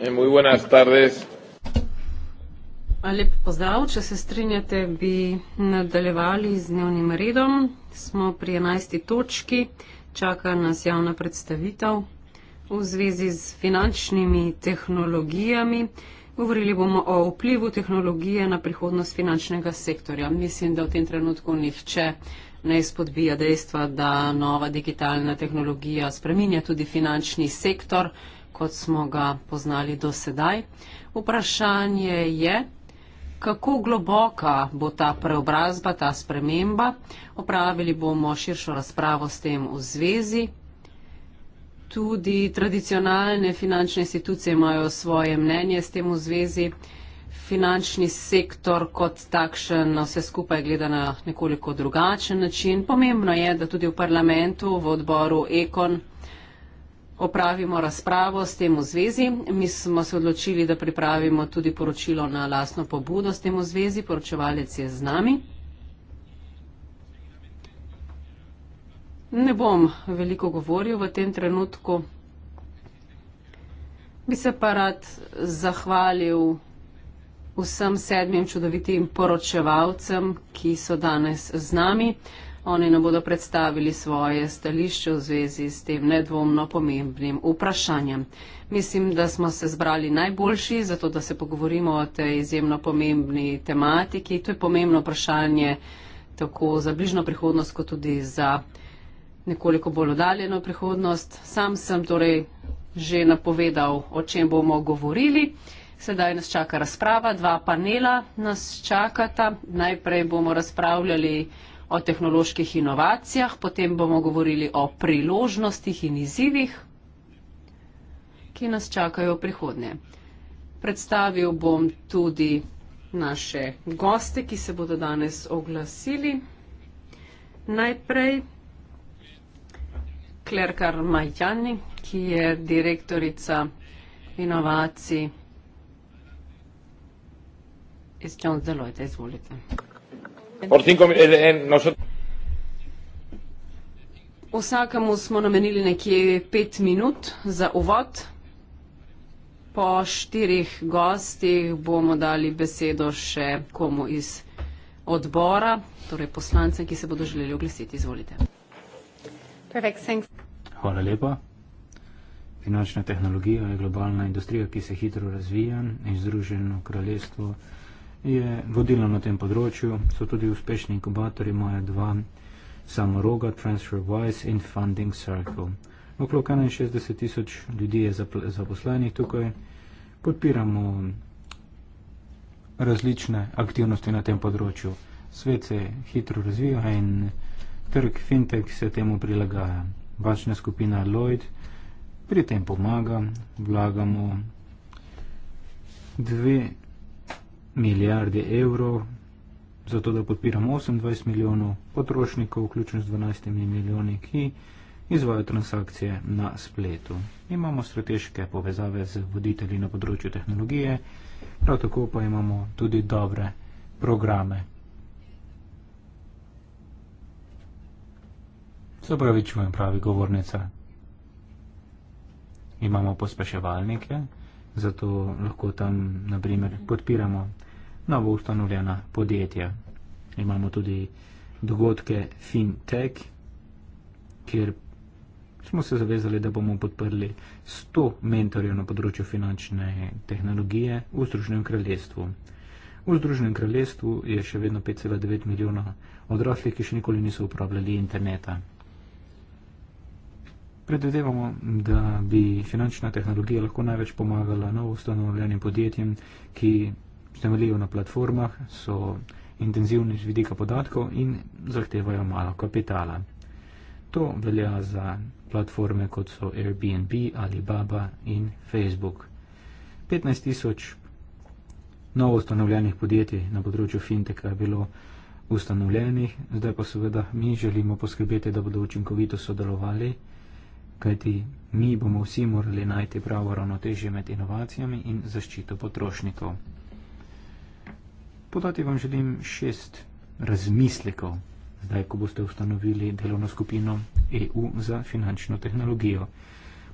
Eh, muy buenas tardes. Lep pozdrav, če se strinjate, bi nadaljevali z dnevnim redom. Smo pri 11. točki, čaka nas javna predstavitev v zvezi z finančnimi tehnologijami. Govorili bomo o vplivu tehnologije na prihodnost finančnega sektorja. Mislim, da v tem trenutku nihče ne izpodbija dejstva, da nova digitalna tehnologija spreminja tudi finančni sektor kot smo ga poznali do sedaj. Vprašanje je, kako globoka bo ta preobrazba, ta sprememba. Opravili bomo širšo razpravo s tem v zvezi. Tudi tradicionalne finančne institucije imajo svoje mnenje s tem v zvezi. Finančni sektor kot takšen vse skupaj gleda na nekoliko drugačen način. Pomembno je, da tudi v parlamentu, v odboru Ekon opravimo razpravo s tem v zvezi. Mi smo se odločili, da pripravimo tudi poročilo na lasno pobudo s tem v zvezi. Poročevalec je z nami. Ne bom veliko govoril v tem trenutku. Bi se pa rad zahvalil vsem sedmim čudovitim poročevalcem, ki so danes z nami. Oni nam bodo predstavili svoje stališče v zvezi s tem nedvomno pomembnim vprašanjem. Mislim, da smo se zbrali najboljši, zato da se pogovorimo o tej izjemno pomembni tematiki. To je pomembno vprašanje tako za bližno prihodnost, kot tudi za nekoliko bolj odaljeno prihodnost. Sam sem torej že napovedal, o čem bomo govorili. Sedaj nas čaka razprava, dva panela nas čakata. Najprej bomo razpravljali o tehnoloških inovacijah, potem bomo govorili o priložnostih in izzivih, ki nas čakajo v prihodnje. Predstavil bom tudi naše goste, ki se bodo danes oglasili. Najprej Klerkar Majjani, ki je direktorica inovacij. Iz Jones Deloitte, izvolite. Por cinco, en, en, eh, eh, nosotros... Vsakemu smo namenili nekje pet minut za uvod. Po štirih gostih bomo dali besedo še komu iz odbora, torej poslancem, ki se bodo želeli oglasiti. Izvolite. Perfect, Hvala lepa. Finančna tehnologija je globalna industrija, ki se hitro razvija in združeno kraljestvo je vodilna na tem področju, so tudi uspešni inkubatorji, imajo dva, Samoroga, TransferWise in Funding Circle. Okrog 61 tisoč ljudi je zaposlenih tukaj. Podpiramo različne aktivnosti na tem področju. Svet se hitro razvija in trg fintech se temu prilagaja. Bačna skupina Lloyd pri tem pomaga. Vlagamo dve milijarde evrov, zato da podpiramo 28 milijonov potrošnikov, vključno s 12 milijoni, ki izvajo transakcije na spletu. Imamo strateške povezave z voditelji na področju tehnologije, prav tako pa imamo tudi dobre programe. Se pravi, čujem pravi govornica. Imamo pospeševalnike, zato lahko tam, na primer, podpiramo novo ustanovljena podjetja. Imamo tudi dogodke FinTech, kjer smo se zavezali, da bomo podprli 100 mentorjev na področju finančne tehnologije v Združenem kraljestvu. V Združenem kraljestvu je še vedno 5,9 milijona odraslih, ki še nikoli niso uporabljali interneta. Predvidevamo, da bi finančna tehnologija lahko največ pomagala novo ustanovljenim podjetjem, ki temeljijo na platformah, so intenzivni z vidika podatkov in zahtevajo malo kapitala. To velja za platforme kot so Airbnb, Alibaba in Facebook. 15 tisoč novo ustanovljenih podjetij na področju fintech je bilo ustanovljenih, zdaj pa seveda mi želimo poskrbeti, da bodo učinkovito sodelovali, kajti mi bomo vsi morali najti pravo ravnotežje med inovacijami in zaščito potrošnikov podati vam želim šest razmislekov, zdaj, ko boste ustanovili delovno skupino EU za finančno tehnologijo.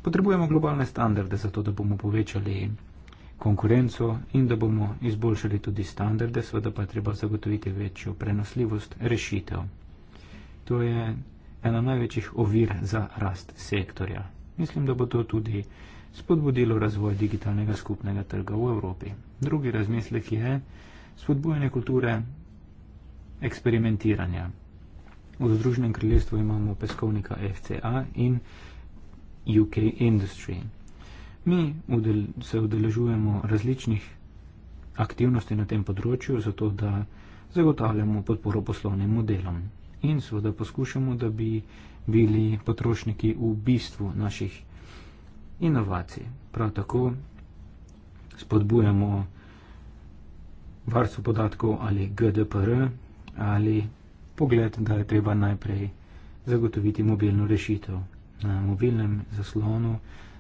Potrebujemo globalne standarde za to, da bomo povečali konkurenco in da bomo izboljšali tudi standarde, seveda pa je treba zagotoviti večjo prenosljivost rešitev. To je ena največjih ovir za rast sektorja. Mislim, da bo to tudi spodbudilo razvoj digitalnega skupnega trga v Evropi. Drugi razmislek je, da spodbujanje kulture eksperimentiranja. V Združenem kraljestvu imamo peskovnika FCA in UK Industry. Mi udel se udeležujemo različnih aktivnosti na tem področju, zato da zagotavljamo podporo poslovnim modelom. In seveda poskušamo, da bi bili potrošniki v bistvu naših inovacij. Prav tako spodbujamo varstvo podatkov ali GDPR ali pogled, da je treba najprej zagotoviti mobilno rešitev. Na mobilnem zaslonu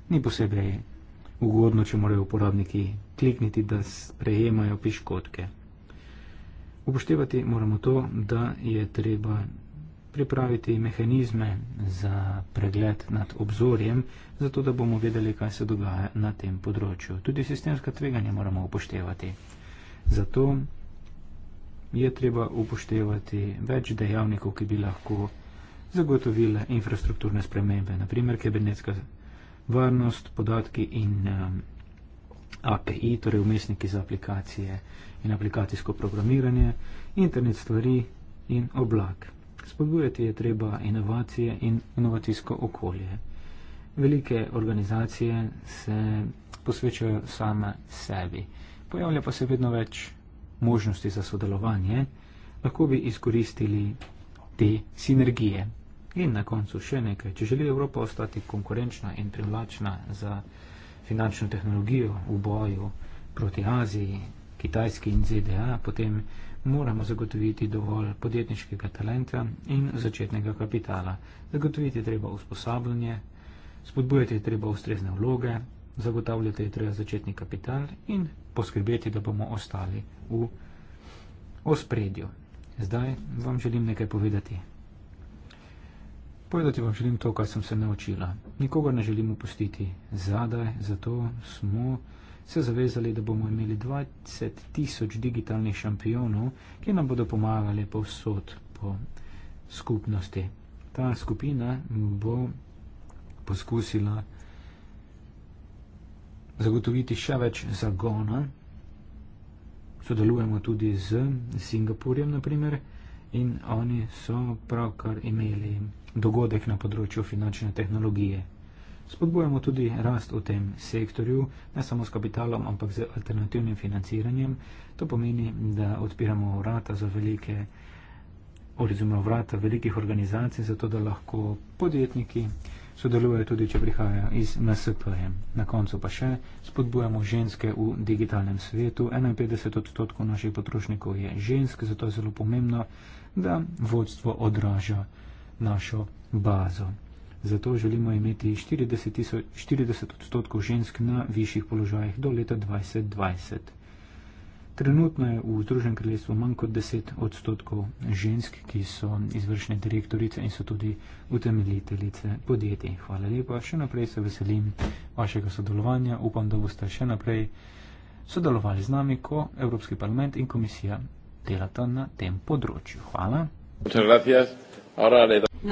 ni posebej ugodno, če morajo uporabniki klikniti, da sprejemajo piškotke. Upoštevati moramo to, da je treba pripraviti mehanizme za pregled nad obzorjem, zato da bomo vedeli, kaj se dogaja na tem področju. Tudi sistemska tveganja moramo upoštevati. Zato je treba upoštevati več dejavnikov, ki bi lahko zagotovile infrastrukturne spremembe, naprimer kibernetska varnost, podatki in um, API, torej umestniki za aplikacije in aplikacijsko programiranje, internet stvari in oblak. Spodbujati je treba inovacije in inovacijsko okolje. Velike organizacije se posvečajo same sebi pojavlja pa se vedno več možnosti za sodelovanje, lahko bi izkoristili te sinergije. In na koncu še nekaj. Če želi Evropa ostati konkurenčna in privlačna za finančno tehnologijo v boju proti Aziji, Kitajski in ZDA, potem moramo zagotoviti dovolj podjetniškega talenta in začetnega kapitala. Zagotoviti treba usposabljanje, spodbujati treba ustrezne vloge, zagotavljati je treba začetni kapital in poskrbeti, da bomo ostali v ospredju. Zdaj vam želim nekaj povedati. Povedati vam želim to, kar sem se naučila. Nikogar ne želim upustiti zadaj, zato smo se zavezali, da bomo imeli 20 tisoč digitalnih šampionov, ki nam bodo pomagali povsod po skupnosti. Ta skupina bo poskusila zagotoviti še več zagona. Sodelujemo tudi z Singapurjem, naprimer, in oni so pravkar imeli dogodek na področju finančne tehnologije. Spodbujamo tudi rast v tem sektorju, ne samo s kapitalom, ampak z alternativnim financiranjem. To pomeni, da odpiramo vrata za velike, oziroma vrata velikih organizacij, zato da lahko podjetniki sodeluje tudi, če prihajajo iz NSP. -je. Na koncu pa še spodbujamo ženske v digitalnem svetu. 51 odstotkov naših potrošnikov je žensk, zato je zelo pomembno, da vodstvo odraža našo bazo. Zato želimo imeti 40, 40 odstotkov žensk na višjih položajih do leta 2020. Trenutno je v Združenem kraljestvu manj kot 10 odstotkov žensk, ki so izvršne direktorice in so tudi utemeljiteljice podjetij. Hvala lepa, še naprej se veselim vašega sodelovanja. Upam, da boste še naprej sodelovali z nami, ko Evropski parlament in komisija delata na tem področju. Hvala.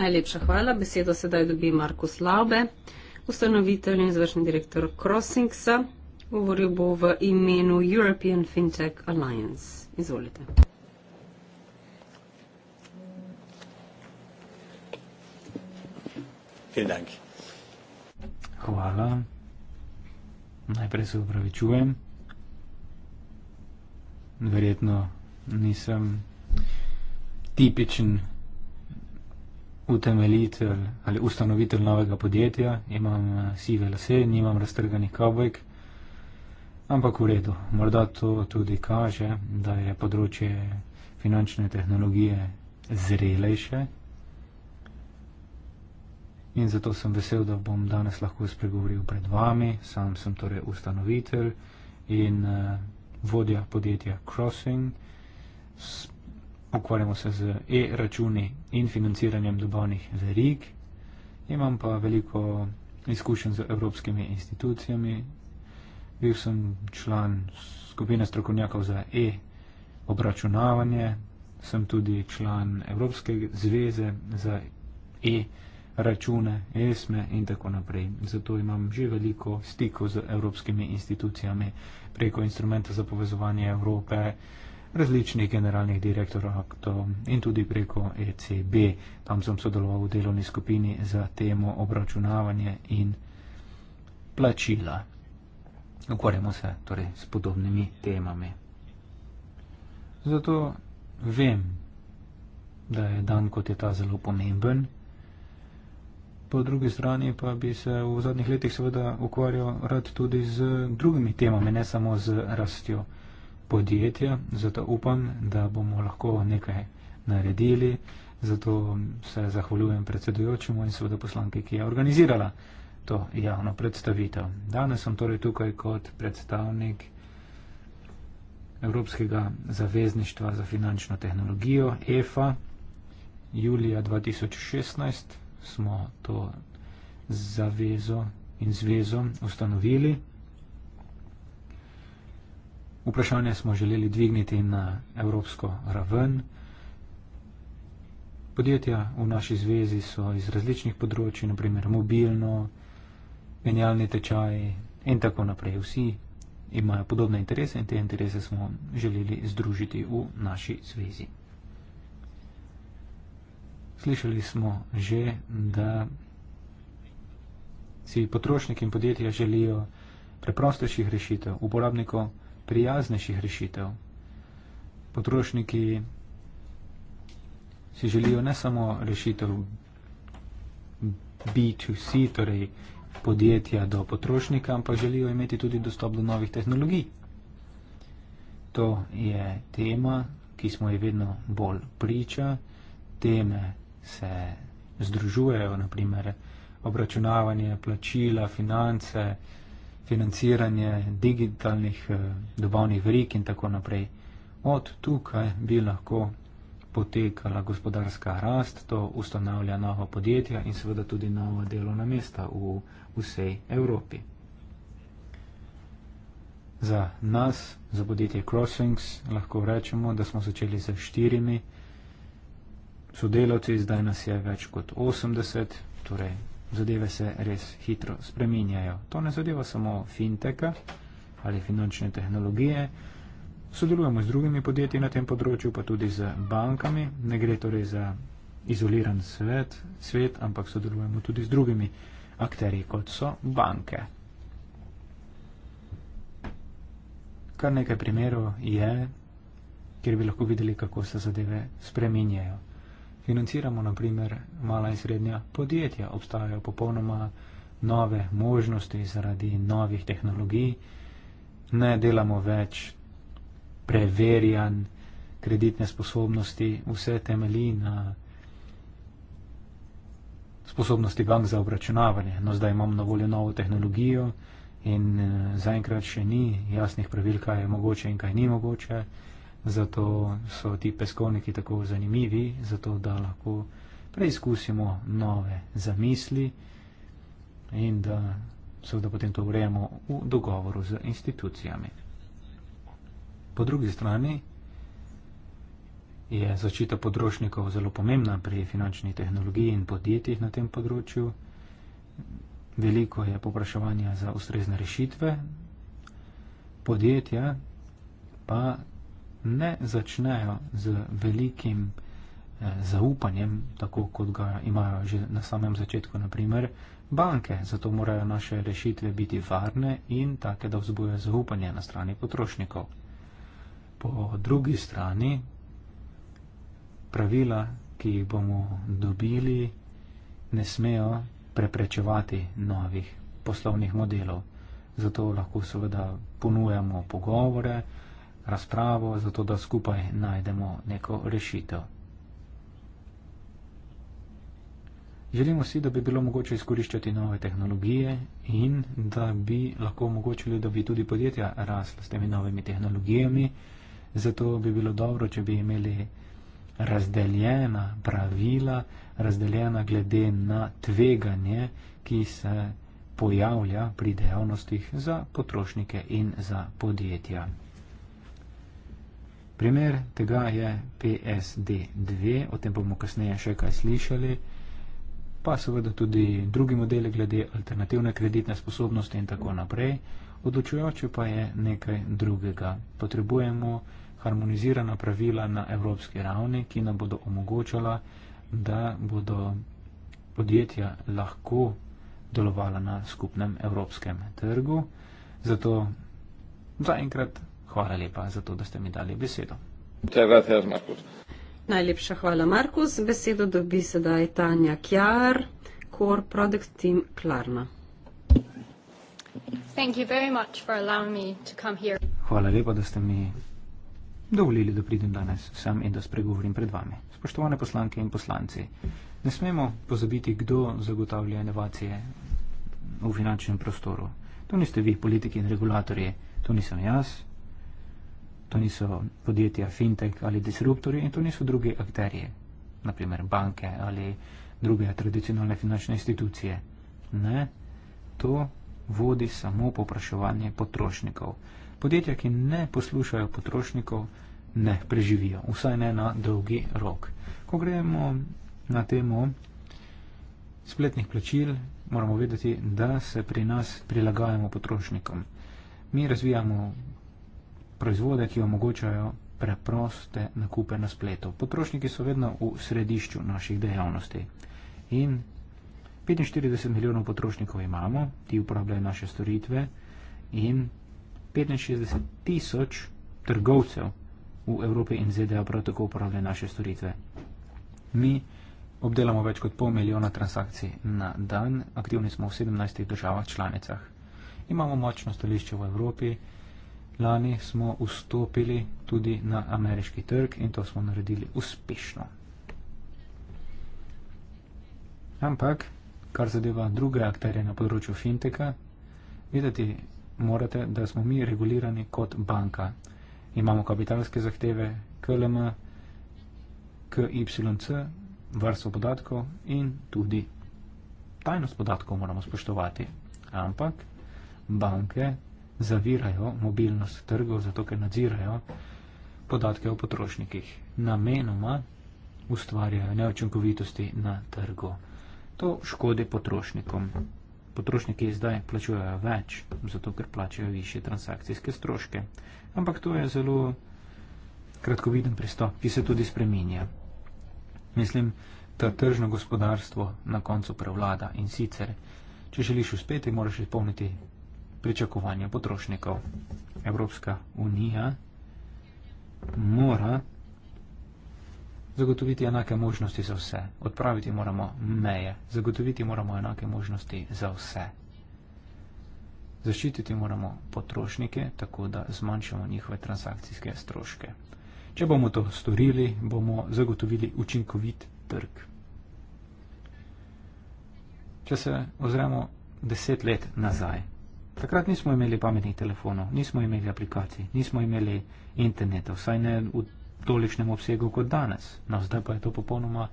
Najlepša hvala. Besedo sedaj dobi Marko Slaube, ustanovitelj in izvršni direktor Crossingsa. Govoril bo v imenu European Fintech Alliance. Izvolite. Hvala. Najprej se upravičujem. Verjetno nisem tipičen utemeljitelj ali ustanovitelj novega podjetja. Imam eh, sive lase, nimam raztrganih kavbojk. Ampak v redu, morda to tudi kaže, da je področje finančne tehnologije zrelejše. In zato sem vesel, da bom danes lahko spregovoril pred vami. Sam sem torej ustanovitelj in uh, vodja podjetja Crossing. S, ukvarjamo se z e-računi in financiranjem dobavnih verig. Imam pa veliko izkušenj z evropskimi institucijami, Bil sem član skupine strokovnjakov za e-obračunavanje, sem tudi član Evropske zveze za e-račune, ESME in tako naprej. Zato imam že veliko stikov z evropskimi institucijami preko instrumenta za povezovanje Evrope, različnih generalnih direktorov in tudi preko ECB. Tam sem sodeloval v delovni skupini za temo obračunavanje in plačila ukvarjamo se torej, s podobnimi temami. Zato vem, da je dan kot je ta zelo pomemben, po drugi strani pa bi se v zadnjih letih seveda ukvarjal rad tudi z drugimi temami, ne samo z rastjo podjetja, zato upam, da bomo lahko nekaj naredili, zato se zahvaljujem predsedujočemu in seveda poslanki, ki je organizirala to javno predstavitev. Danes sem torej tukaj kot predstavnik Evropskega zavezništva za finančno tehnologijo EFA. Julija 2016 smo to zavezo in zvezo ustanovili. Vprašanje smo želeli dvigniti na evropsko raven. Podjetja v naši zvezi so iz različnih področji, naprimer mobilno, genialni tečaji in tako naprej. Vsi imajo podobne interese in te interese smo želeli združiti v naši zvezi. Slišali smo že, da si potrošniki in podjetja želijo preprostejših rešitev, uporabniko prijaznejših rešitev. Potrošniki si želijo ne samo rešitev B2C, torej podjetja do potrošnika, ampak želijo imeti tudi dostop do novih tehnologij. To je tema, ki smo ji vedno bolj priča. Teme se združujejo, naprimer obračunavanje, plačila, finance, financiranje digitalnih eh, dobavnih verik in tako naprej. Od tukaj bi lahko potekala gospodarska rast, to ustanavlja novo podjetje in seveda tudi novo delovna mesta v vsej Evropi. Za nas, za podjetje Crossings, lahko rečemo, da smo začeli z štirimi sodelavci, zdaj nas je več kot 80, torej zadeve se res hitro spreminjajo. To ne zadeva samo finteka ali finančne tehnologije, sodelujemo z drugimi podjetji na tem področju, pa tudi z bankami, ne gre torej za izoliran svet, svet ampak sodelujemo tudi z drugimi podjetji akteri, kot so banke. Kar nekaj primerov je, kjer bi lahko videli, kako se zadeve spreminjajo. Financiramo naprimer mala in srednja podjetja, obstajajo popolnoma nove možnosti zaradi novih tehnologij, ne delamo več preverjan kreditne sposobnosti, vse temelji na sposobnosti bank za obračunavanje. No, zdaj imam na voljo novo tehnologijo in eh, zaenkrat še ni jasnih pravil, kaj je mogoče in kaj ni mogoče. Zato so ti peskovniki tako zanimivi, zato da lahko preizkusimo nove zamisli in da seveda potem to urejamo v dogovoru z institucijami. Po drugi strani Je zaščita potrošnikov zelo pomembna pri finančni tehnologiji in podjetjih na tem področju? Veliko je popraševanja za ustrezne rešitve, podjetja pa ne začnejo z velikim eh, zaupanjem, tako kot ga imajo že na samem začetku, naprimer banke. Zato morajo naše rešitve biti varne in take, da vzbuje zaupanje na strani potrošnikov. Po drugi strani pravila, ki jih bomo dobili, ne smejo preprečevati novih poslovnih modelov. Zato lahko seveda ponujamo pogovore, razpravo, zato da skupaj najdemo neko rešitev. Želimo si, da bi bilo mogoče izkoriščati nove tehnologije in da bi lahko omogočili, da bi tudi podjetja rasla s temi novimi tehnologijami. Zato bi bilo dobro, če bi imeli razdeljena pravila, razdeljena glede na tveganje, ki se pojavlja pri dejavnostih za potrošnike in za podjetja. Primer tega je PSD2, o tem bomo kasneje še kaj slišali, pa seveda tudi drugi modeli glede alternativne kreditne sposobnosti in tako naprej. Odločujoče pa je nekaj drugega. Potrebujemo harmonizirana pravila na evropski ravni, ki nam bodo omogočala, da bodo podjetja lahko delovala na skupnem evropskem trgu. Zato zaenkrat hvala lepa za to, da ste mi dali besedo. Tebe, tebe, Markus. Najlepša hvala, Markus. Besedo dobi sedaj Tanja Kjar, Core Product Team Klarna. Hvala lepa, da ste mi dovolili, da pridem danes sem in da spregovorim pred vami. Spoštovane poslanke in poslanci, ne smemo pozabiti, kdo zagotavlja inovacije v finančnem prostoru. To niste vi, politiki in regulatorji, to nisem jaz, to niso podjetja fintech ali disruptori in to niso drugi akterji, naprimer banke ali druge tradicionalne finančne institucije. Ne, to vodi samo popraševanje potrošnikov. Podjetja, ki ne poslušajo potrošnikov, ne preživijo, vsaj ne na dolgi rok. Ko gremo na temo spletnih plačil, moramo vedeti, da se pri nas prilagajamo potrošnikom. Mi razvijamo proizvode, ki omogočajo preproste nakupe na spletu. Potrošniki so vedno v središču naših dejavnosti. In 45 milijonov potrošnikov imamo, ti uporabljajo naše storitve in 65 tisoč trgovcev v Evropi in ZDA prav tako uporabljajo naše storitve. Mi obdelamo več kot pol milijona transakcij na dan, aktivni smo v 17 državah članicah. Imamo močno stališče v Evropi, lani smo vstopili tudi na ameriški trg in to smo naredili uspešno. Ampak, kar zadeva druge akterje na področju finteka, videti morate, da smo mi regulirani kot banka. Imamo kapitalske zahteve KLM, KYC, varstvo podatkov in tudi tajnost podatkov moramo spoštovati. Ampak banke zavirajo mobilnost trgov, zato ker nadzirajo podatke o potrošnikih. Namenoma ustvarjajo neočinkovitosti na trgu. To škode potrošnikom. Potrošniki zdaj plačujejo več, zato ker plačajo više transakcijske stroške. Ampak to je zelo kratkoviden pristop, ki se tudi spreminja. Mislim, da tržno gospodarstvo na koncu prevlada in sicer, če želiš uspeti, moraš izpolniti pričakovanja potrošnikov. Evropska unija mora zagotoviti enake možnosti za vse. Odpraviti moramo meje, zagotoviti moramo enake možnosti za vse. Zaščititi moramo potrošnike, tako da zmanjšamo njihove transakcijske stroške. Če bomo to storili, bomo zagotovili učinkovit trg. Če se ozremo deset let nazaj, takrat nismo imeli pametnih telefonov, nismo imeli aplikacij, nismo imeli interneta, vsaj ne v tolikšnem obsegu kot danes. No, zdaj pa je to popolnoma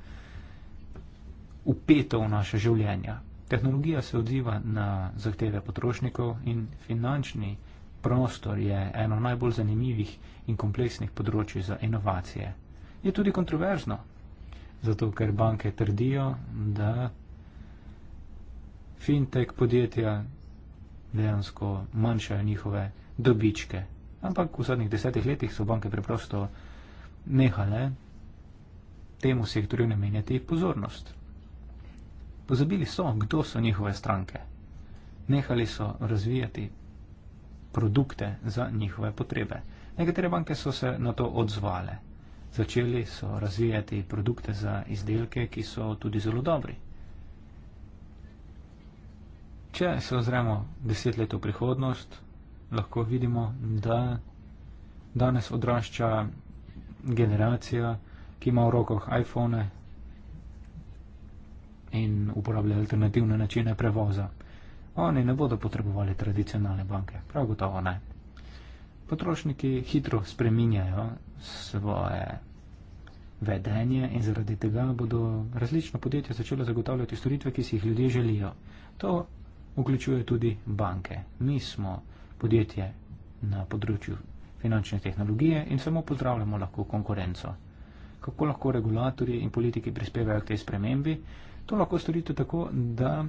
upeto v naše življenja. Tehnologija se odziva na zahteve potrošnikov in finančni prostor je eno najbolj zanimivih in kompleksnih področji za inovacije. Je tudi kontroverzno, zato ker banke trdijo, da fintech podjetja dejansko manjšajo njihove dobičke. Ampak v zadnjih desetih letih so banke preprosto nehale temu sektorju namenjati pozornost. Pozabili so, kdo so njihove stranke. Nehali so razvijati produkte za njihove potrebe. Nekatere banke so se na to odzvale. Začeli so razvijati produkte za izdelke, ki so tudi zelo dobri. Če se ozremo deset let v prihodnost, lahko vidimo, da danes odrašča generacija, ki ima v rokah iPhone in uporablja alternativne načine prevoza. Oni ne bodo potrebovali tradicionalne banke, prav gotovo ne. Potrošniki hitro spreminjajo svoje vedenje in zaradi tega bodo različna podjetja začela zagotavljati storitve, ki si jih ljudje želijo. To vključuje tudi banke. Mi smo podjetje na področju finančne tehnologije in samo pozdravljamo lahko konkurenco. Kako lahko regulatorji in politiki prispevajo k tej spremembi? To lahko storite tako, da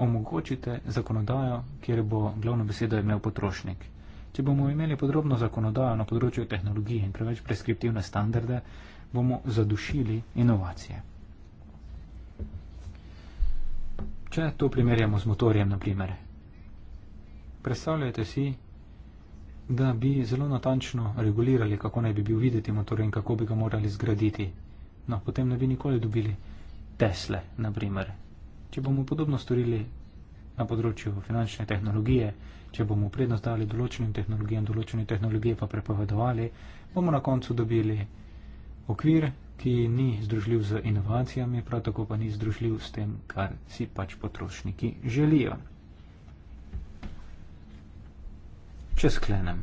omogočite zakonodajo, kjer bo glavno besedo imel potrošnik. Če bomo imeli podrobno zakonodajo na področju tehnologije in preveč preskriptivne standarde, bomo zadušili inovacije. Če to primerjamo z motorjem, na primer, predstavljajte si, da bi zelo natančno regulirali, kako naj bi bil videti motor in kako bi ga morali zgraditi. No, potem ne bi nikoli dobili Tesle, na primer. Če bomo podobno storili na področju finančne tehnologije, če bomo prednost dali določenim tehnologijam, določene tehnologije pa prepovedovali, bomo na koncu dobili okvir, ki ni združljiv z inovacijami, prav tako pa ni združljiv s tem, kar si pač potrošniki želijo. Če sklenem,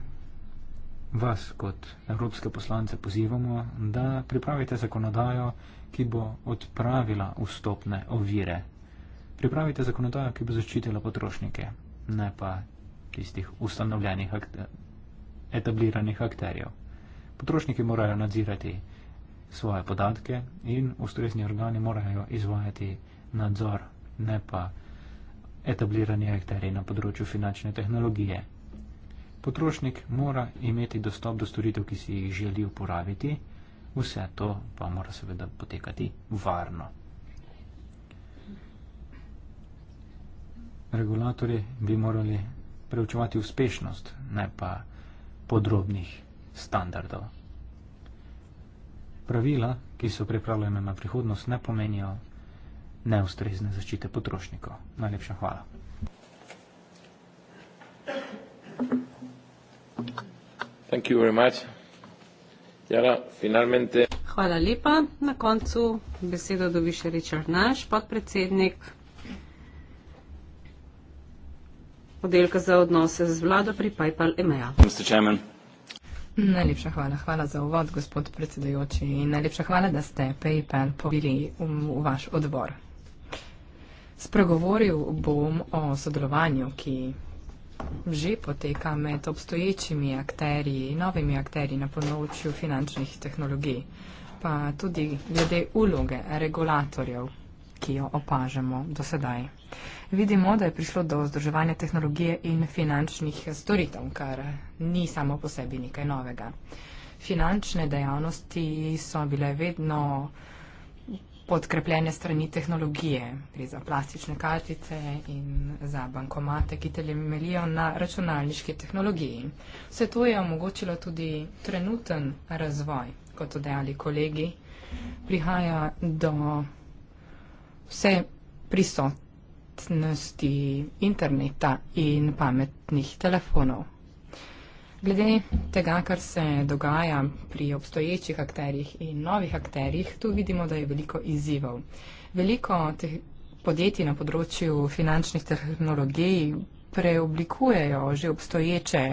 vas kot evropske poslance pozivamo, da pripravite zakonodajo, ki bo odpravila vstopne ovire. Pripravite zakonodajo, ki bo zaščitila potrošnike, ne pa tistih ustanovljenih, akter, etabliranih akterjev. Potrošniki morajo nadzirati svoje podatke in ustrezni organi morajo izvajati nadzor, ne pa etablirani akteri na področju finančne tehnologije. Potrošnik mora imeti dostop do storitev, ki si jih želi uporabiti, vse to pa mora seveda potekati varno. Regulatori bi morali preučevati uspešnost, ne pa podrobnih standardov. Pravila, ki so pripravljena na prihodnost, ne pomenijo neustrezne zaščite potrošnikov. Najlepša hvala. Thank you. Thank you very much. Jara, finalmente... Hvala lepa. Na koncu besedo dobi še Richard Naš, podpredsednik oddelka za odnose z vlado pri PayPal EMEA. Najlepša hvala. Hvala za uvod, gospod predsedujoči. In najlepša hvala, da ste PayPal povili v vaš odbor. Spregovoril bom o sodelovanju, ki že poteka med obstoječimi akterji, novimi akterji na področju finančnih tehnologij, pa tudi glede uloge regulatorjev, ki jo opažamo do sedaj. Vidimo, da je prišlo do združevanja tehnologije in finančnih storitev, kar ni samo po sebi nekaj novega. Finančne dejavnosti so bile vedno podkrepljene strani tehnologije, gre za plastične kartice in za bankomate, ki temeljijo na računalniški tehnologiji. Vse to je omogočilo tudi trenuten razvoj, kot so dejali kolegi, prihaja do vse prisotnosti interneta in pametnih telefonov. Glede tega, kar se dogaja pri obstoječih akterjih in novih akterjih, tu vidimo, da je veliko izzivov. Veliko teh podjetij na področju finančnih tehnologij preoblikujejo že obstoječe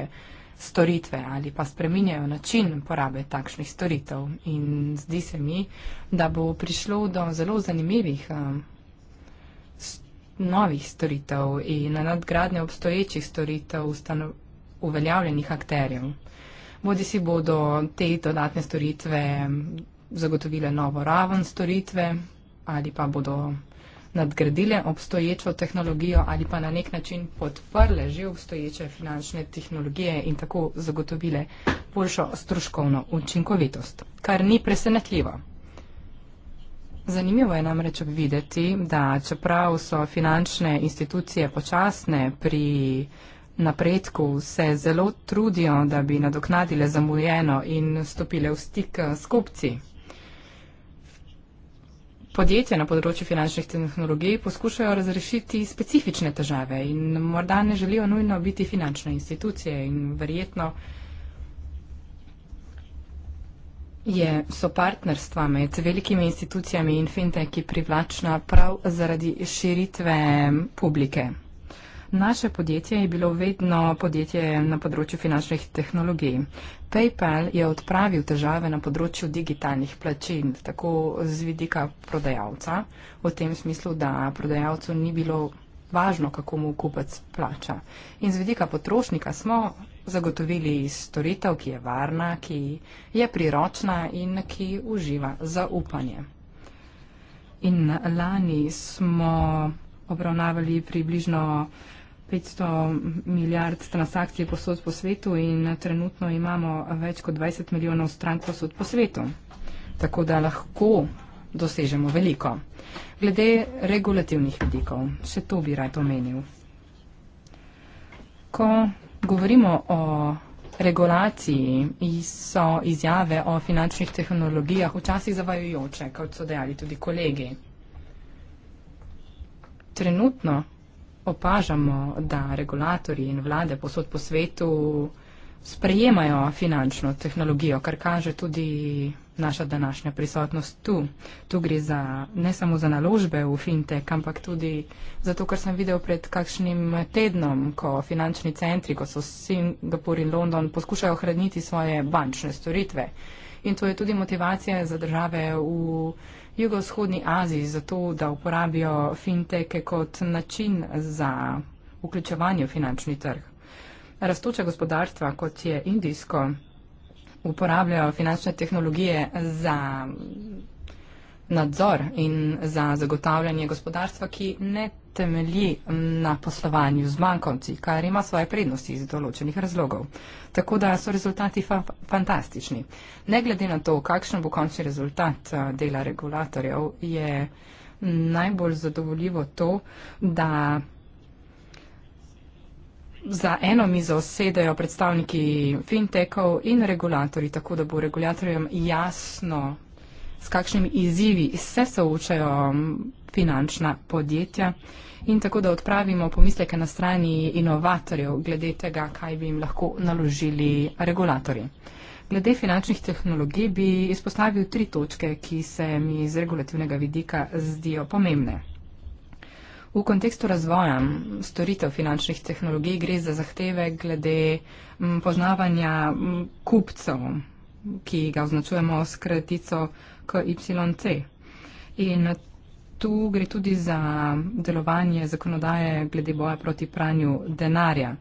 storitve ali pa spreminjajo način porabe takšnih storitev. In zdi se mi, da bo prišlo do zelo zanimivih novih storitev in nadgradnje obstoječih storitev ustanovitev uveljavljenih akterjev. Bodi si bodo te dodatne storitve zagotovile novo raven storitve ali pa bodo nadgradile obstoječo tehnologijo ali pa na nek način podprle že obstoječe finančne tehnologije in tako zagotovile boljšo stroškovno učinkovitost, kar ni presenetljivo. Zanimivo je namreč videti, da čeprav so finančne institucije počasne pri napredku, se zelo trudijo, da bi nadoknadile zamujeno in stopile v stik eh, s kupci. Podjetja na področju finančnih tehnologij poskušajo razrešiti specifične težave in morda ne želijo nujno biti finančne institucije in verjetno je, so partnerstva med velikimi institucijami in fintechi privlačna prav zaradi širitve publike. Naše podjetje je bilo vedno podjetje na področju finančnih tehnologij. PayPal je odpravil težave na področju digitalnih plačil, tako z vidika prodajalca, v tem smislu, da prodajalcu ni bilo važno, kako mu kupec plača. In z vidika potrošnika smo zagotovili storitev, ki je varna, ki je priročna in ki uživa zaupanje. In lani smo obravnavali približno 500 milijard transakcij posod po svetu in trenutno imamo več kot 20 milijonov strank posod po svetu. Tako da lahko dosežemo veliko. Glede regulativnih vidikov, še to bi rad omenil. Ko govorimo o regulaciji, so izjave o finančnih tehnologijah včasih zavajujoče, kot so dejali tudi kolegi. Trenutno opažamo, da regulatori in vlade posod po svetu sprejemajo finančno tehnologijo, kar kaže tudi naša današnja prisotnost tu. Tu gre za, ne samo za naložbe v fintech, ampak tudi za to, kar sem videl pred kakšnim tednom, ko finančni centri, ko so Singapur in London, poskušajo ohraniti svoje bančne storitve. In to je tudi motivacija za države v jugovzhodni Aziji za to, da uporabijo finteke kot način za vključevanje v finančni trg. Rastoče gospodarstva, kot je indijsko, uporabljajo finančne tehnologije za nadzor in za zagotavljanje gospodarstva, ki ne temelji na poslovanju z bankovci, kar ima svoje prednosti iz določenih razlogov. Tako da so rezultati fa fantastični. Ne glede na to, kakšen bo končni rezultat eh, dela regulatorjev, je najbolj zadovoljivo to, da za eno mizo sedajo predstavniki fintekov in regulatori, tako da bo regulatorjem jasno s kakšnimi izzivi se soočajo finančna podjetja in tako da odpravimo pomisleke na strani inovatorjev glede tega, kaj bi jim lahko naložili regulatorji. Glede finančnih tehnologij bi izpostavil tri točke, ki se mi iz regulativnega vidika zdijo pomembne. V kontekstu razvoja storitev finančnih tehnologij gre za zahteve glede poznavanja kupcev, ki ga označujemo s kratico KYC. In tu gre tudi za delovanje zakonodaje glede boja proti pranju denarja.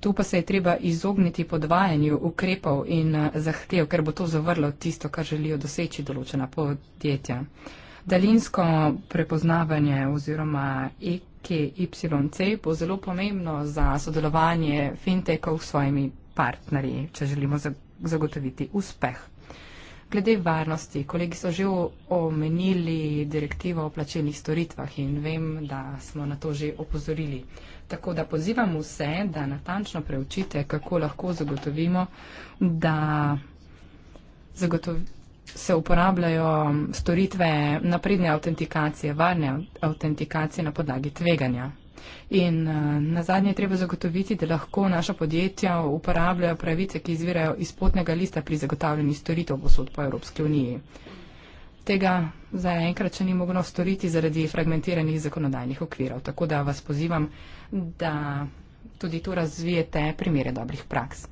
Tu pa se je treba izogniti podvajanju ukrepov in eh, zahtev, ker bo to zavrlo tisto, kar želijo doseči določena podjetja. Daljinsko prepoznavanje oziroma EKYC bo zelo pomembno za sodelovanje fintechov s svojimi partnerji, če želimo zagotoviti uspeh glede varnosti, kolegi so že omenili direktivo o plačenih storitvah in vem, da smo na to že opozorili. Tako da pozivam vse, da natančno preučite, kako lahko zagotovimo, da zagotovi se uporabljajo storitve napredne autentikacije, varne autentikacije na podlagi tveganja. In eh, na zadnje je treba zagotoviti, da lahko naša podjetja uporabljajo pravice, ki izvirajo iz potnega lista pri zagotavljanju storitev posod po Evropski uniji. Tega zaenkrat še ni moglo storiti zaradi fragmentiranih zakonodajnih okvirov. Tako da vas pozivam, da tudi tu razvijete primere dobrih praks.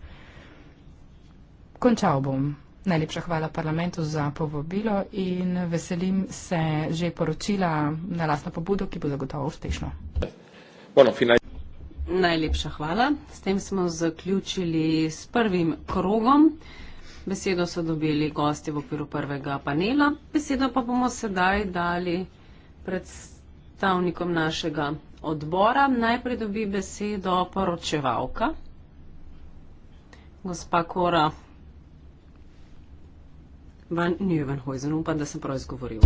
Končal bom. Najlepša hvala parlamentu za povabilo in veselim se že poročila na lasno pobudo, ki bo zagotovo uspešno. Bueno, final... Najlepša hvala. S tem smo zaključili s prvim krogom. Besedo so dobili gosti v okviru prvega panela. Besedo pa bomo sedaj dali predstavnikom našega odbora. Najprej dobi besedo poročevalka. Gospa Kora Van Nieuwenhuizen, upam, da sem prav izgovoril.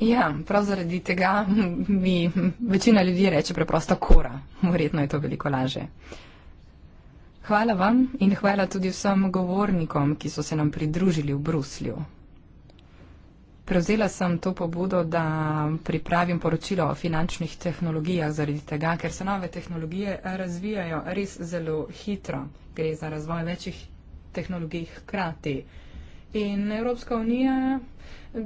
Ja, prav zaradi tega mi večina ljudi reče preprosto kora. Verjetno je to veliko laže. Hvala vam in hvala tudi vsem govornikom, ki so se nam pridružili v Bruslju. Prevzela sem to pobudo, da pripravim poročilo o finančnih tehnologijah zaradi tega, ker se nove tehnologije razvijajo res zelo hitro. Gre za razvoj večjih tehnologij hkrati. In Evropska unija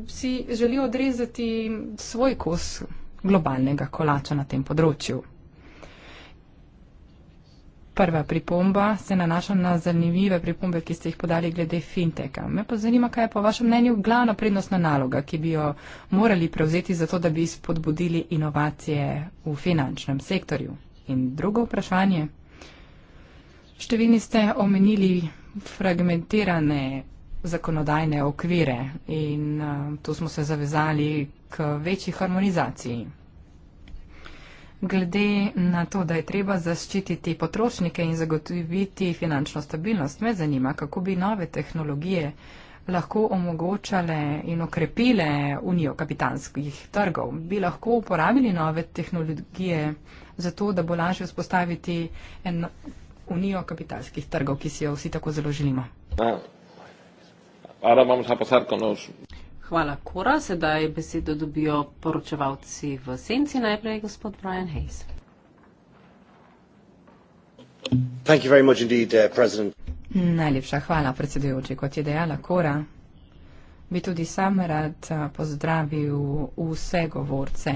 si želi odrezati svoj kos globalnega kolača na tem področju. Prva pripomba se nanaša na zanimive pripombe, ki ste jih podali glede finteka. Me pa zanima, kaj je po vašem mnenju glavna prednostna naloga, ki bi jo morali prevzeti za to, da bi spodbudili inovacije v finančnem sektorju. In drugo vprašanje. Številni ste omenili fragmentirane zakonodajne okvire in eh, tu smo se zavezali k večji harmonizaciji. Glede na to, da je treba zaščititi potrošnike in zagotoviti finančno stabilnost, me zanima, kako bi nove tehnologije lahko omogočale in okrepile unijo kapitanskih trgov. Bi lahko uporabili nove tehnologije za to, da bo lažje vzpostaviti en unijo kapitalskih trgov, ki si jo vsi tako zelo želimo. Ara, vamos a pasar con los... Hvala, Kora. Sedaj besedo dobijo poročevalci v senci. Najprej gospod Brian Hayes. Thank you very much indeed, uh, Najlepša hvala, predsedujoči. Kot je dejala Kora, bi tudi sam rad uh, pozdravil vse govorce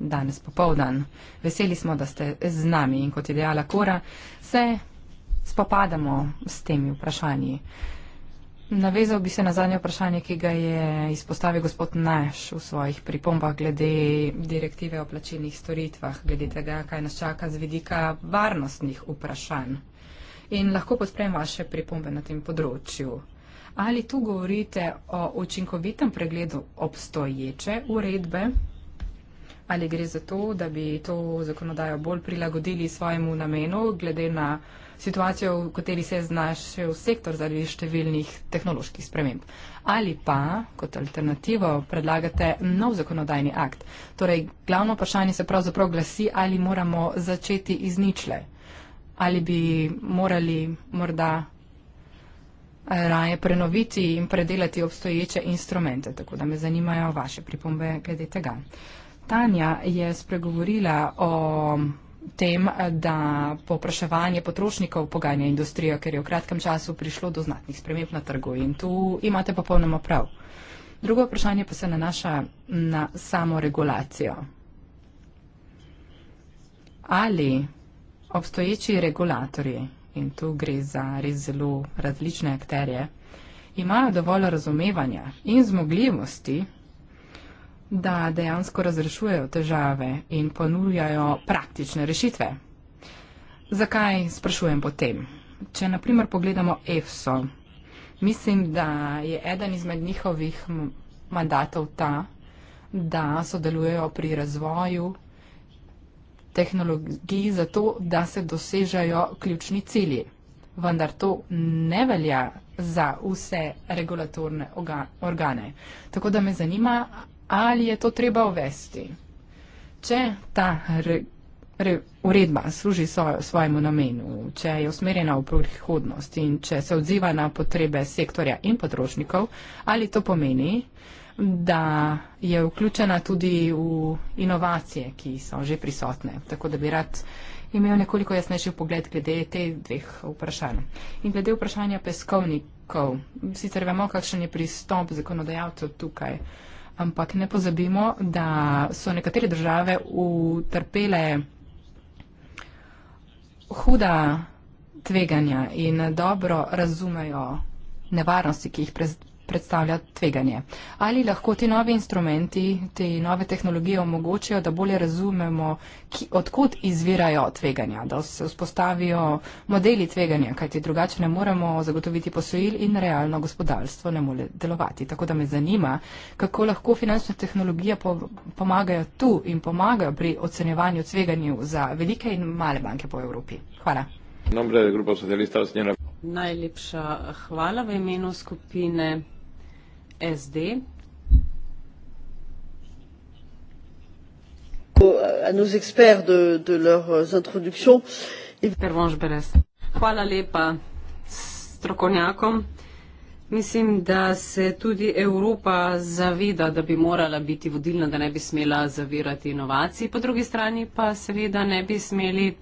danes popovdan. Veseli smo, da ste z nami in kot je dejala Kora, se spopadamo s temi vprašanji. Navezal bi se na zadnje vprašanje, ki ga je izpostavil gospod Naš v svojih pripombah glede direktive o plačilnih storitvah, glede tega, kaj nas čaka z vidika varnostnih vprašanj. In lahko podprem vaše pripombe na tem področju. Ali tu govorite o učinkovitem pregledu obstoječe uredbe? Ali gre za to, da bi to zakonodajo bolj prilagodili svojemu namenu, glede na situacijo, v kateri se je znašel sektor zaradi številnih tehnoloških sprememb. Ali pa, kot alternativo, predlagate nov zakonodajni akt. Torej, glavno vprašanje se pravzaprav glasi, ali moramo začeti iz ničle. Ali bi morali morda eh, raje prenoviti in predelati obstoječe instrumente. Tako da me zanimajo vaše pripombe glede tega. Tanja je spregovorila o tem, da popraševanje potrošnikov poganja industrijo, ker je v kratkem času prišlo do znatnih sprememb na trgu in tu imate popolnoma prav. Drugo vprašanje pa se nanaša na samo regulacijo. Ali obstoječi regulatori, in tu gre za res zelo različne akterje, imajo dovolj razumevanja in zmogljivosti, da dejansko razrešujejo težave in ponujajo praktične rešitve. Zakaj sprašujem potem? Če naprimer pogledamo EFSO, mislim, da je eden izmed njihovih mandatov ta, da sodelujejo pri razvoju tehnologij za to, da se dosežajo ključni cilji. Vendar to ne velja za vse regulatorne organe. Tako da me zanima, ali je to treba uvesti. Če ta re, re, uredba služi svojo, svojemu namenu, če je usmerjena v prihodnost in če se odziva na potrebe sektorja in potrošnikov, ali to pomeni, da je vključena tudi v inovacije, ki so že prisotne. Tako da bi rad imel nekoliko jasnejši pogled glede teh dveh vprašanj. In glede vprašanja peskovnikov, sicer vemo, kakšen je pristop zakonodajalcev tukaj ampak ne pozabimo, da so nekatere države utrpele huda tveganja in dobro razumejo nevarnosti, ki jih predstavlja tveganje. Ali lahko ti novi instrumenti, te nove tehnologije omogočajo, da bolje razumemo, ki, odkot izvirajo tveganja, da se vzpostavijo modeli tveganja, kajti drugače ne moremo zagotoviti posojil in realno gospodarstvo ne more delovati. Tako da me zanima, kako lahko finančne tehnologije pomagajo tu in pomagajo pri ocenjevanju tveganju za velike in male banke po Evropi. Hvala. Najlepša hvala v imenu skupine SD. A nos experts de, de leurs introductions. Hvala lepa strokovnjakom. Mislim, da se tudi Evropa zaveda, da bi morala biti vodilna, da ne bi smela zavirati inovacij, po drugi strani pa seveda ne bi smeli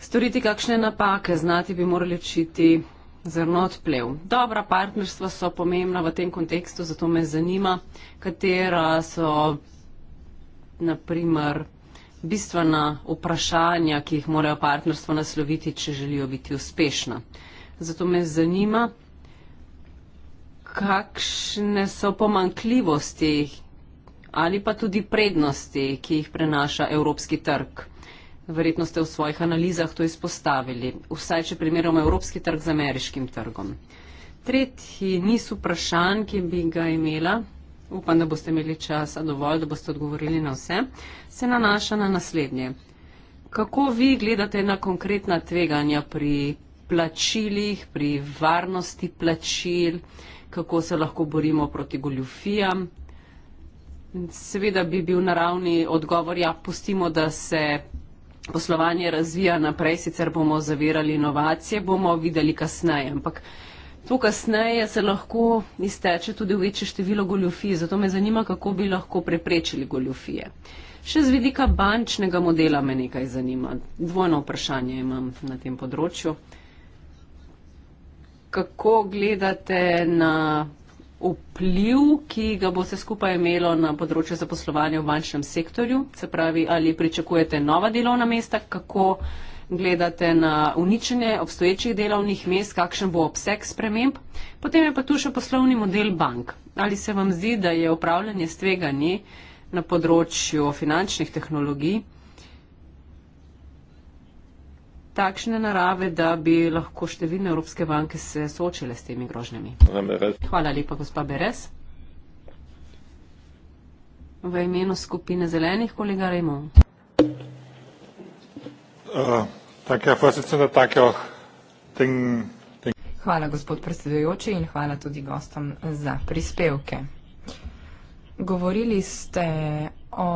storiti kakšne napake, znati bi morali učiti zrnot plev. Dobra partnerstva so pomembna v tem kontekstu, zato me zanima, katera so naprimer bistvena vprašanja, ki jih morajo partnerstva nasloviti, če želijo biti uspešna. Zato me zanima, kakšne so pomankljivosti ali pa tudi prednosti, ki jih prenaša evropski trg. Verjetno ste v svojih analizah to izpostavili, vsaj če primerjamo evropski trg z ameriškim trgom. Tretji niz vprašanj, ki bi ga imela, upam, da boste imeli časa dovolj, da boste odgovorili na vse, se nanaša na naslednje. Kako vi gledate na konkretna tveganja pri plačilih, pri varnosti plačil, kako se lahko borimo proti goljufijam? Seveda bi bil naravni odgovor, ja, pustimo, da se poslovanje razvija naprej, sicer bomo zavirali inovacije, bomo videli kasneje. Ampak to kasneje se lahko izteče tudi v večje število goljofij, zato me zanima, kako bi lahko preprečili goljofije. Še z vidika bančnega modela me nekaj zanima. Dvojno vprašanje imam na tem področju. Kako gledate na vpliv, ki ga bo vse skupaj imelo na področju zaposlovanja v bančnem sektorju? Se pravi, ali pričakujete nova delovna mesta, kako gledate na uničenje obstoječih delovnih mest, kakšen bo obseg sprememb? Potem je pa tu še poslovni model bank. Ali se vam zdi, da je upravljanje s tveganji na področju finančnih tehnologij? takšne narave, da bi lahko številne evropske banke se soočile s temi grožnjami. Hvala lepa, gospa Beres. V imenu skupine zelenih, kolega Rejmon. Eh, ja, oh, hvala, gospod predsedujoči, in hvala tudi gostom za prispevke. Govorili ste o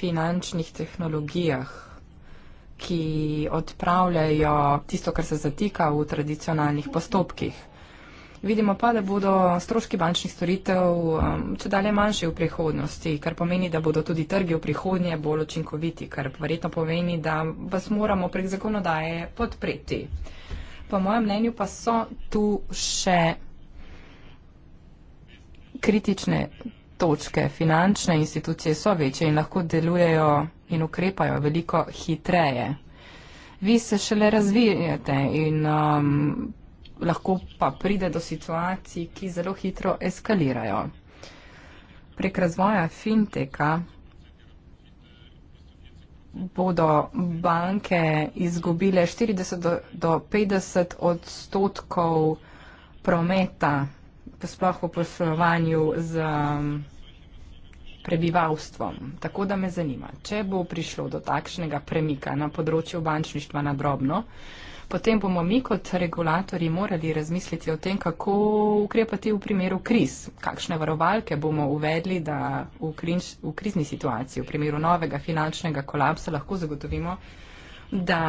finančnih tehnologijah, ki odpravljajo tisto, kar se zatika v tradicionalnih postopkih. Vidimo pa, da bodo stroški bančnih storitev um, če dalje manjši v prihodnosti, kar pomeni, da bodo tudi trgi v prihodnje bolj učinkoviti, kar verjetno pomeni, da vas moramo prek zakonodaje podpreti. Po mojem mnenju pa so tu še kritične točke, finančne institucije so večje in lahko delujejo in ukrepajo veliko hitreje. Vi se šele razvijate in um, lahko pa pride do situacij, ki zelo hitro eskalirajo. Prek razvoja finteka bodo banke izgubile 40 do 50 odstotkov prometa pa sploh v poslovanju z um, prebivalstvom. Tako da me zanima, če bo prišlo do takšnega premika na področju bančništva na drobno, potem bomo mi kot regulatori morali razmisliti o tem, kako ukrepati v primeru kriz, kakšne varovalke bomo uvedli, da v, krinč, v krizni situaciji, v primeru novega finančnega kolapsa lahko zagotovimo, da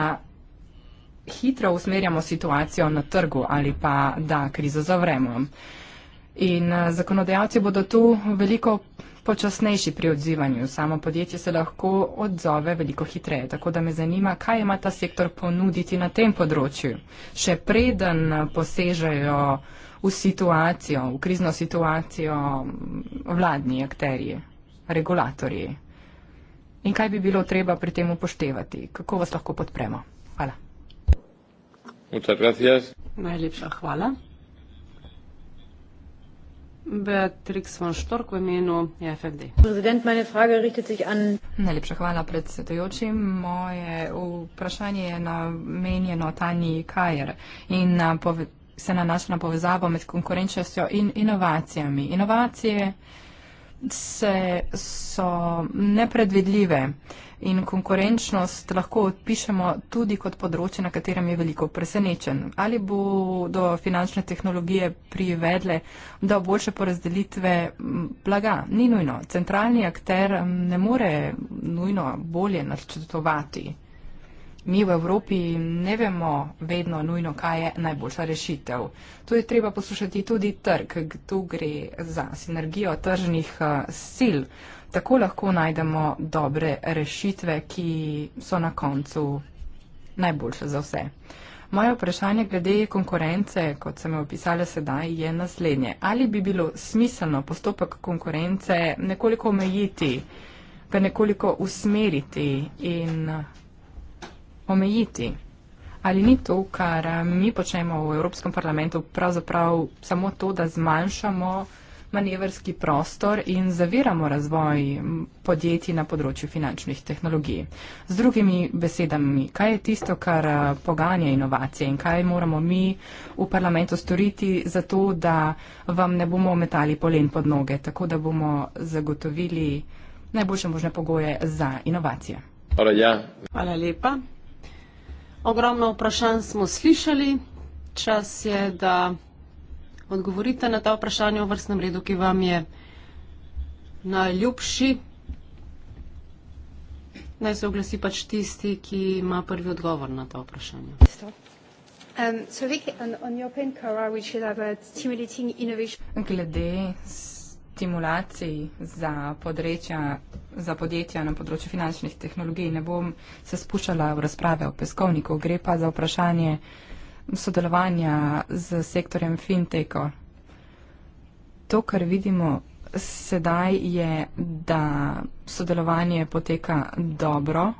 hitro usmerjamo situacijo na trgu ali pa da krizo zavremo. In eh, zakonodajalci bodo tu veliko počasnejši pri odzivanju. Samo podjetje se lahko odzove veliko hitreje. Tako da me zanima, kaj ima ta sektor ponuditi na tem področju. Še preden posežejo v situacijo, v krizno situacijo mm, vladni akterji, regulatorji. In kaj bi bilo treba pri tem upoštevati? Kako vas lahko podpremo? Hvala. Najlepša hvala. Beatrix von Stork v imenu FFD. Najlepša hvala predsedujoči. Moje vprašanje je namenjeno Tanji Kajer in na se nanaša na povezavo med konkurenčnostjo in inovacijami. Inovacije se, so nepredvidljive. Uh, in konkurenčnost lahko odpišemo tudi kot področje, na katerem je veliko presenečen. Ali bo do finančne tehnologije privedle do boljše porazdelitve blaga? Ni nujno. Centralni akter ne more nujno bolje načrtovati. Mi v Evropi ne vemo vedno nujno, kaj je najboljša rešitev. Tu je treba poslušati tudi trg, tu gre za sinergijo tržnih eh, sil tako lahko najdemo dobre rešitve, ki so na koncu najboljše za vse. Moje vprašanje glede konkurence, kot sem jo opisala sedaj, je naslednje. Ali bi bilo smiselno postopek konkurence nekoliko omejiti, ga nekoliko usmeriti in omejiti? Ali ni to, kar mi počnemo v Evropskem parlamentu, pravzaprav samo to, da zmanjšamo manevrski prostor in zaviramo razvoj podjetij na področju finančnih tehnologij. Z drugimi besedami, kaj je tisto, kar eh, poganja inovacije in kaj moramo mi v parlamentu storiti za to, da vam ne bomo metali polen pod noge, tako da bomo zagotovili najboljše možne pogoje za inovacije. Hvala, ja. Hvala lepa. Ogromno vprašanj smo slišali. Čas je, da odgovorite na ta vprašanja v vrstnem redu, ki vam je najljubši. Naj se oglasi pač tisti, ki ima prvi odgovor na ta vprašanja. Um, Glede stimulacij za področja, za podjetja na področju finančnih tehnologij ne bom se spuščala v razprave o peskovniku, gre pa za vprašanje sodelovanja z sektorjem fintech. To, kar vidimo sedaj, je, da sodelovanje poteka dobro.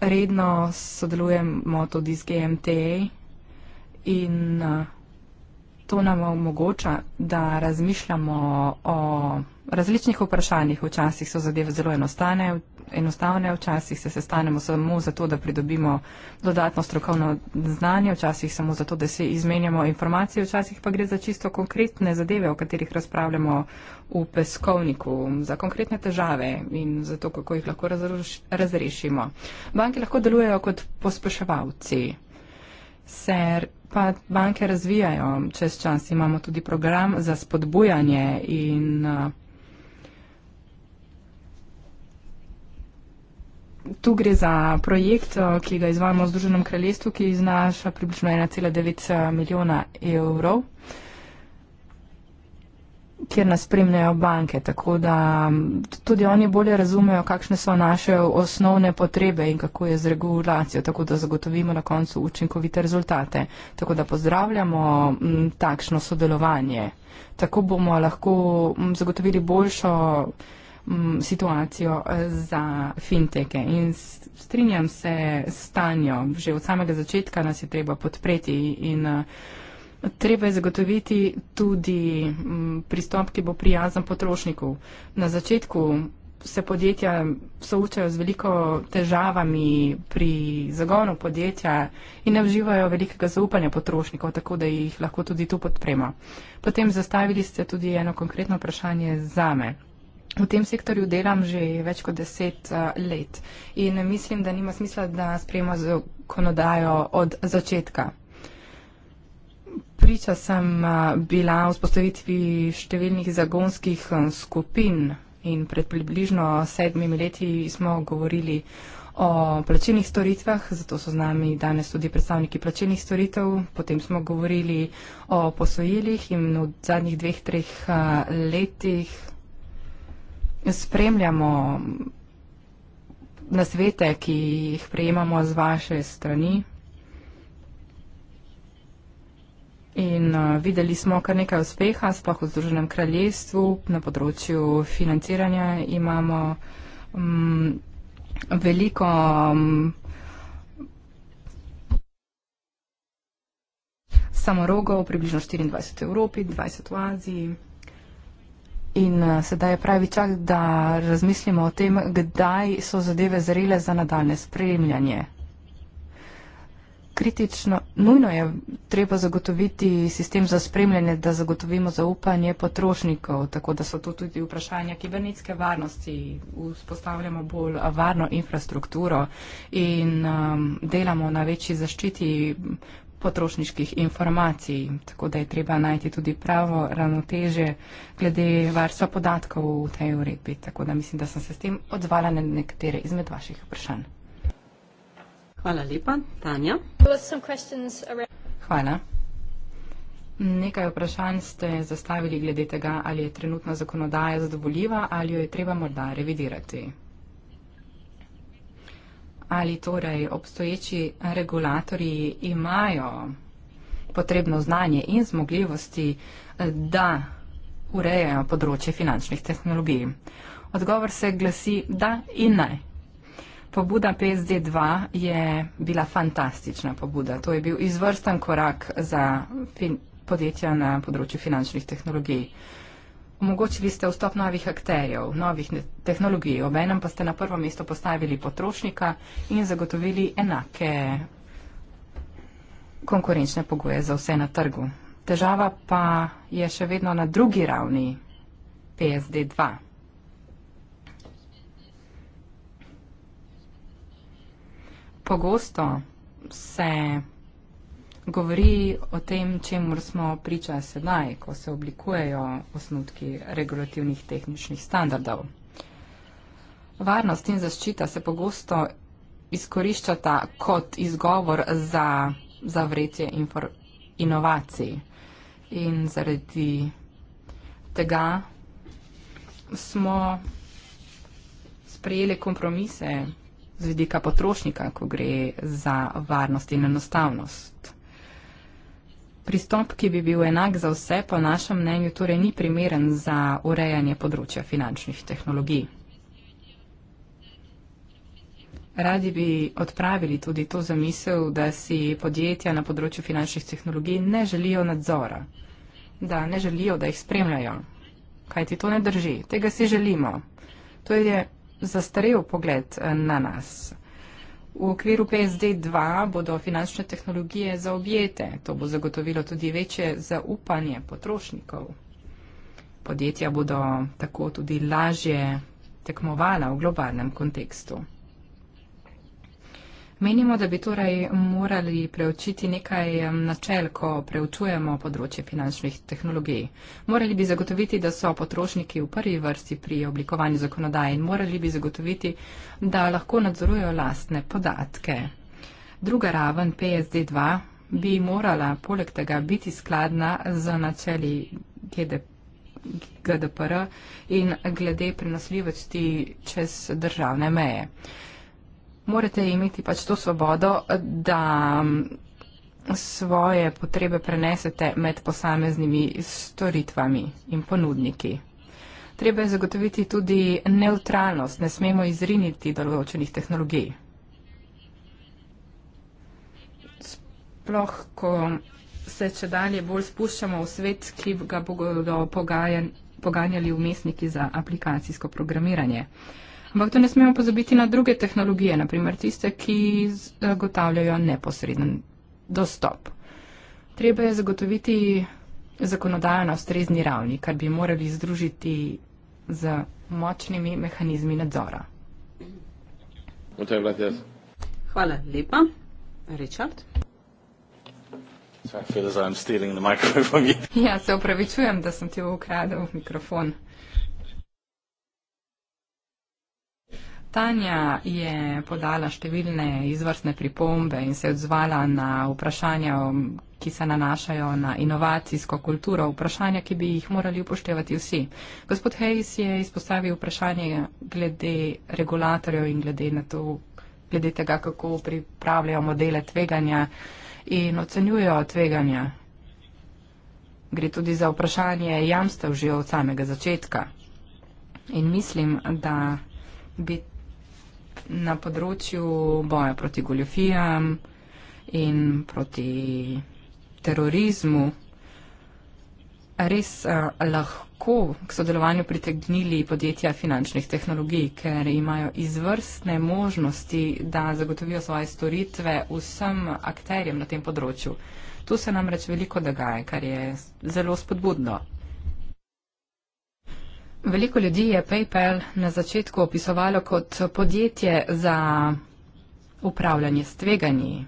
Redno sodelujemo tudi z GMT e in eh, to nam omogoča, da razmišljamo o različnih vprašanjih. Včasih so zadeve zelo enostavne, enostavne, včasih se sestanemo samo zato, da pridobimo dodatno strokovno znanje, včasih samo zato, da se izmenjamo informacije, včasih pa gre za čisto konkretne zadeve, o katerih razpravljamo v peskovniku, za konkretne težave in za to, kako jih lahko razrešimo. Banke lahko delujejo kot pospeševalci. Ser pa banke razvijajo, čez čas imamo tudi program za spodbujanje in uh, Tu gre za projekt, eh, ki ga izvajamo v Združenem kraljestvu, ki znaša približno 1,9 eh, milijona evrov, kjer nas spremljajo banke, tako da tudi oni bolje razumejo, kakšne so naše osnovne potrebe in kako je z regulacijo, tako da zagotovimo na koncu učinkovite rezultate. Tako da pozdravljamo takšno sodelovanje. Tako bomo lahko zagotovili boljšo. Mm, situacijo eh, za finteke. In strinjam se s Tanjo, že od samega začetka nas je treba podpreti in eh, treba je zagotoviti tudi mm, pristop, ki bo prijazen potrošnikov. Na začetku se podjetja soočajo z veliko težavami pri zagonu podjetja in ne uživajo velikega zaupanja potrošnikov, tako da jih lahko tudi tu podprema. Potem zastavili ste tudi eno konkretno vprašanje za me. V tem sektorju delam že več kot deset uh, let in mislim, da nima smisla, da sprejema zakonodajo od začetka. Priča sem eh, bila v spostavitvi številnih zagonskih eh, skupin in pred približno sedmimi leti smo govorili o plačenih storitvah, zato so z nami danes tudi predstavniki plačenih storitev, potem smo govorili o posojilih in v zadnjih dveh, treh letih spremljamo nasvete, ki jih prejemamo z vaše strani. In eh, videli smo kar nekaj uspeha, sploh v Združenem kraljestvu, na področju financiranja imamo um, veliko. Um, Samorogov, približno 24 v Evropi, 20 v Aziji. In eh, sedaj je pravi čak, da razmislimo o tem, kdaj so zadeve zrele za nadaljne spremljanje. Kritično, nujno je treba zagotoviti sistem za spremljanje, da zagotovimo zaupanje potrošnikov, tako da so tu tudi vprašanja kibernetske varnosti, vzpostavljamo bolj varno infrastrukturo in um, delamo na večji zaščiti potrošniških informacij, tako da je treba najti tudi pravo ravnoteže glede varstva podatkov v tej uredbi. Tako da mislim, da sem se s tem odzvala na nekatere izmed vaših vprašanj. Hvala lepa, Tanja. Hvala. Nekaj vprašanj ste zastavili glede tega, ali je trenutna zakonodaja zadovoljiva ali jo je treba morda revidirati ali torej obstoječi regulatori imajo potrebno znanje in zmogljivosti, da urejajo področje finančnih tehnologij. Odgovor se glasi da in ne. Pobuda PSD2 je bila fantastična pobuda. To je bil izvrsten korak za podjetja na področju finančnih tehnologij. Omogočili ste vstop novih akterjev, novih tehnologij, obenem pa ste na prvo mesto postavili potrošnika in zagotovili enake konkurenčne pogoje za vse na trgu. Težava pa je še vedno na drugi ravni PSD2. Pogosto se govori o tem, čemu smo priča sedaj, ko se oblikujejo osnutki regulativnih tehničnih standardov. Varnost in zaščita se pogosto izkoriščata kot izgovor za zavretje inovacij. In zaradi tega smo sprejeli kompromise z vidika potrošnika, ko gre za varnost in enostavnost. Pristop, ki bi bil enak za vse, po našem mnenju, torej ni primeren za urejanje področja finančnih tehnologij. Radi bi odpravili tudi to zamisel, da si podjetja na področju finančnih tehnologij ne želijo nadzora, da ne želijo, da jih spremljajo. Kaj ti to ne drži? Tega si želimo. To je zastarel pogled eh, na nas. V okviru PSD 2 bodo finančne tehnologije zaobjete. To bo zagotovilo tudi večje zaupanje potrošnikov. Podjetja bodo tako tudi lažje tekmovala v globalnem kontekstu. Menimo, da bi torej morali preučiti nekaj načel, ko preučujemo področje finančnih tehnologij. Morali bi zagotoviti, da so potrošniki v prvi vrsti pri oblikovanju zakonodaje in morali bi zagotoviti, da lahko nadzorujo lastne podatke. Druga raven PSD2 bi morala poleg tega biti skladna z načeli GDPR in glede prenosljivosti čez državne meje morate imeti pač to svobodo, da mm, svoje potrebe prenesete med posameznimi storitvami in ponudniki. Treba je zagotoviti tudi neutralnost, ne smemo izriniti določenih tehnologij. Sploh, ko se če dalje bolj spuščamo v svet, ki ga bodo pogajan, poganjali umestniki za aplikacijsko programiranje. Ampak tu ne smemo pozabiti na druge tehnologije, naprimer tiste, ki zagotavljajo eh, neposreden dostop. Treba je zagotoviti zakonodajo na ustrezni ravni, kar bi morali združiti z močnimi mehanizmi nadzora. Hvala lepa. Richard? Ja, se upravičujem, da sem ti ukradel mikrofon. Tanja je podala številne izvrstne pripombe in se odzvala na vprašanja, um, ki se nanašajo na inovacijsko kulturo, vprašanja, ki bi jih morali upoštevati vsi. Gospod Hayes je izpostavil vprašanje glede regulatorjev in glede na to, glede tega, kako pripravljajo modele tveganja in ocenjujejo tveganja. Gre tudi za vprašanje jamstev že od samega začetka. In mislim, da bi na področju boja proti goljofijam in proti terorizmu res eh, lahko k sodelovanju pritegnili podjetja finančnih tehnologij, ker imajo izvrstne možnosti, da zagotovijo svoje storitve vsem akterjem na tem področju. Tu se namreč veliko dogaja, kar je zelo spodbudno. Veliko ljudi je PayPal na začetku opisovalo kot podjetje za upravljanje s tveganji.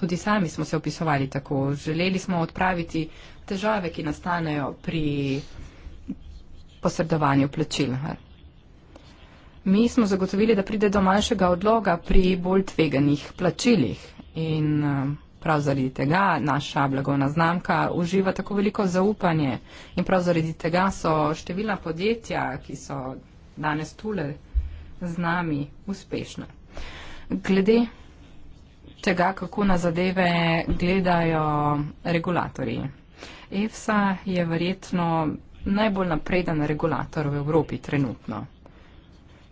Tudi sami smo se opisovali tako. Želeli smo odpraviti težave, ki nastanejo pri posredovanju plačil. Mi smo zagotovili, da pride do manjšega odloga pri bolj tveganih plačilih. In prav zaradi tega naša blagovna znamka uživa tako veliko zaupanje in prav zaradi tega so številna podjetja, ki so danes tule z nami, uspešna. Glede tega, kako na zadeve gledajo regulatorji. EFSA je verjetno najbolj napreden regulator v Evropi trenutno.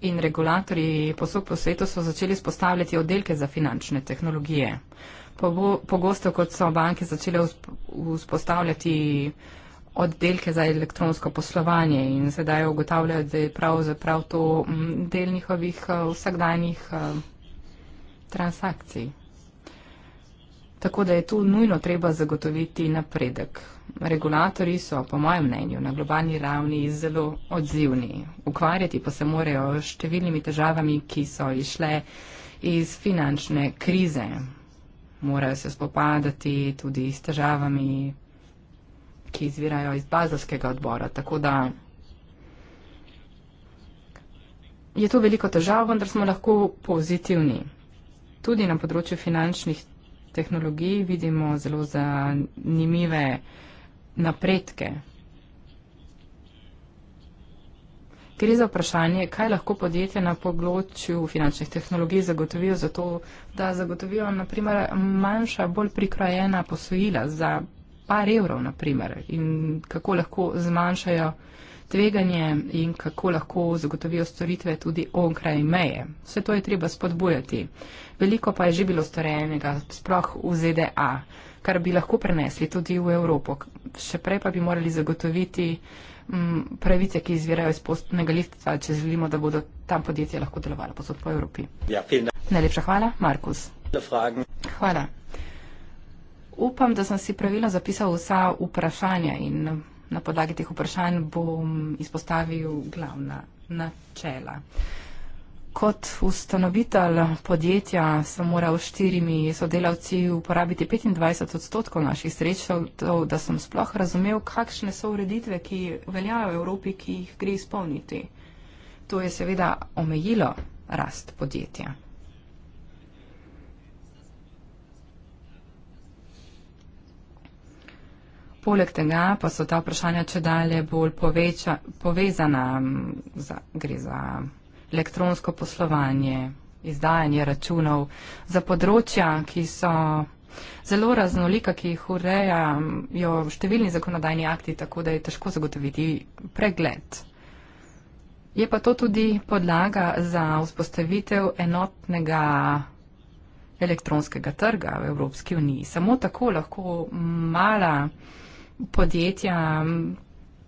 In regulatorji posod po svetu so začeli spostavljati oddelke za finančne tehnologije pogosto, kot so banke začele vzpostavljati oddelke za elektronsko poslovanje in sedaj ugotavljajo, da je pravzaprav to mm, del njihovih eh, vsakdanjih eh, transakcij. Tako da je tu nujno treba zagotoviti napredek. Regulatori so, po mojem mnenju, na globalni ravni zelo odzivni. Ukvarjati pa se morajo s številnimi težavami, ki so išle iz finančne krize morajo se spopadati tudi s težavami, ki izvirajo iz bazalskega odbora. Tako da je to veliko težav, vendar smo lahko pozitivni. Tudi na področju finančnih tehnologij vidimo zelo zanimive napredke. Gre za vprašanje, kaj lahko podjetja na področju finančnih tehnologij zagotovijo za to, da zagotovijo naprimer manjša, bolj prikrojena posojila za par evrov naprimer in kako lahko zmanjšajo tveganje in kako lahko zagotovijo storitve tudi onkraj meje. Vse to je treba spodbujati. Veliko pa je že bilo storjenega, sploh v ZDA, kar bi lahko prenesli tudi v Evropo. Še prej pa bi morali zagotoviti pravice, ki izvirajo iz postnega listca, če želimo, da bodo tam podjetja lahko delovala posod po Evropi. Ja, Najlepša hvala, Markus. Hvala. Upam, da sem si pravilno zapisal vsa vprašanja in na podlagi teh vprašanj bom izpostavil glavna načela kot ustanovitelj podjetja sem moral s štirimi sodelavci uporabiti 25 odstotkov naših sredstev, da sem sploh razumel, kakšne so ureditve, ki veljajo v Evropi, ki jih gre izpolniti. To je seveda omejilo rast podjetja. Poleg tega pa so ta vprašanja če dalje bolj poveča, povezana, za, gre za elektronsko poslovanje, izdajanje računov, za področja, ki so zelo raznolika, ki jih urejajo številni zakonodajni akti, tako da je težko zagotoviti pregled. Je pa to tudi podlaga za vzpostavitev enotnega elektronskega trga v Evropski uniji. Samo tako lahko mala podjetja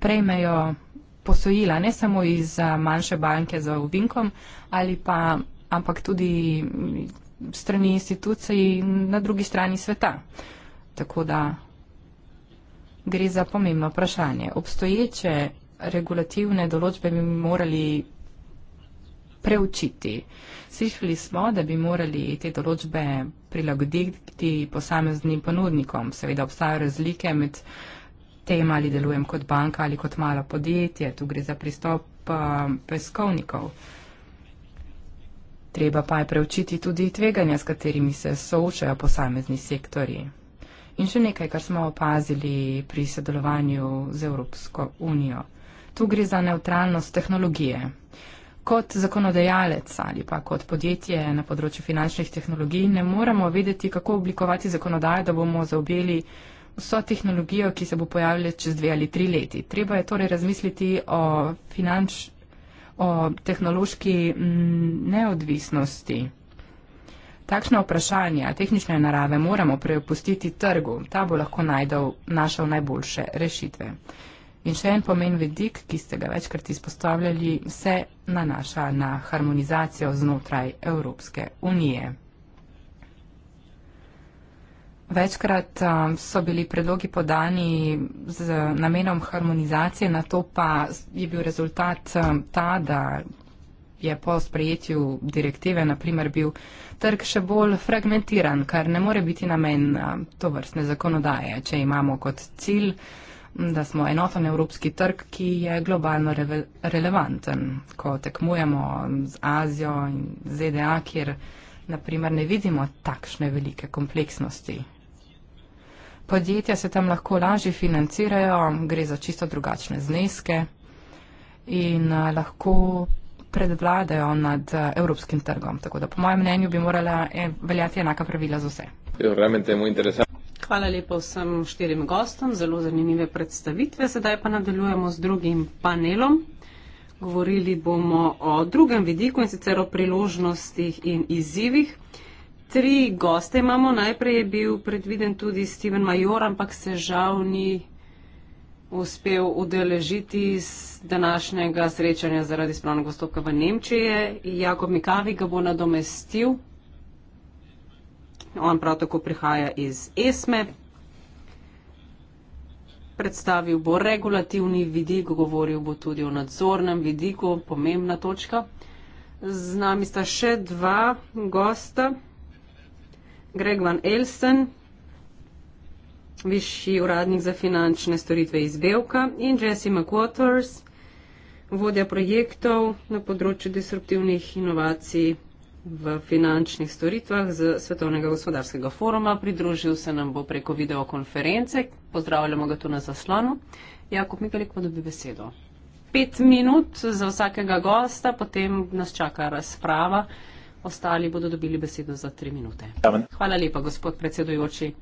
prejmejo posojila, ne samo iz eh, manjše banke za uvinkom, ali pa, ampak tudi strani institucij na drugi strani sveta. Tako da gre za pomembno vprašanje. Obstoječe regulativne določbe bi morali preučiti. Slišali smo, da bi morali te določbe prilagoditi posameznim ponudnikom. Seveda obstajajo razlike med uh, tem, ali delujem kot banka ali kot malo podjetje. Tu gre za pristop eh, peskovnikov. Treba pa je preučiti tudi tveganja, s katerimi se soočajo posamezni sektori. In še nekaj, kar smo opazili pri sodelovanju z Evropsko unijo. Tu gre za neutralnost tehnologije. Kot zakonodajalec ali pa kot podjetje na področju finančnih tehnologij ne moremo vedeti, kako oblikovati zakonodajo, da bomo zaobjeli vso tehnologijo, ki se bo pojavila čez dve ali tri leti. Treba je torej razmisliti o finanč, o tehnološki mm, neodvisnosti. Takšna vprašanja tehnične narave moramo prepustiti trgu. Ta bo lahko najdel, našel najboljše rešitve. In še en pomen vidik, ki ste ga večkrat izpostavljali, se nanaša na harmonizacijo znotraj Evropske unije. Večkrat um, so bili predlogi podani z namenom harmonizacije, na to pa je bil rezultat um, ta, da je po sprejetju direktive, naprimer, bil trg še bolj fragmentiran, kar ne more biti namen um, to vrstne zakonodaje, če imamo kot cilj, da smo enoten evropski trg, ki je globalno re relevanten, ko tekmujemo z Azijo in ZDA, kjer. Naprimer, ne vidimo takšne velike kompleksnosti podjetja se tam lahko lažje financirajo, gre za čisto drugačne zneske in eh, lahko predvladajo nad eh, evropskim trgom. Tako da po mojem mnenju bi morala eh, veljati enaka pravila za vse. Hvala lepa vsem štirim gostom, zelo zanimive predstavitve. Sedaj pa nadaljujemo z drugim panelom. Govorili bomo o drugem vidiku in sicer o priložnostih in izzivih tri goste imamo. Najprej je bil predviden tudi Steven Major, ampak se žal ni uspel udeležiti z današnjega srečanja zaradi spravnega postopka v Nemčiji. Jakob Mikavi ga bo nadomestil. On prav tako prihaja iz ESME. Predstavil bo regulativni vidik, govoril bo tudi o nadzornem vidiku, pomembna točka. Z nami sta še dva gosta. Greg Van Elsen, višji uradnik za finančne storitve iz Belka in Jesse McWaters, vodja projektov na področju disruptivnih inovacij v finančnih storitvah z Svetovnega gospodarskega foruma. Pridružil se nam bo preko videokonference. Pozdravljamo ga tu na zaslonu. Jakob Mikalik pa dobi besedo. Pet minut za vsakega gosta, potem nas čaka razprava. Ostali bodo dobili besedo za tri minute. Hvala lepa, gospod predsedujoči.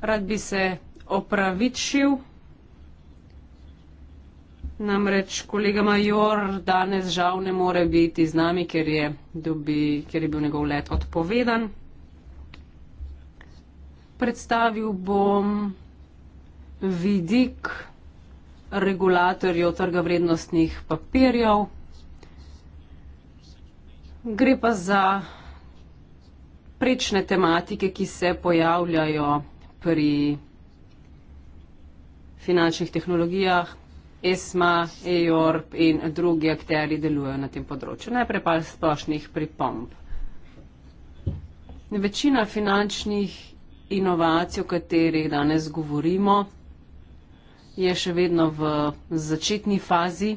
Rad bi se opravičil. Namreč kolega Major danes žal ne more biti z nami, ker je, dobi, ker je bil njegov let odpovedan. Predstavil bom vidik regulatorjev trga vrednostnih papirjev. Gre pa za prečne tematike, ki se pojavljajo pri finančnih tehnologijah. ESMA, EORP in drugi akteri delujejo na tem področju. Najprej pa splošnih pripomb. Večina finančnih inovacij, o katerih danes govorimo, je še vedno v začetni fazi,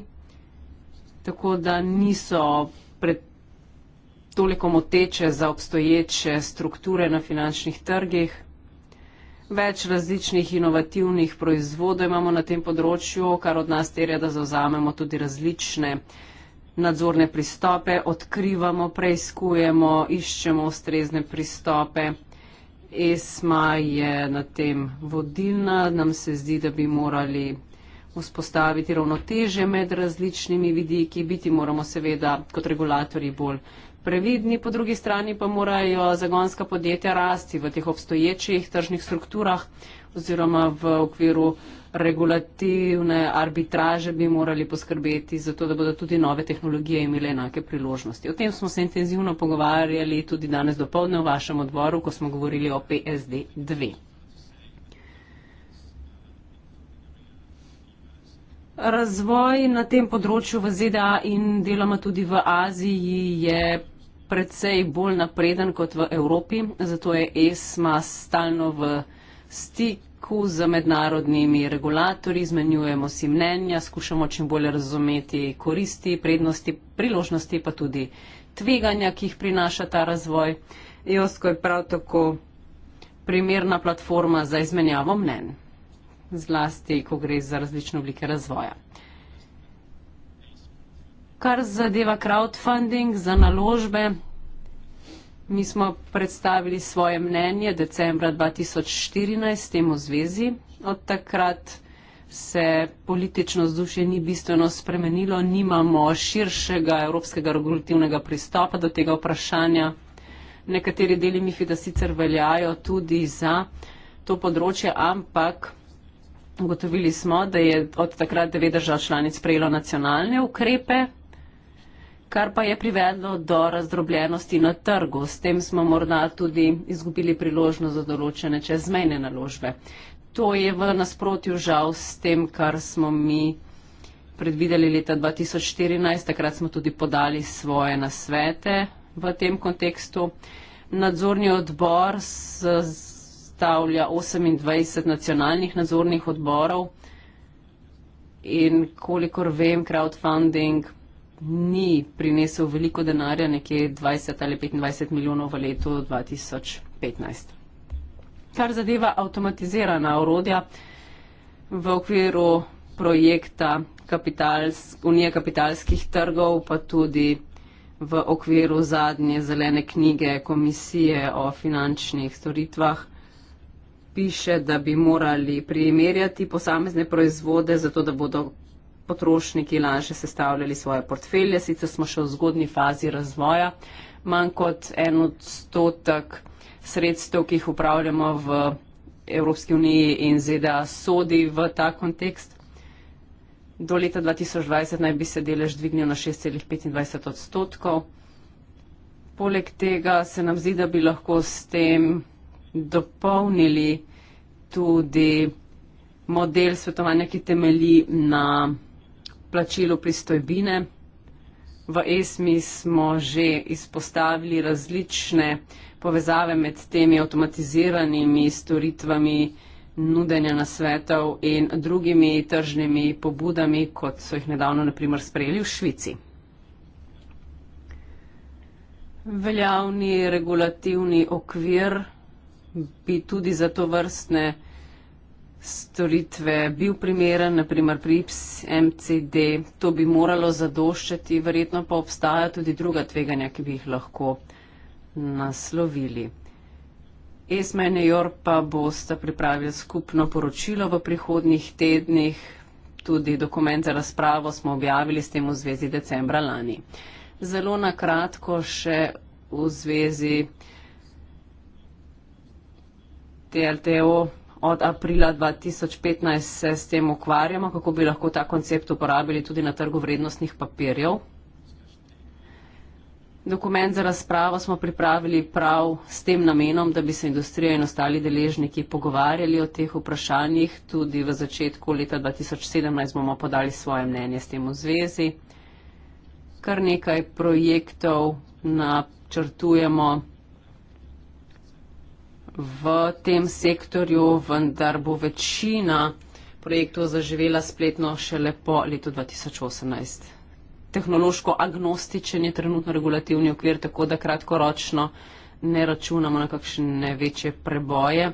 tako da niso pred toliko moteče za obstoječe strukture na finančnih trgih. Več različnih inovativnih proizvodov imamo na tem področju, kar od nas terja, da zauzamemo tudi različne nadzorne pristope, odkrivamo, preizkujemo, iščemo ustrezne pristope. ESMA je na tem vodilna, nam se zdi, da bi morali vzpostaviti ravnoteže med različnimi vidiki, biti moramo seveda kot regulatori bolj previdni, po drugi strani pa morajo zagonska podjetja rasti v teh obstoječih tržnih strukturah oziroma v okviru regulativne arbitraže bi morali poskrbeti za to, da bodo tudi nove tehnologije imele enake priložnosti. O tem smo se intenzivno pogovarjali tudi danes dopolne v vašem odboru, ko smo govorili o PSD 2. Razvoj na tem področju v ZDA in deloma tudi v Aziji je precej bolj napreden kot v Evropi, zato je ESMA stalno v stiku z mednarodnimi regulatorji, izmenjujemo si mnenja, skušamo čim bolje razumeti koristi, prednosti, priložnosti, pa tudi tveganja, ki jih prinaša ta razvoj. EOSCO je prav tako primerna platforma za izmenjavo mnen, zlasti, ko gre za različne oblike razvoja kar zadeva crowdfunding za naložbe, mi smo predstavili svoje mnenje decembra 2014 temu zvezi. Od takrat se politično vzdušje ni bistveno spremenilo, nimamo širšega evropskega regulativnega pristopa do tega vprašanja. Nekateri deli MIFI da sicer veljajo tudi za to področje, ampak. Ugotovili smo, da je od takrat devet držav članic prejelo nacionalne ukrepe kar pa je privedlo do razdrobljenosti na trgu. S tem smo morda tudi izgubili priložnost za določene čezmejne naložbe. To je v nasprotju žal s tem, kar smo mi predvideli leta 2014, takrat smo tudi podali svoje nasvete v tem kontekstu. Nadzorni odbor stavlja 28 nacionalnih nadzornih odborov in kolikor vem, crowdfunding ni prinesel veliko denarja, nekje 20 ali 25 milijonov v letu 2015. Kar zadeva avtomatizirana orodja v okviru projekta Kapitals, Unije kapitalskih trgov, pa tudi v okviru zadnje zelene knjige Komisije o finančnih storitvah, piše, da bi morali primerjati posamezne proizvode, zato da bodo potrošniki lažje sestavljali svoje portfelje, sicer smo še v zgodni fazi razvoja, manj kot en odstotek sredstev, ki jih upravljamo v Evropski uniji in ZDA, sodi v ta kontekst. Do leta 2020 naj bi se delež dvignil na 6,25 odstotkov. Poleg tega se nam zdi, da bi lahko s tem dopolnili tudi model svetovanja, ki temelji na plačilu pristojbine. V ESMI smo že izpostavili različne povezave med temi avtomatiziranimi storitvami nudenja nasvetov in drugimi tržnimi pobudami, kot so jih nedavno naprimer sprejeli v Švici. Veljavni regulativni okvir bi tudi za to vrstne storitve bil primeren, naprimer pri IPS, MCD, to bi moralo zadoščati, verjetno pa obstajajo tudi druga tveganja, ki bi jih lahko naslovili. ESMA in EOR pa boste pripravili skupno poročilo v prihodnih tednih, tudi dokument za razpravo smo objavili s tem v zvezi decembra lani. Zelo nakratko še v zvezi TLTO od aprila 2015 se s tem ukvarjamo, kako bi lahko ta koncept uporabili tudi na trgu vrednostnih papirjev. Dokument za razpravo smo pripravili prav s tem namenom, da bi se industrija in ostali deležniki pogovarjali o teh vprašanjih. Tudi v začetku leta 2017 bomo podali svoje mnenje s tem v zvezi. Kar nekaj projektov načrtujemo v tem sektorju, vendar bo večina projektov zaživela spletno šele po letu 2018. Tehnološko agnostičen je trenutno regulativni okvir, tako da kratkoročno ne računamo na kakšne večje preboje.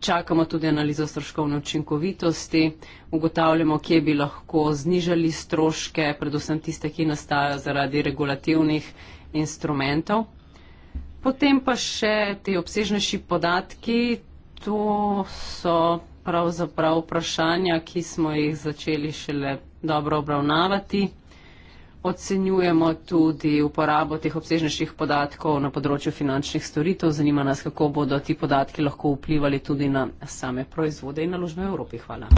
Čakamo tudi analizo stroškovne učinkovitosti, ugotavljamo, kje bi lahko znižali stroške, predvsem tiste, ki nastajajo zaradi regulativnih instrumentov. Potem pa še ti obsežnejši podatki, to so pravzaprav vprašanja, ki smo jih začeli šele dobro obravnavati. Ocenjujemo tudi uporabo teh obsežnejših podatkov na področju finančnih storitev. Zanima nas, kako bodo ti podatki lahko vplivali tudi na same proizvode in naložbe v Evropi. Hvala.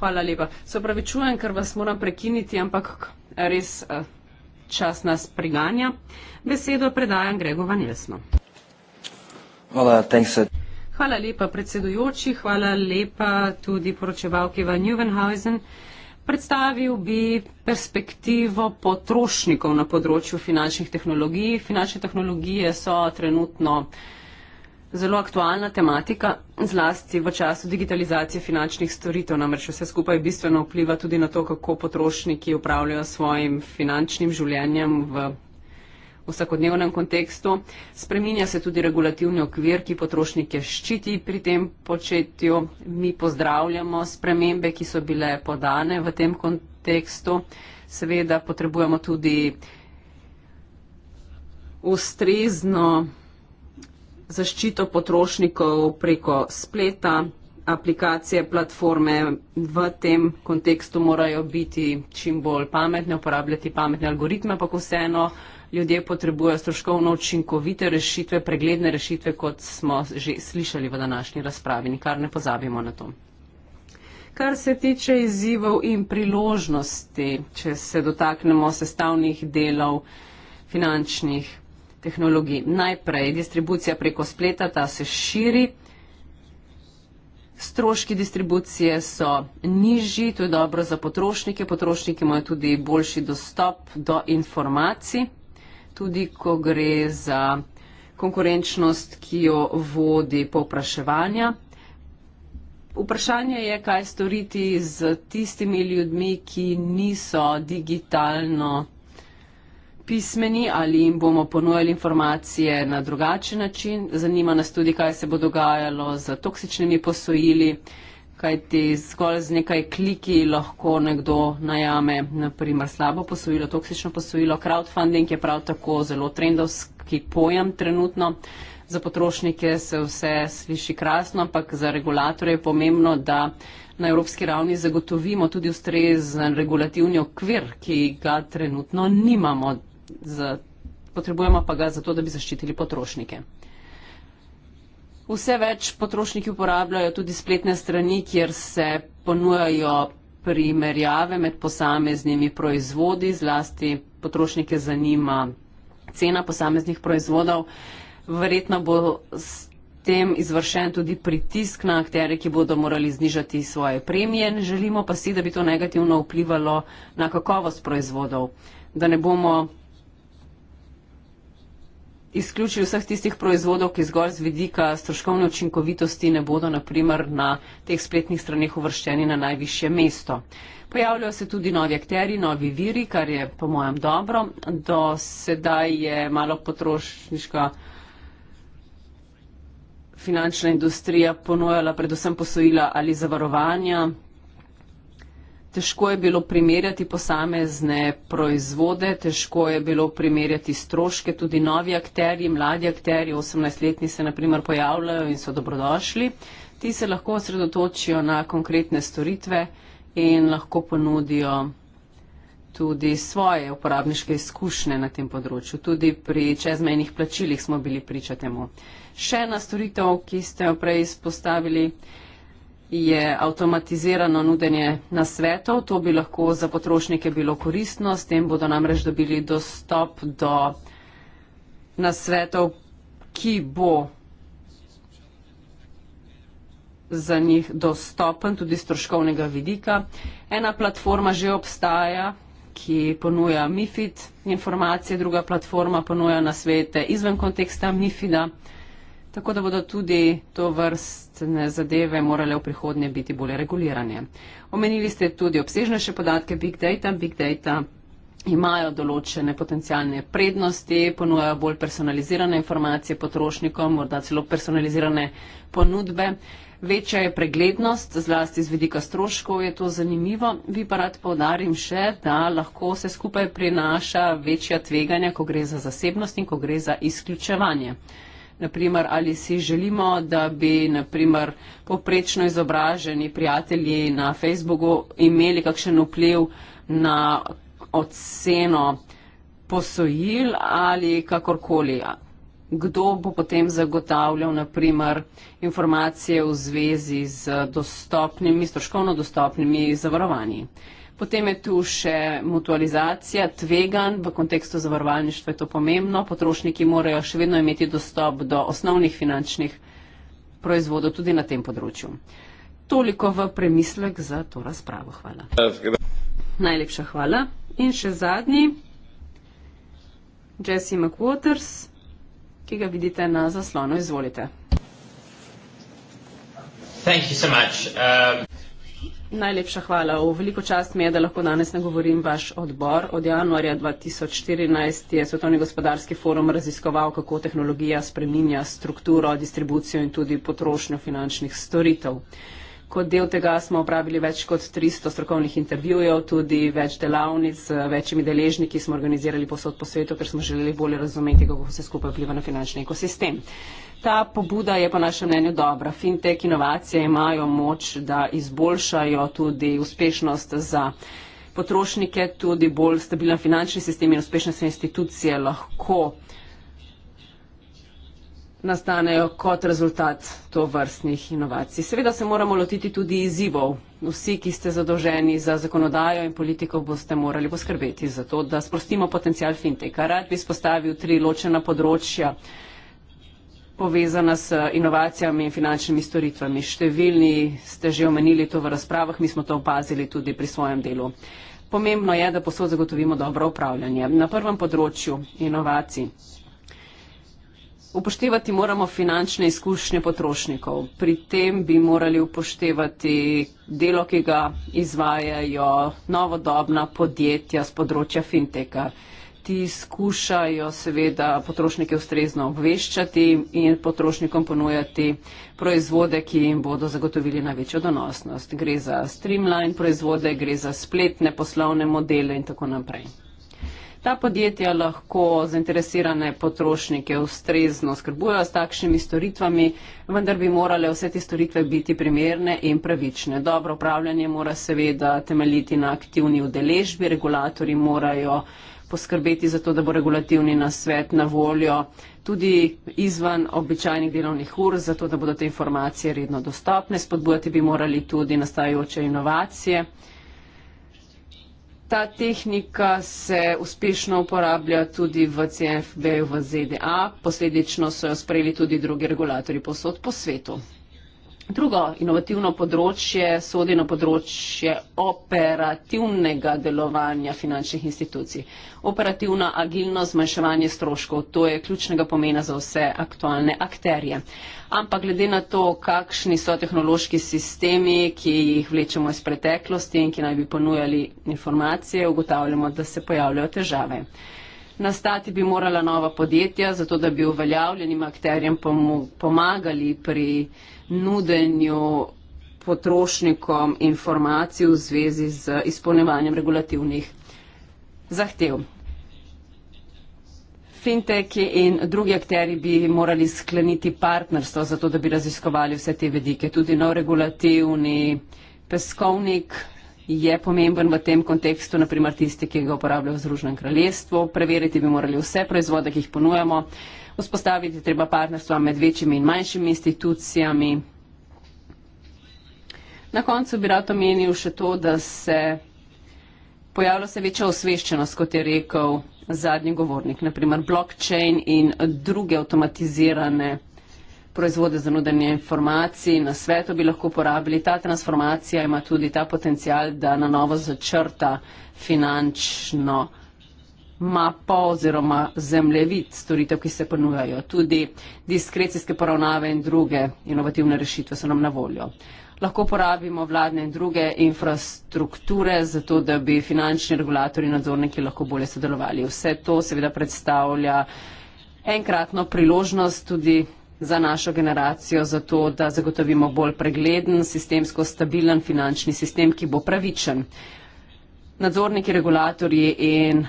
Hvala lepa. Se opravičujem, ker vas moram prekiniti, ampak res. Uh, čas nas priganja. Besedo predajam Gregu Vanjesno. Hvala, hvala lepa predsedujoči, hvala lepa tudi poročevalki Van Juvenhausen. Predstavil bi perspektivo potrošnikov na področju finančnih tehnologij. Finančne tehnologije so trenutno uh, zelo aktualna tematika, zlasti v času digitalizacije finančnih storitev, namreč vse skupaj bistveno vpliva tudi na to, kako potrošniki upravljajo svojim finančnim življenjem v vsakodnevnem kontekstu. Spreminja se tudi regulativni okvir, ki potrošnike ščiti pri tem početju. Mi pozdravljamo spremembe, ki so bile podane v tem kontekstu. Seveda potrebujemo tudi ustrezno zaščito potrošnikov preko spleta, aplikacije, platforme v tem kontekstu morajo biti čim bolj pametne, uporabljati pametne algoritme, ampak vseeno ljudje potrebujejo stroškovno učinkovite rešitve, pregledne rešitve, kot smo že slišali v današnji razpravi. Nikar ne pozabimo na to. Kar se tiče izzivov in priložnosti, če se dotaknemo sestavnih delov finančnih tehnologij. Najprej distribucija preko spleta, ta se širi. Stroški distribucije so nižji, to je dobro za potrošnike. Potrošniki imajo tudi boljši dostop do informacij, tudi ko gre za konkurenčnost, ki jo vodi povpraševanja. Vprašanje je, kaj storiti z tistimi ljudmi, ki niso digitalno pismeni ali jim bomo ponujali informacije na drugačen način. Zanima nas tudi, kaj se bo dogajalo z toksičnimi posojili, kajti zgolj z nekaj kliki lahko nekdo najame, naprimer, slabo posojilo, toksično posojilo. Crowdfunding je prav tako zelo trendovski pojem trenutno. Za potrošnike se vse sliši krasno, ampak za regulatorje je pomembno, da na evropski ravni zagotovimo tudi ustrezen regulativni okvir, ki ga trenutno nimamo za, potrebujemo pa ga zato, da bi zaščitili potrošnike. Vse več potrošniki uporabljajo tudi spletne strani, kjer se ponujajo primerjave med posameznimi proizvodi, zlasti potrošnike zanima cena posameznih proizvodov. Verjetno bo s tem izvršen tudi pritisk na akterje, ki bodo morali znižati svoje premije. Želimo pa si, da bi to negativno vplivalo na kakovost proizvodov, da ne bomo izključili vseh tistih proizvodov, ki zgolj z vidika stroškovne učinkovitosti ne bodo naprimer na teh spletnih straneh uvrščeni na najvišje mesto. Pojavljajo se tudi novi akteri, novi viri, kar je po mojem dobro. Do sedaj je malo potrošniška finančna industrija ponujala predvsem posojila ali zavarovanja Težko je bilo primerjati posamezne proizvode, težko je bilo primerjati stroške, tudi novi akterji, mladi akterji, 18-letni se naprimer pojavljajo in so dobrodošli. Ti se lahko osredotočijo na konkretne storitve in lahko ponudijo tudi svoje uporabniške izkušnje na tem področju. Tudi pri čezmejnih plačilih smo bili priča temu. Še ena storitev, ki ste jo prej izpostavili je avtomatizirano nudenje nasvetov. To bi lahko za potrošnike bilo koristno, s tem bodo namreč dobili dostop do nasvetov, ki bo za njih dostopen tudi z troškovnega vidika. Ena platforma že obstaja, ki ponuja MIFID informacije, druga platforma ponuja nasvete izven konteksta MIFID-a tako da bodo tudi to vrstne zadeve morale v prihodnje biti bolje regulirane. Omenili ste tudi obsežnejše podatke Big Data. Big Data imajo določene potencijalne prednosti, ponujajo bolj personalizirane informacije potrošnikom, morda celo personalizirane ponudbe. Večja je preglednost, zlasti z vidika stroškov je to zanimivo. Vi pa rad povdarim še, da lahko se skupaj prinaša večja tveganja, ko gre za zasebnost in ko gre za izključevanje naprimer, ali si želimo, da bi naprimer, poprečno izobraženi prijatelji na Facebooku imeli kakšen vpliv na oceno posojil ali kakorkoli. Kdo bo potem zagotavljal naprimer, informacije v zvezi z dostopnimi, stroškovno dostopnimi zavarovanji? Potem je tu še mutualizacija tveganj, v kontekstu zavarovalništva je to pomembno. Potrošniki morajo še vedno imeti dostop do osnovnih finančnih proizvodov tudi na tem področju. Toliko v premislek za to razpravo. Hvala. Najlepša hvala. In še zadnji, Jesse McWaters, ki ga vidite na zaslonu. Izvolite. Hvala. Najlepša hvala. V veliko čast mi je, da lahko danes nagovorim vaš odbor. Od januarja 2014 je Svetovni gospodarski forum raziskoval, kako tehnologija spreminja strukturo, distribucijo in tudi potrošnjo finančnih storitev. Kot del tega smo opravili več kot 300 strokovnih intervjujev, tudi več delavnic z eh, večjimi deležniki smo organizirali posod po svetu, ker smo želeli bolje razumeti, kako vse skupaj vpliva na finančni ekosistem. Ta pobuda je po našem mnenju dobra. Fintech inovacije imajo moč, da izboljšajo tudi uspešnost za potrošnike, tudi bolj stabilen finančni sistem in uspešnost institucije lahko nastanejo kot rezultat to vrstnih inovacij. Seveda se moramo lotiti tudi izzivov. Vsi, ki ste zadolženi za zakonodajo in politiko, boste morali poskrbeti za to, da sprostimo potencial finteka. Rad bi spostavil tri ločena področja povezana s eh, inovacijami in finančnimi storitvami. Številni ste že omenili to v razpravah, mi smo to opazili tudi pri svojem delu. Pomembno je, da posod zagotovimo dobro upravljanje. Na prvem področju inovacij upoštevati moramo finančne izkušnje potrošnikov. Pri tem bi morali upoštevati delo, ki ga izvajajo novodobna podjetja z področja finteka. Ti skušajo seveda potrošnike ustrezno obveščati in potrošnikom ponujati proizvode, ki jim bodo zagotovili največjo donosnost. Gre za streamline proizvode, gre za spletne poslovne modele in tako naprej. Ta podjetja lahko zainteresirane potrošnike ustrezno skrbujejo s takšnimi storitvami, vendar bi morale vse te storitve biti primerne in pravične. Dobro upravljanje mora seveda temeljiti na aktivni udeležbi, regulatori morajo poskrbeti za to, da bo regulativni nasvet na voljo tudi izvan običajnih delovnih ur, zato da bodo te informacije redno dostopne, spodbujati bi morali tudi nastajajoče inovacije. Ta tehnika se uspešno uporablja tudi v CFB-ju v ZDA, posledično so jo sprejeli tudi drugi regulatori posod po svetu. Drugo inovativno področje sodi na področje operativnega delovanja finančnih institucij. Operativna agilnost, zmanjševanje stroškov, to je ključnega pomena za vse aktualne akterje. Ampak glede na to, kakšni so tehnološki sistemi, ki jih vlečemo iz preteklosti in ki naj bi ponujali informacije, ugotavljamo, da se pojavljajo težave. Nastati bi morala nova podjetja, zato da bi uveljavljenim akterjem pomagali pri nudenju potrošnikom informacij v zvezi z izpolnevanjem regulativnih zahtev. Fintechi in drugi akteri bi morali skleniti partnerstvo, zato da bi raziskovali vse te vedike. Tudi nov regulativni peskovnik je pomemben v tem kontekstu, naprimer tisti, ki ga uporabljajo v Združenem kraljestvu. Preveriti bi morali vse proizvode, ki jih ponujamo. Vzpostaviti je treba partnerstva med večjimi in manjšimi institucijami. Na koncu bi rad omenil še to, da se pojavlja se večja osveščenost, kot je rekel zadnji govornik, naprimer blockchain in druge automatizirane proizvode za nudenje informacij na svetu bi lahko uporabili. Ta transformacija ima tudi ta potencial, da na novo začrta finančno mapo oziroma zemljevid storitev, ki se ponujajo. Tudi diskrecijske poravnave in druge inovativne rešitve so nam na voljo. Lahko uporabimo vladne in druge infrastrukture, zato da bi finančni regulatori in nadzorniki lahko bolje sodelovali. Vse to seveda predstavlja enkratno priložnost tudi za našo generacijo, zato da zagotovimo bolj pregleden, sistemsko stabilen finančni sistem, ki bo pravičen. Nadzorniki, regulatorji in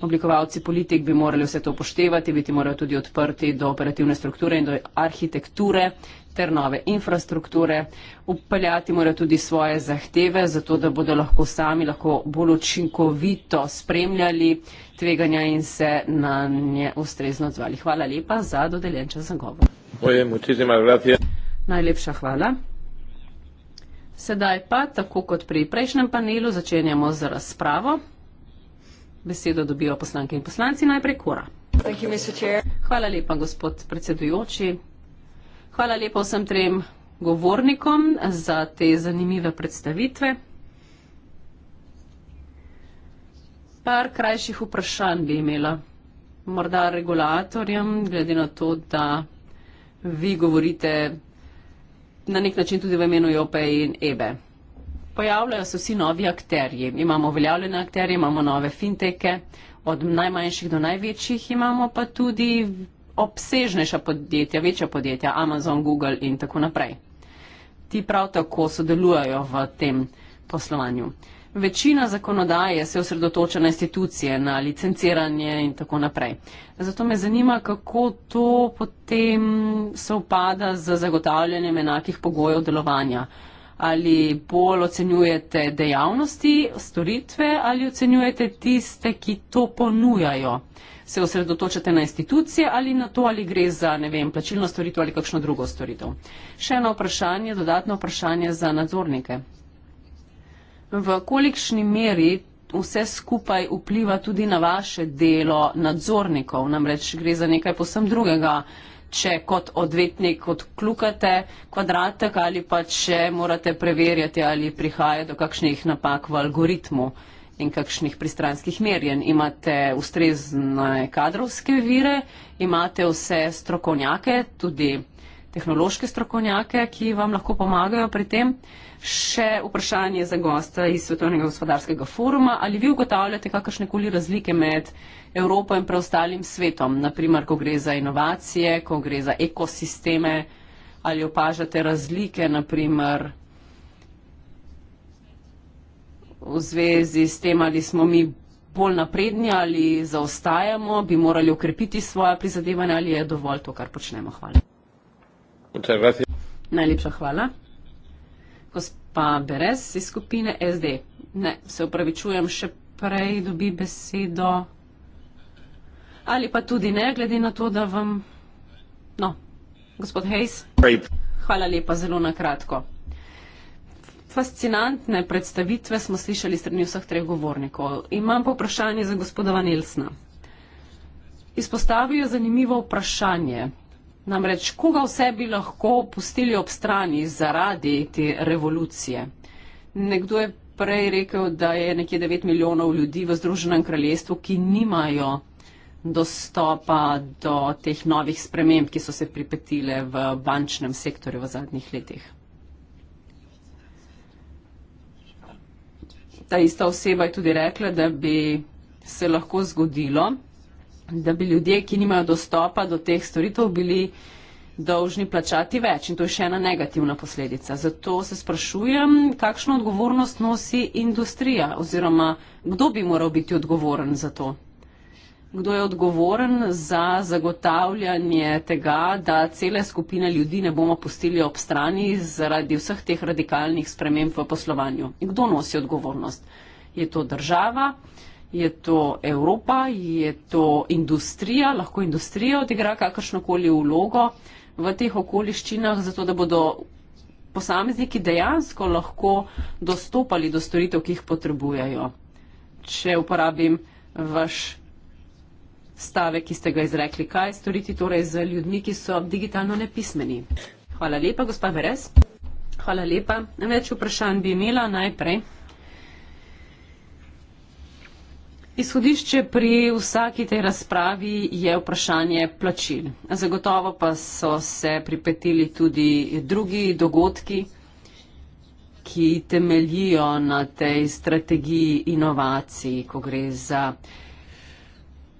oblikovalci politik bi morali vse to upoštevati, biti morajo tudi odprti do operativne strukture in do arhitekture ter nove infrastrukture. Upeljati morajo tudi svoje zahteve, zato da bodo lahko sami lahko bolj učinkovito spremljali tveganja in se na nje ustrezno odzvali. Hvala lepa za dodeljen čas za govor. Najlepša hvala. Sedaj pa, tako kot pri prejšnjem panelu, začenjamo z razpravo. Besedo dobijo poslanke in poslanci najprej Kora. Hvala lepa, gospod predsedujoči. Hvala lepa vsem trem govornikom za te zanimive predstavitve. Par krajših vprašanj bi imela morda regulatorjem, glede na to, da vi govorite na nek način tudi v imenu JOP-a in EBE. Pojavljajo se vsi novi akterji. Imamo uveljavljene akterje, imamo nove finteke, od najmanjših do največjih imamo pa tudi obsežnejša podjetja, večja podjetja, Amazon, Google in tako naprej. Ti prav tako sodelujajo v tem poslovanju. Večina zakonodaje se osredotoča na institucije, na licenciranje in tako naprej. Zato me zanima, kako to potem se upada z zagotavljanjem enakih pogojev delovanja ali bolj ocenjujete dejavnosti, storitve ali ocenjujete tiste, ki to ponujajo? Se osredotočate na institucije ali na to, ali gre za, ne vem, plačilno storitev ali kakšno drugo storitev? Še eno vprašanje, dodatno vprašanje za nadzornike. V kolikšni meri vse skupaj vpliva tudi na vaše delo nadzornikov, namreč gre za nekaj posem drugega če kot odvetnik odkljukate kvadratek ali pa če morate preverjati, ali prihaja do kakšnih napak v algoritmu in kakšnih pristranskih merjenj. Imate ustrezne kadrovske vire, imate vse strokovnjake, tudi tehnološke strokovnjake, ki vam lahko pomagajo pri tem. Še vprašanje za gosta iz Svetovnega gospodarskega foruma. Ali vi ugotavljate kakršne koli razlike med Evropo in preostalim svetom? Naprimer, ko gre za inovacije, ko gre za ekosisteme, ali opažate razlike, naprimer. V zvezi s tem, ali smo mi bolj napredni ali zaostajamo, bi morali okrepiti svoje prizadevanje ali je dovolj to, kar počnemo. Hvala. Najlepša hvala. Gospa Berez iz skupine SD. Ne, se upravičujem, še prej dobi besedo. Ali pa tudi ne, glede na to, da vam. No, gospod Hayes. Hvala lepa, zelo na kratko. Fascinantne predstavitve smo slišali strani vseh treh govornikov. Imam pa vprašanje za gospoda Vanelsna. Izpostavil je zanimivo vprašanje, Namreč, koga vse bi lahko pustili ob strani zaradi te revolucije? Nekdo je prej rekel, da je nekje 9 milijonov ljudi v Združenem kraljestvu, ki nimajo dostopa do teh novih sprememb, ki so se pripetile v bančnem sektorju v zadnjih letih. Ta ista oseba je tudi rekla, da bi se lahko zgodilo, da bi ljudje, ki nimajo dostopa do teh storitev, bili dolžni plačati več. In to je še ena negativna posledica. Zato se sprašujem, kakšno odgovornost nosi industrija oziroma kdo bi moral biti odgovoren za to. Kdo je odgovoren za zagotavljanje tega, da cele skupine ljudi ne bomo pustili ob strani zaradi vseh teh radikalnih sprememb v poslovanju? In kdo nosi odgovornost? Je to država? je to Evropa, je to industrija, lahko industrija odigra kakršnokoli vlogo v teh okoliščinah, zato da bodo posamezniki dejansko lahko dostopali do storitev, ki jih potrebujejo. Če uporabim vaš stavek, ki ste ga izrekli, kaj storiti torej z ljudmi, ki so digitalno nepismeni. Hvala lepa, gospa Veres. Hvala lepa. Več vprašanj bi imela najprej. Izhodišče pri vsaki tej razpravi je vprašanje plačil. Zagotovo pa so se pripetili tudi drugi dogodki, ki temeljijo na tej strategiji inovacij, ko gre za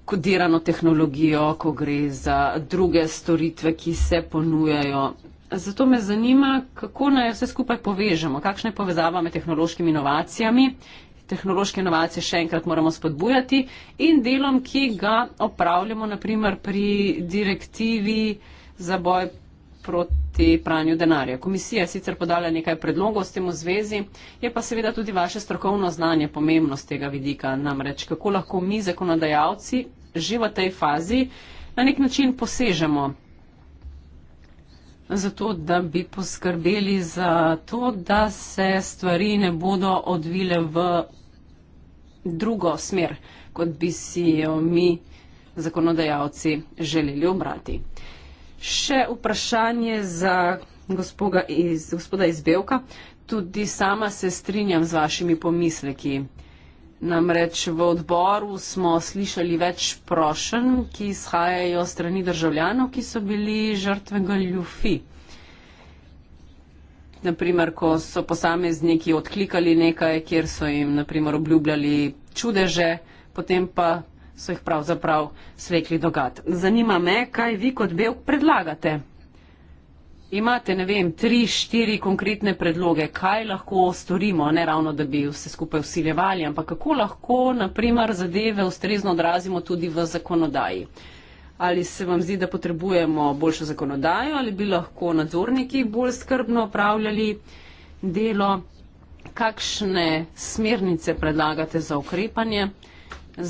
kodirano tehnologijo, ko gre za druge storitve, ki se ponujajo. Zato me zanima, kako naj vse skupaj povežemo, kakšna je povezava med tehnološkimi inovacijami tehnološke inovacije še enkrat moramo spodbujati in delom, ki ga opravljamo, naprimer pri direktivi za boj proti pranju denarja. Komisija sicer podala nekaj predlogov s tem v zvezi, je pa seveda tudi vaše strokovno znanje pomembno z tega vidika. Namreč, kako lahko mi, zakonodajalci, že v tej fazi na nek način posežemo za to, da bi poskrbeli za to, da se stvari ne bodo odvile v drugo smer, kot bi si jo mi zakonodajalci želeli obrati. Še vprašanje za iz, gospoda Izbevka. Tudi sama se strinjam z vašimi pomisleki. Namreč v odboru smo slišali več prošen, ki izhajajo strani državljanov, ki so bili žrtve goljufi naprimer, ko so posamezniki odklikali nekaj, kjer so jim naprimer, obljubljali čudeže, potem pa so jih pravzaprav svekli dogat. Zanima me, kaj vi kot Belk predlagate. Imate, ne vem, tri, štiri konkretne predloge, kaj lahko storimo, ne ravno, da bi vse skupaj usiljevali, ampak kako lahko, naprimer, zadeve ustrezno odrazimo tudi v zakonodaji ali se vam zdi, da potrebujemo boljšo zakonodajo, ali bi lahko nadzorniki bolj skrbno upravljali delo, kakšne smernice predlagate za ukrepanje,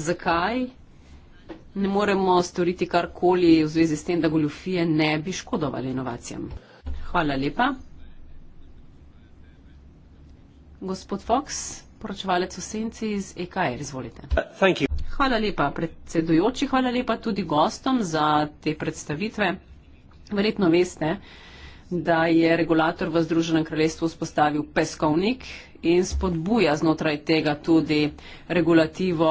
zakaj ne moremo storiti karkoli v zvezi s tem, da goljofije ne bi škodovali inovacijam. Hvala lepa. Gospod Fox, poročevalec v senci iz EKR, izvolite. Uh, hvala lepa predsedujoči, hvala lepa tudi gostom za te predstavitve. Verjetno veste, da je regulator v Združenem kraljestvu vzpostavil peskovnik in spodbuja znotraj tega tudi regulativo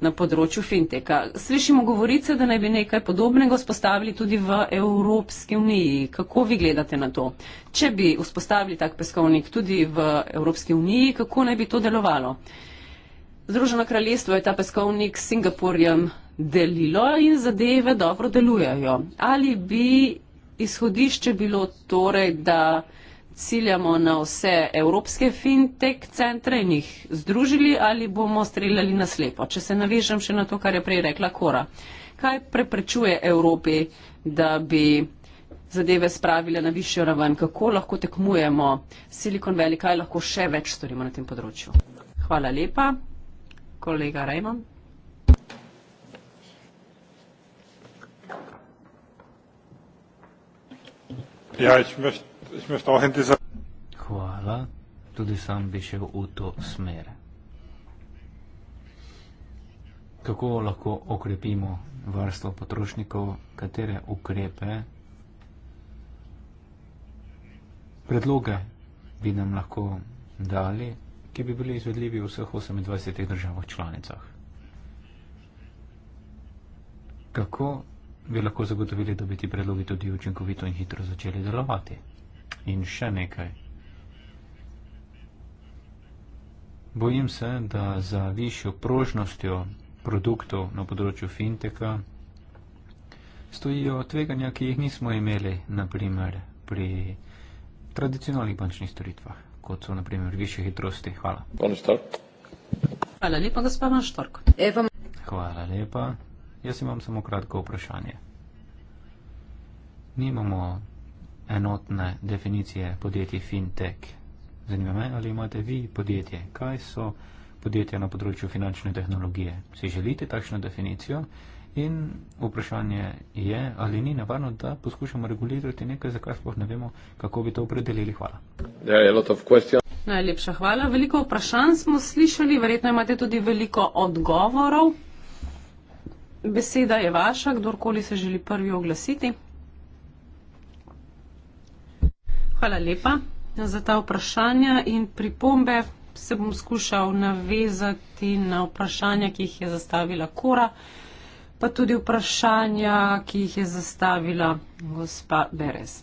na področju finteka. Slišimo govorice, da naj bi nekaj podobnega vzpostavili tudi v Evropski uniji. Kako vi gledate na to? Če bi vzpostavili tak peskovnik tudi v Evropski uniji, kako naj bi to delovalo? Uh, Združeno kraljestvo je ta peskovnik s Singapurjem delilo in zadeve dobro delujejo. Ali bi izhodišče bilo torej, da ciljamo na vse evropske fintech centre in jih združili ali bomo streljali na slepo? Če se navežem še na to, kar je prej rekla Kora. Kaj preprečuje Evropi, da bi zadeve spravile na višjo raven? Kako lahko tekmujemo Silicon Valley? Kaj lahko še več storimo na tem področju? Hvala lepa kolega Rajman. Ja, ich möchte, ich möchte auch in dieser. Hvala, tudi sam bi šel v to smer. Kako lahko okrepimo varstvo potrošnikov, katere ukrepe, predloge bi nam lahko dali ki bi bili izvedljivi v vseh 28 državah članicah. Kako bi lahko zagotovili, da bi ti predlogi tudi učinkovito in hitro začeli delovati? In še nekaj. Bojim se, da za višjo prožnostjo produktov na področju finteka stojijo tveganja, ki jih nismo imeli, naprimer pri tradicionalnih bančnih storitvah kot so naprimer više hitrosti. Hvala. Hvala lepa, gospod Manštork. Hvala lepa. Jaz imam samo kratko vprašanje. Nimamo enotne definicije podjetij fintech. Zanima me, ali imate vi podjetje? Kaj so podjetja na področju finančne tehnologije? Si želite takšno definicijo In vprašanje je, ali ni nevarno, da poskušamo regulirati nekaj, za kar sploh ne vemo, kako bi to opredelili. Hvala. Najlepša hvala. Veliko vprašanj smo slišali, verjetno imate tudi veliko odgovorov. Beseda je vaša, kdorkoli se želi prvi oglasiti. Hvala lepa za ta vprašanja in pripombe. Se bom skušal navezati na vprašanja, ki jih je zastavila Kora pa tudi vprašanja, ki jih je zastavila gospa Beres.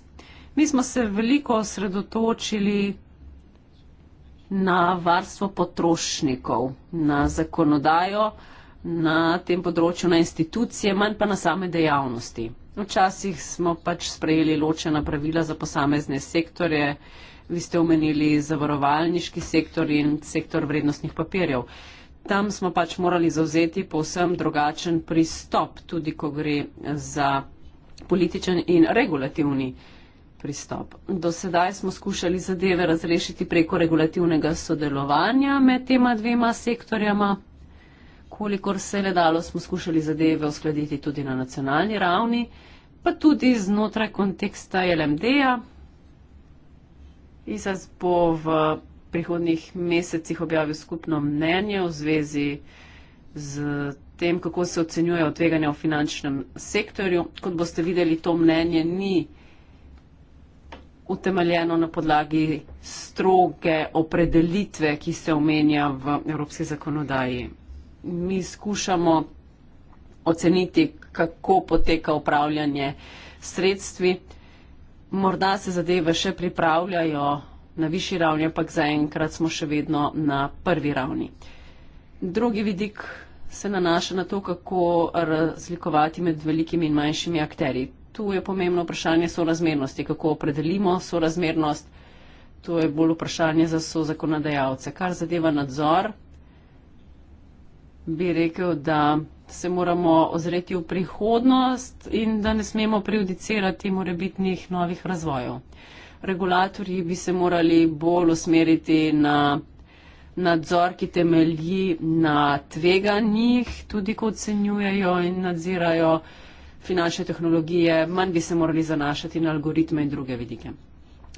Mi smo se veliko osredotočili na varstvo potrošnikov, na zakonodajo na tem področju, na institucije, manj pa na same dejavnosti. Včasih smo pač sprejeli ločena pravila za posamezne sektorje, vi ste omenili zavarovalniški sektor in sektor vrednostnih papirjev. Uh, tam smo pač morali zauzeti povsem drugačen pristop, tudi ko gre za političen in regulativni pristop. Do sedaj smo skušali zadeve razrešiti preko regulativnega sodelovanja med tema dvema sektorjama. Kolikor se je dalo, smo skušali zadeve uskladiti tudi na nacionalni ravni, pa tudi znotraj konteksta LMD-ja. Izaz bo v prihodnih mesecih objavil skupno mnenje v zvezi z tem, kako se ocenjujejo tveganja v finančnem sektorju. Kot boste videli, to mnenje ni utemeljeno na podlagi stroge opredelitve, ki se omenja v evropski zakonodaji. Mi skušamo oceniti, kako poteka upravljanje sredstvi. Morda se zadeve še pripravljajo na višji ravni, ampak zaenkrat smo še vedno na prvi ravni. Drugi vidik se nanaša na to, kako razlikovati med velikimi in manjšimi akteri. Tu je pomembno vprašanje sorazmernosti, kako opredelimo sorazmernost. To je bolj vprašanje za so zakonodajalce. Kar zadeva nadzor, bi rekel, da se moramo ozreti v prihodnost in da ne smemo prejudicirati morebitnih novih razvojev regulatorji bi se morali bolj usmeriti na nadzor, ki temelji na tveganjih, tudi ko ocenjujejo in nadzirajo finančne tehnologije, manj bi se morali zanašati na algoritme in druge vidike.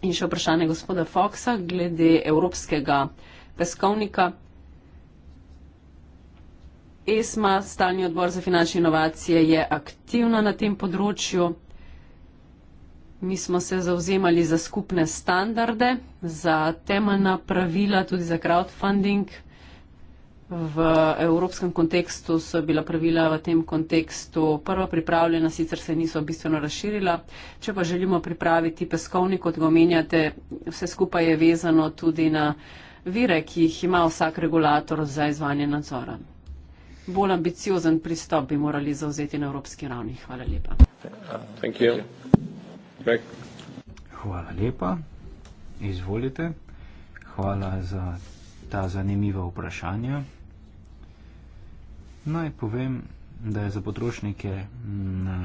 In še vprašanje gospoda Foxa glede evropskega peskovnika. ESMA, stalni odbor za finančne inovacije, je aktivna na tem področju. Mi smo se zauzemali za skupne standarde, za temeljna pravila, tudi za crowdfunding. V evropskem kontekstu so bila pravila v tem kontekstu prva pripravljena, sicer se niso bistveno razširila. Če pa želimo pripraviti peskovnik, kot ga omenjate, vse skupaj je vezano tudi na vire, ki jih ima vsak regulator za izvanje nadzora. Bolj ambiciozen pristop bi morali zauzeti na evropski ravni. Hvala lepa. Hvala feedback. Hvala lepa. Izvolite. Hvala za ta zanimiva vprašanja. Naj povem, da je za potrošnike na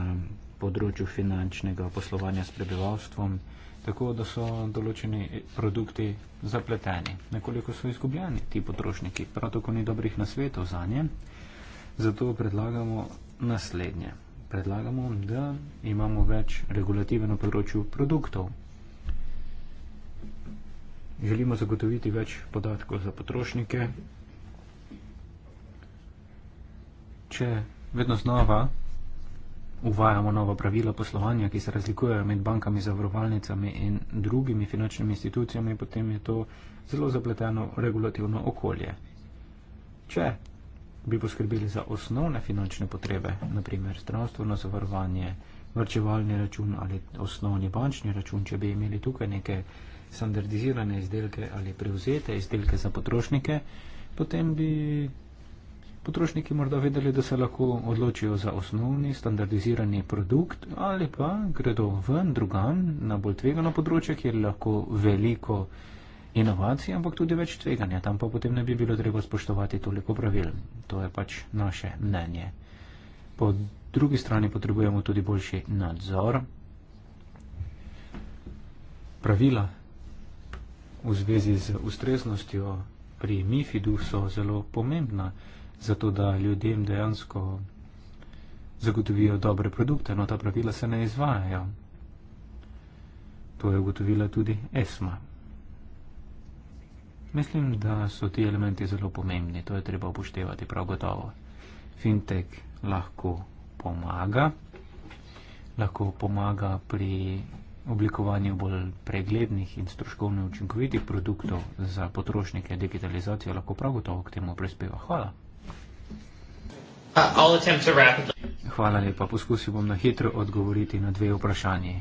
področju finančnega poslovanja s prebivalstvom tako, da so določeni produkti zapleteni. Nekoliko so izgubljeni ti potrošniki, prav tako ni dobrih nasvetov za nje. Zato predlagamo naslednje predlagamo, da imamo več regulative na področju produktov. Želimo zagotoviti več podatkov za potrošnike. Če vedno znova uvajamo nova pravila poslovanja, ki se razlikujejo med bankami, zavarovalnicami in drugimi finančnimi institucijami, potem je to zelo zapleteno regulativno okolje. Če bi poskrbeli za osnovne finančne potrebe, naprimer zdravstveno zavarovanje, vrčevalni račun ali osnovni bančni račun, če bi imeli tukaj neke standardizirane izdelke ali prevzete izdelke za potrošnike, potem bi potrošniki morda vedeli, da se lahko odločijo za osnovni standardizirani produkt ali pa gredo ven drugan na bolj tvegano področje, kjer lahko veliko inovacij, ampak tudi več tveganja. Tam pa potem ne bi bilo treba spoštovati toliko pravil. To je pač naše mnenje. Po drugi strani potrebujemo tudi boljši nadzor. Pravila v zvezi z ustreznostjo pri MIFID-u so zelo pomembna, zato da ljudem dejansko zagotovijo dobre produkte, no ta pravila se ne izvajajo. To je ugotovila tudi ESMA. Mislim, da so ti elementi zelo pomembni, to je treba upoštevati prav gotovo. Fintech lahko pomaga, lahko pomaga pri oblikovanju bolj preglednih in stroškovno učinkovitih produktov za potrošnike, digitalizacija lahko prav gotovo k temu prispeva. Hvala. Uh, Hvala lepa, poskusil bom na hitro odgovoriti na dve vprašanje.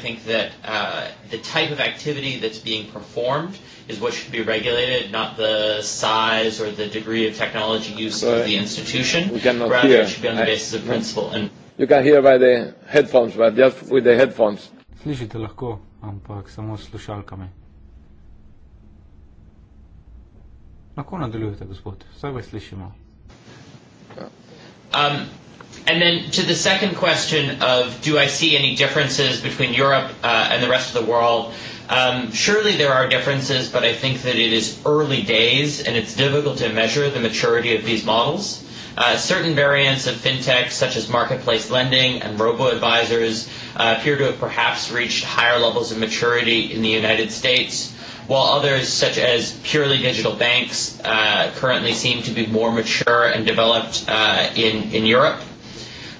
think that uh, the type of activity that's being performed is what should be regulated, not the size or the degree of technology use right. of the institution. We cannot Rather, hear. it should be on the I, basis of principle. And you can hear by the headphones, but just with the headphones. Slišite lahko, ampak samo s slušalkami. Lahko nadaljujete, gospod, vse vas slišimo. Um, And then to the second question of do I see any differences between Europe uh, and the rest of the world? Um, surely there are differences, but I think that it is early days and it's difficult to measure the maturity of these models. Uh, certain variants of fintech, such as marketplace lending and robo advisors, uh, appear to have perhaps reached higher levels of maturity in the United States, while others, such as purely digital banks, uh, currently seem to be more mature and developed uh, in, in Europe.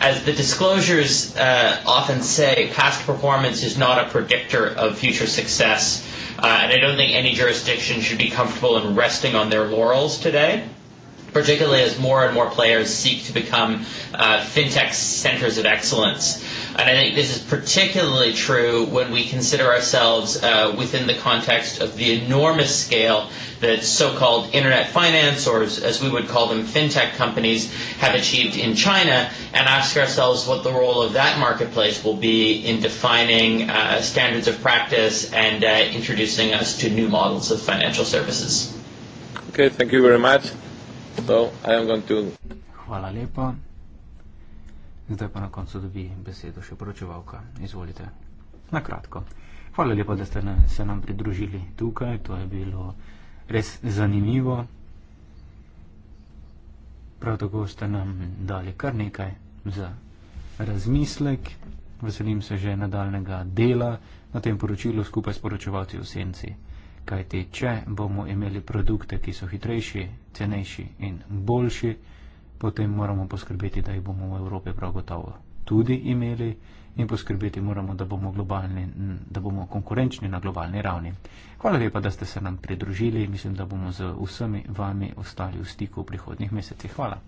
as the disclosures uh, often say, past performance is not a predictor of future success. Uh, and I don't think any jurisdiction should be comfortable in resting on their laurels today, particularly as more and more players seek to become uh, fintech centers of excellence. Uh, And I think this is particularly true when we consider ourselves uh, within the context of the enormous scale that so-called internet finance, or as we would call them, fintech companies, have achieved in China, and ask ourselves what the role of that marketplace will be in defining uh, standards of practice and uh, introducing us to new models of financial services. Okay, thank you very much. So I am going to. Hvala lepa. Zdaj pa na koncu dobi besedo še poročevalka. Izvolite. Na kratko. Hvala lepa, da ste se nam pridružili tukaj. To je bilo res zanimivo. Prav tako ste nam dali kar nekaj za razmislek. Veselim se že nadaljnega dela na tem poročilu skupaj s poročevalci v senci. Kajti, če bomo imeli produkte, ki so hitrejši, cenejši in boljši, potem moramo poskrbeti, da jih bomo v Evropi prav gotovo tudi imeli in poskrbeti moramo, da bomo, globalni, da bomo konkurenčni na globalni ravni. Hvala lepa, da ste se nam pridružili. Mislim, da bomo z vsemi vami ostali v stiku v prihodnjih mesecih. Hvala.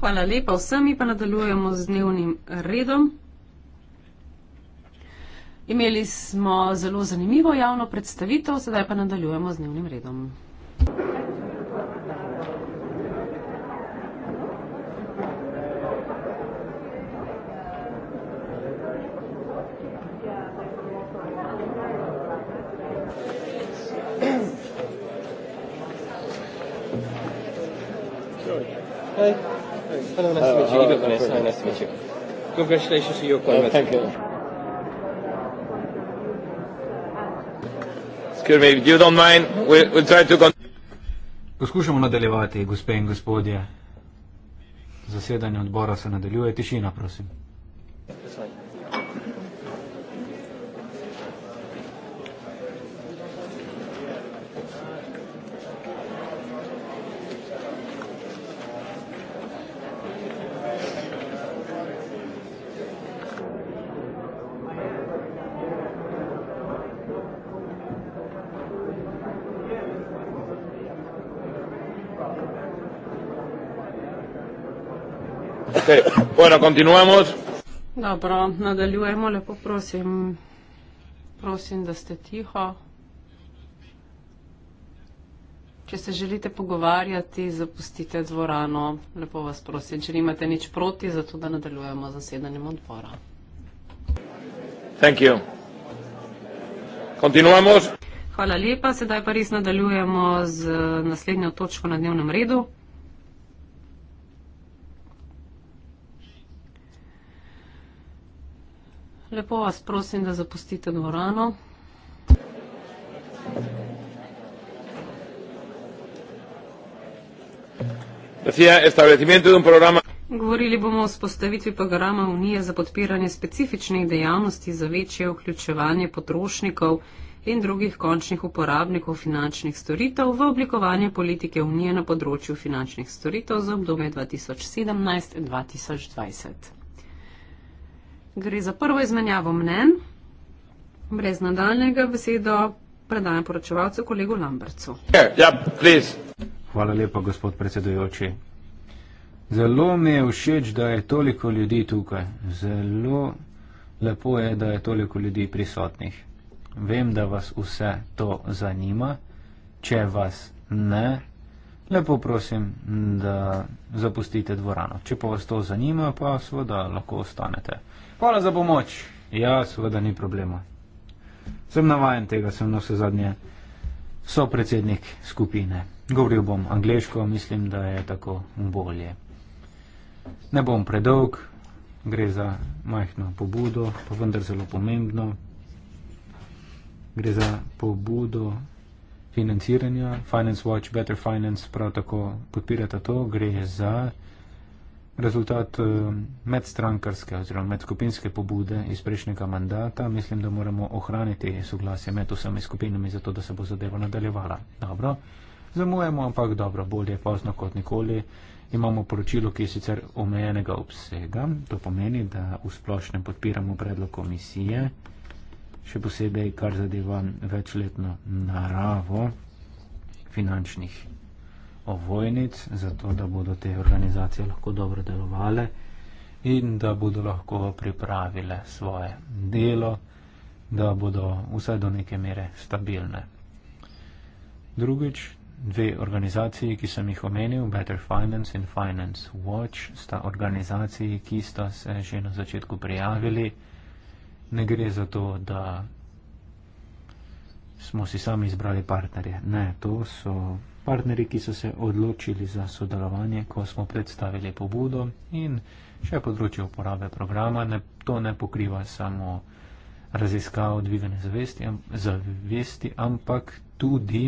Hvala lepa vsem in pa nadaljujemo z dnevnim redom. Imeli smo zelo zanimivo javno predstavitev, sedaj pa nadaljujemo z dnevnim redom. Hello, nice to meet you. You look nice. Nice to meet you. Congratulations to your appointment. Thank you. Poskušamo nadaljevati, gospe in gospodje. Zasedanje odbora se nadaljuje. Tišina, prosim. Bueno, continuamos. Dobro, nadaljujemo, lepo prosim. Prosim, da ste tiho. Če se želite pogovarjati, zapustite dvorano. Lepo vas prosim, če nimate nič proti, zato da nadaljujemo z zasedanjem odbora. Thank you. Continuamos. Hvala lepa. Sedaj pa res nadaljujemo z naslednjo točko na dnevnem redu. Lepo vas prosim, da zapustite dvorano. Govorili bomo o spostavitvi programa Unije za podpiranje specifičnih dejavnosti za večje vključevanje potrošnikov in drugih končnih uporabnikov finančnih storitev v oblikovanje politike Unije na področju finančnih storitev za obdobje 2017-2020. Gre za prvo izmenjavo mnen, brez nadaljnega besedo predajam poročevalcu kolegu Lambercu. Ja, Hvala lepa, gospod predsedujoči. Zelo mi je všeč, da je toliko ljudi tukaj. Zelo lepo je, da je toliko ljudi prisotnih. Vem, da vas vse to zanima. Če vas ne, lepo prosim, da zapustite dvorano. Če pa vas to zanima, pa seveda lahko ostanete. Hvala za pomoč. Ja, seveda ni problema. Sem navajen tega, sem na vse zadnje sopredsednik skupine. Govoril bom angliško, mislim, da je tako bolje. Ne bom predolg, gre za majhno pobudo, pa vendar zelo pomembno. Gre za pobudo financiranja. Finance Watch, Better Finance prav tako podpirata to. Gre za rezultat eh, medstrankarske oziroma medskupinske pobude iz prejšnjega mandata. Mislim, da moramo ohraniti soglasje med vsemi skupinami, zato da se bo zadeva nadaljevala. Dobro. Zamujamo, ampak dobro, bolje pozno kot nikoli. Imamo poročilo, ki je sicer omejenega obsega. To pomeni, da v splošnem podpiramo predlog komisije, še posebej kar zadeva večletno naravo finančnih ovojnic, zato da bodo te organizacije lahko dobro delovale in da bodo lahko pripravile svoje delo, da bodo vsaj do neke mere stabilne. Drugič, dve organizaciji, ki sem jih omenil, Better Finance in Finance Watch, sta organizaciji, ki sta se že na začetku prijavili. Ne gre za to, da smo si sami izbrali partnerje. Ne, to so partnerji, ki so se odločili za sodelovanje, ko smo predstavili pobudo in še področje uporabe programa. Ne, to ne pokriva samo raziskav dvigane zavesti, am, zavesti, ampak tudi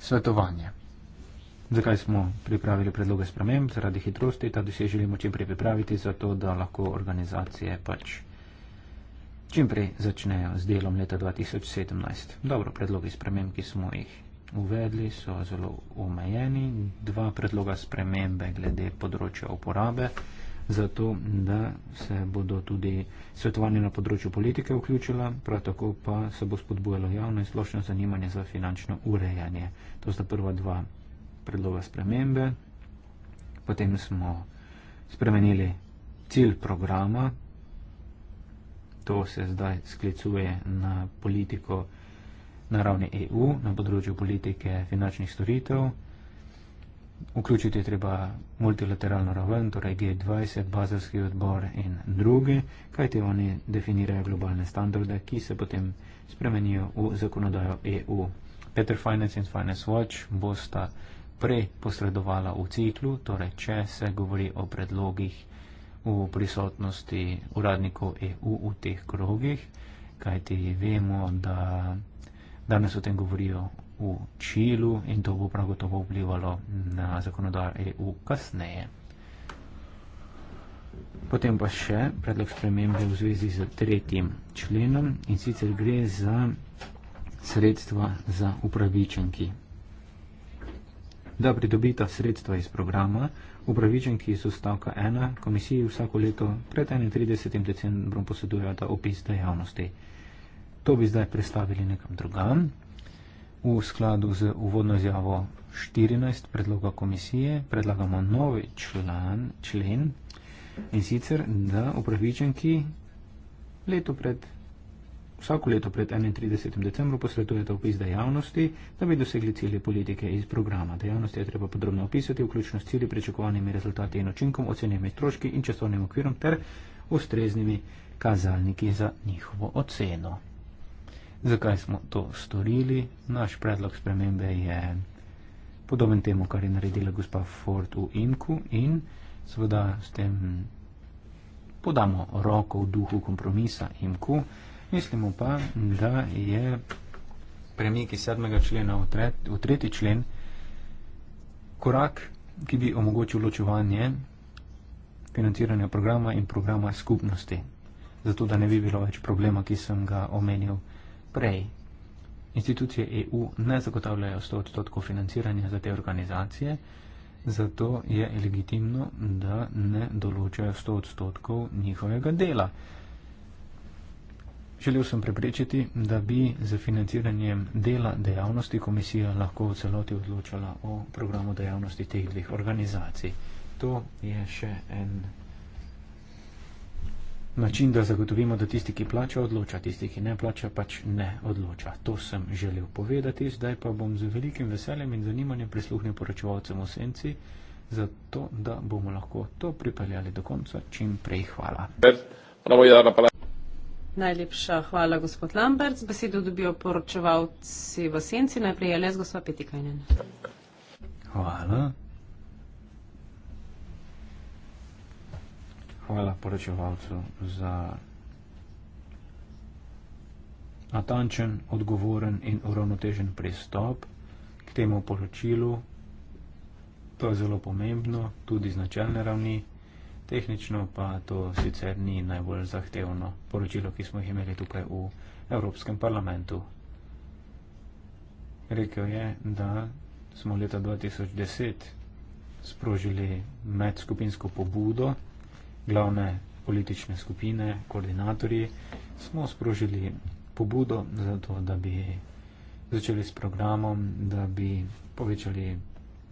svetovanje. Zakaj smo pripravili predloge sprememb? Zaradi hitrosti, da bi se želimo čim prej pripraviti, zato da lahko organizacije pač čim prej začnejo z delom leta 2017. Dobro, predlogi sprememb, ki smo jih uvedli, so zelo omejeni. Dva predloga spremembe glede področja uporabe, zato da se bodo tudi svetovanje na področju politike vključila, prav tako pa se bo spodbujalo javno in splošno zanimanje za finančno urejanje. To sta prva dva predloga spremembe. Potem smo spremenili cilj programa, to se zdaj sklicuje na politiko na ravni EU, na področju politike finančnih storitev. Vključiti je treba multilateralno raven, torej G20, bazarski odbor in druge, kajte oni definirajo globalne standarde, ki se potem spremenijo v zakonodajo EU. Peter Finance in Finance Watch bosta prej posredovala v ciklu, torej če se govori o predlogih v prisotnosti uradnikov EU v teh krogih, kajti vemo, da danes o tem govorijo v Čilu in to bo prav gotovo vplivalo na zakonodajo EU kasneje. Potem pa še predlog spremembe v zvezi z tretjim členom in sicer gre za sredstva za upravičenki. Da pridobita sredstva iz programa, upravičenki iz ustavka 1 komisiji vsako leto pred 31. decembrom posedujejo ta opis dejavnosti. To bi zdaj predstavili nekam drugam. V skladu z uvodno izjavo 14 predloga komisije predlagamo novi član, člen in sicer, da upravičenki leto pred vsako leto pred 31. decembrom posvetujete opis dejavnosti, da bi dosegli cilje politike iz programa. Dejavnosti je treba podrobno opisati, vključno s cilji, pričakovanimi rezultati in očinkom, ocenjenimi stroški in časovnim okvirom ter ustreznimi kazalniki za njihovo oceno. Zakaj smo to storili? Naš predlog spremembe je podoben temu, kar je naredila gospa Ford v Imku in seveda s tem podamo roko v duhu kompromisa Imku. Mislimo pa, da je premik iz 7. člena v, tret, v 3. člen korak, ki bi omogočil ločevanje financiranja programa in programa skupnosti, zato da ne bi bilo več problema, ki sem ga omenil prej. Institucije EU ne zagotavljajo 100 odstotkov financiranja za te organizacije, zato je legitimno, da ne določajo 100 odstotkov njihovega dela. Želel sem preprečiti, da bi z financiranjem dela dejavnosti komisija lahko v celoti odločala o programu dejavnosti teh dveh organizacij. To je še en način, da zagotovimo, da tisti, ki plača, odloča, tisti, ki ne plača, pač ne odloča. To sem želel povedati, zdaj pa bom z velikim veseljem in zanimanjem prisluhnil poročevalcem v senci, zato da bomo lahko to pripeljali do konca čim prej. Hvala. Ben, Najlepša hvala, gospod Lambert. Besedo dobijo poročevalci v senci. Najprej je les, gospod Petikajnen. Hvala. Hvala poročevalcu za natančen, odgovoren in uravnotežen pristop k temu poročilu. To je zelo pomembno, tudi z načelne ravni tehnično pa to sicer ni najbolj zahtevno poročilo, ki smo jih imeli tukaj v Evropskem parlamentu. Rekel je, da smo leta 2010 sprožili medskupinsko pobudo, glavne politične skupine, koordinatorji, smo sprožili pobudo za to, da bi začeli s programom, da bi povečali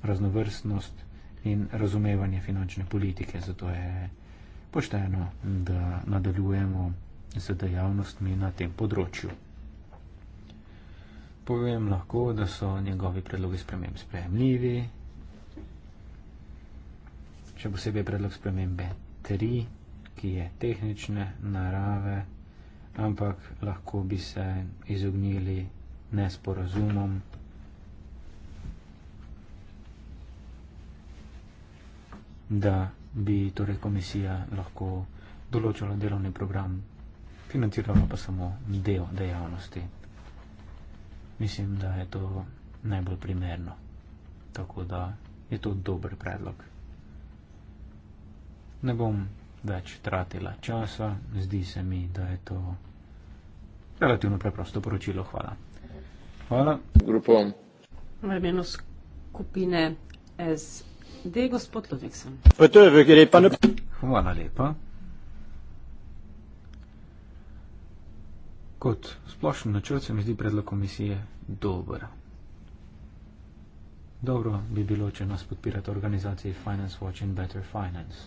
raznovrstnost in razumevanje finančne politike. Zato je pošteno, da nadaljujemo z dejavnostmi na tem področju. Povem lahko, da so njegovi predlogi sprememb sprejemljivi, še posebej predlog spremembe 3, ki je tehnične narave, ampak lahko bi se izognili nesporazumom da bi torej komisija lahko določila delovni program, financirala pa samo del dejavnosti. Mislim, da je to najbolj primerno. Tako da je to dober predlog. Ne bom več tratila časa, zdi se mi, da je to relativno preprosto poročilo. Hvala. Hvala. Grupom. V imenu skupine SOS. De, gospod Ludvigsen. Pa to je vegrepa na... Hvala lepa. Kot splošen načrt se mi zdi predlog komisije dober. Dobro bi bilo, če nas podpirate organizaciji Finance Watch in Better Finance.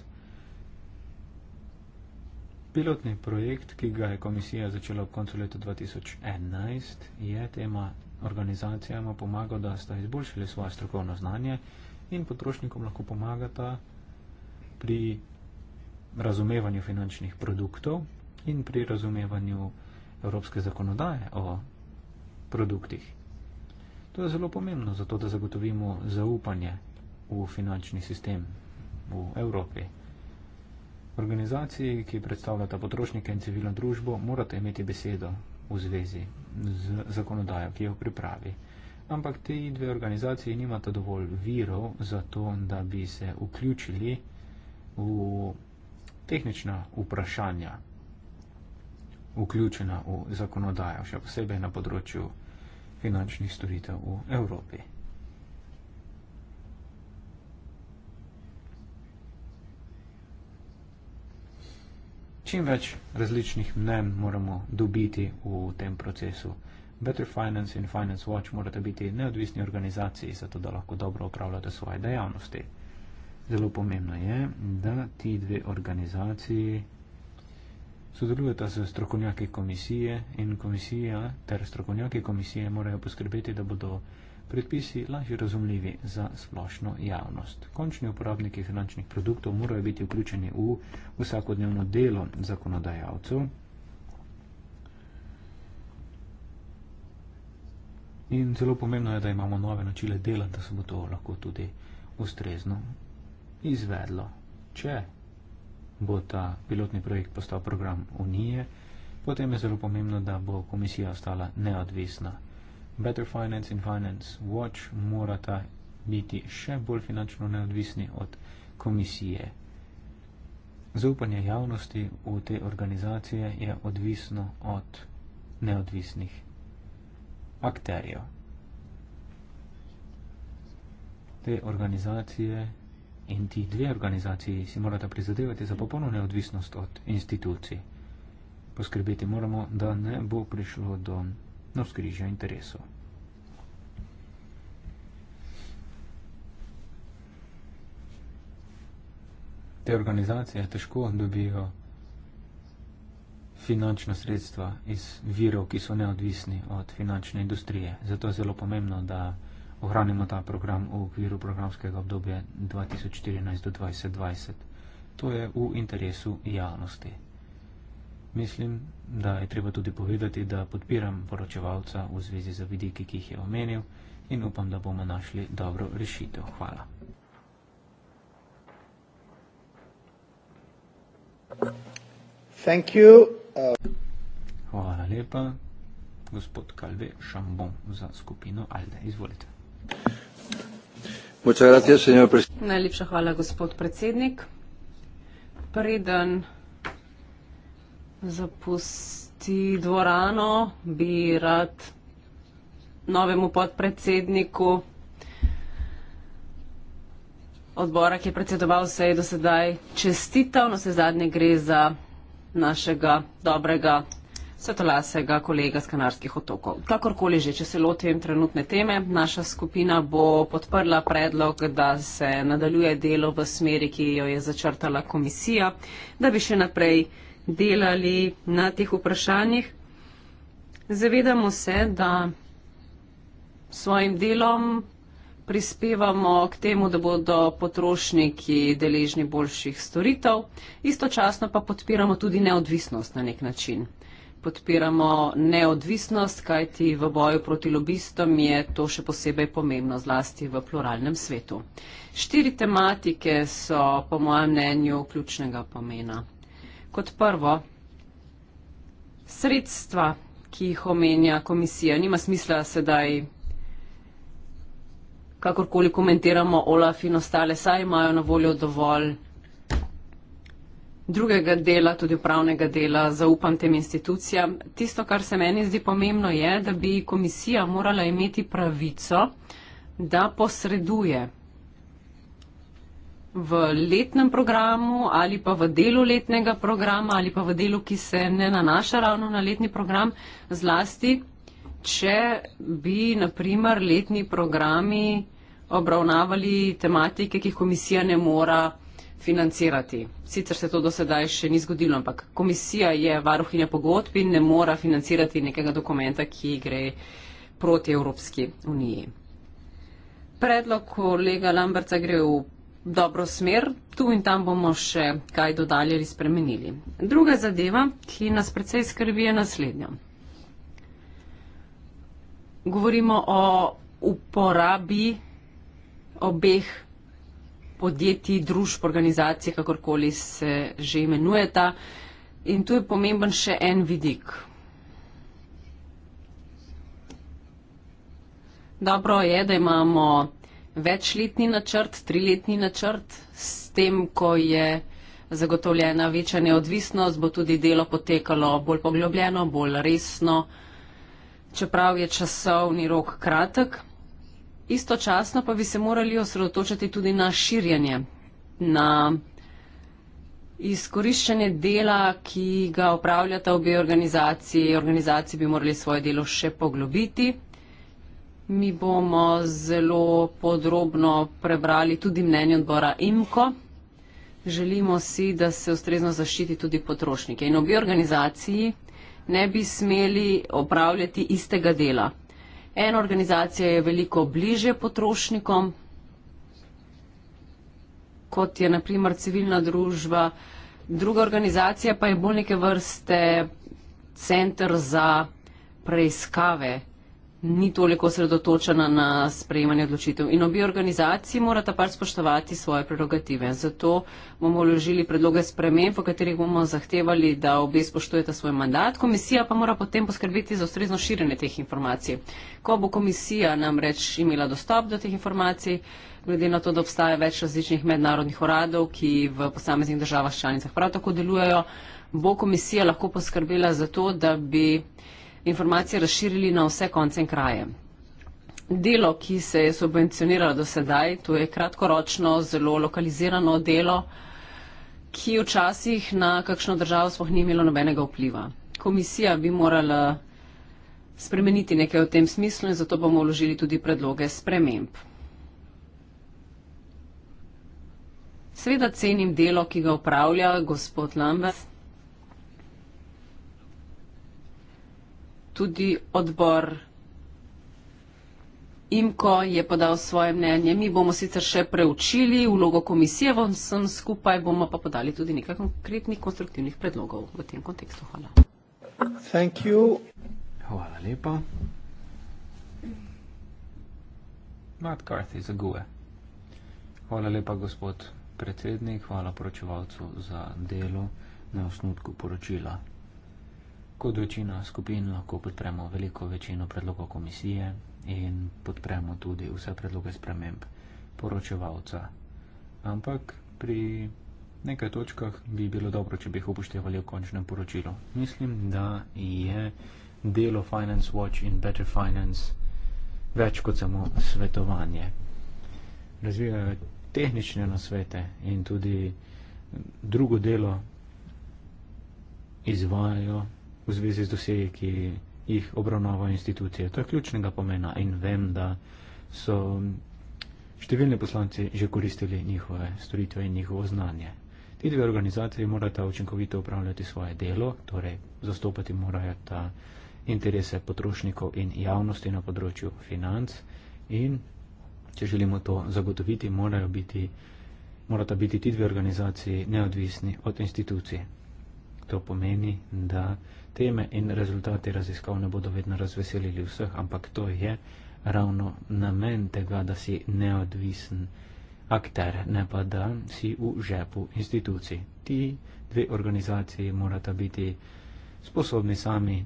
Pilotni projekt, ki ga je komisija začela v koncu leta 2011, je tema organizacijama pomagal, da sta izboljšali svoje strokovno znanje in in potrošnikom lahko pomagata pri razumevanju finančnih produktov in pri razumevanju evropske zakonodaje o produktih. To je zelo pomembno, zato da zagotovimo zaupanje v finančni sistem v Evropi. Organizaciji, ki predstavljata potrošnike in civilno družbo, morate imeti besedo v zvezi z zakonodajo, ki jo pripravi ampak te dve organizacije nimata dovolj virov za to, da bi se vključili v tehnična vprašanja, vključena v zakonodajo, še posebej na področju finančnih storitev v Evropi. Čim več različnih mnen moramo dobiti v tem procesu. Better Finance in Finance Watch morata biti neodvisni organizaciji, zato da lahko dobro upravljate svoje dejavnosti. Zelo pomembno je, da ti dve organizaciji sodelujeta z strokovnjaki komisije in komisija ter strokovnjaki komisije morajo poskrbeti, da bodo predpisi lažje razumljivi za splošno javnost. Končni uporabniki finančnih produktov morajo biti vključeni v vsakodnevno delo zakonodajalcev. In zelo pomembno je, da imamo nove načine dela, da se bo to lahko tudi ustrezno izvedlo. Če bo ta pilotni projekt postal program Unije, potem je zelo pomembno, da bo komisija ostala neodvisna. Better Finance in Finance Watch morata biti še bolj finančno neodvisni od komisije. Zaupanje javnosti v te organizacije je odvisno od neodvisnih akterjev. Te organizacije in ti dve organizaciji si morata prizadevati za popolno neodvisnost od institucij. Poskrbeti moramo, da ne bo prišlo do navskrižja interesov. Te organizacije težko dobijo finančna sredstva iz virov, ki so neodvisni od finančne industrije. Zato je zelo pomembno, da ohranimo ta program v okviru programskega obdobja 2014 do 2020. To je v interesu javnosti. Mislim, da je treba tudi povedati, da podpiram poročevalca v zvezi z vidiki, ki jih je omenil in upam, da bomo našli dobro rešitev. Hvala. Thank you. Hvala lepa, gospod Kalve Šambon za skupino Alde. Izvolite. Najlepša hvala, gospod predsednik. Preden zapusti dvorano, bi rad novemu podpredsedniku odbora, ki je predsedoval vse do sedaj, čestital, no se zadnje gre za našega dobrega svetolasega kolega z Kanarskih otokov. Kakorkoli že, če se lotim trenutne teme, naša skupina bo podprla predlog, da se nadaljuje delo v smeri, ki jo je začrtala komisija, da bi še naprej delali na teh vprašanjih. Zavedamo se, da svojim delom prispevamo k temu, da bodo potrošniki deležni boljših storitev, istočasno pa podpiramo tudi neodvisnost na nek način. Podpiramo neodvisnost, kajti v boju proti lobistom je to še posebej pomembno, zlasti v pluralnem svetu. Štiri tematike so, po mojem mnenju, ključnega pomena. Kot prvo, sredstva, ki jih omenja komisija, nima smisla sedaj kakorkoli komentiramo Olaf in ostale, saj imajo na voljo dovolj drugega dela, tudi upravnega dela, zaupam tem institucijam. Tisto, kar se meni zdi pomembno, je, da bi komisija morala imeti pravico, da posreduje v letnem programu ali pa v delu letnega programa ali pa v delu, ki se ne nanaša ravno na letni program, zlasti če bi, na primer, letni programi obravnavali tematike, ki jih komisija ne mora financirati. Sicer se to do sedaj še ni zgodilo, ampak komisija je varuhinja pogodb in ne mora financirati nekega dokumenta, ki gre proti Evropski uniji. Predlog kolega Lamberca gre v dobro smer, tu in tam bomo še kaj dodali ali spremenili. Druga zadeva, ki nas precej skrbi, je naslednja govorimo o uporabi obeh podjetij, družb, organizacij, kakorkoli se že imenujeta. In tu je pomemben še en vidik. Dobro je, da imamo večletni načrt, triletni načrt, s tem, ko je zagotovljena večja neodvisnost, bo tudi delo potekalo bolj poglobljeno, bolj resno čeprav je časovni rok kratek. Istočasno pa bi se morali osredotočiti tudi na širjenje, na izkoriščanje dela, ki ga upravljata obe organizaciji. Organizaciji bi morali svoje delo še poglobiti. Mi bomo zelo podrobno prebrali tudi mnenje odbora IMKO. Želimo si, da se ustrezno zaščiti tudi potrošnike. In obi organizaciji ne bi smeli opravljati istega dela. Ena organizacija je veliko bliže potrošnikom, kot je naprimer civilna družba, druga organizacija pa je bolj neke vrste center za preiskave ni toliko sredotočena na sprejemanje odločitev in obi organizaciji morata pač spoštovati svoje prerogative. Zato bomo vložili predloge sprememb, po katerih bomo zahtevali, da obe spoštujete svoj mandat. Komisija pa mora potem poskrbeti za ustrezno širjenje teh informacij. Ko bo komisija namreč imela dostop do teh informacij, glede na to, da obstaja več različnih mednarodnih uradov, ki v posameznih državah članicah prav tako delujejo, bo komisija lahko poskrbela za to, da bi informacije razširili na vse konce in kraje. Delo, ki se je subvencioniralo do sedaj, to je kratkoročno, zelo lokalizirano delo, ki včasih na kakšno državo sploh ni imelo nobenega vpliva. Komisija bi morala spremeniti nekaj v tem smislu in zato bomo vložili tudi predloge sprememb. Sveda cenim delo, ki ga upravlja gospod Lambert. tudi odbor IMKO je podal svoje mnenje. Mi bomo sicer še preučili vlogo komisije, vsem skupaj bomo pa podali tudi nekaj konkretnih konstruktivnih predlogov v tem kontekstu. Hvala. Thank you. Hvala lepa. Matt Carthy za GUE. Hvala lepa, gospod predsednik. Hvala poročevalcu za delo na osnutku poročila kot večina skupin lahko podpremo veliko večino predlogov komisije in podpremo tudi vse predloge sprememb poročevalca. Ampak pri nekaj točkah bi bilo dobro, če bi jih upoštevali v končnem poročilu. Mislim, da je delo Finance Watch in Better Finance več kot samo svetovanje. Razvijajo tehnične nasvete in tudi drugo delo izvajajo v zvezi z dosegi, ki jih obravnavajo institucije. To je ključnega pomena in vem, da so številni poslanci že koristili njihove storitve in njihovo znanje. Ti dve organizacije morata učinkovito upravljati svoje delo, torej zastopati morajo ta interese potrošnikov in javnosti na področju financ in če želimo to zagotoviti, morajo biti, morata biti ti dve organizacije neodvisni od institucije. To pomeni, da teme in rezultati raziskav ne bodo vedno razveselili vseh, ampak to je ravno namen tega, da si neodvisen akter, ne pa da si v žepu institucij. Ti dve organizaciji morata biti sposobni sami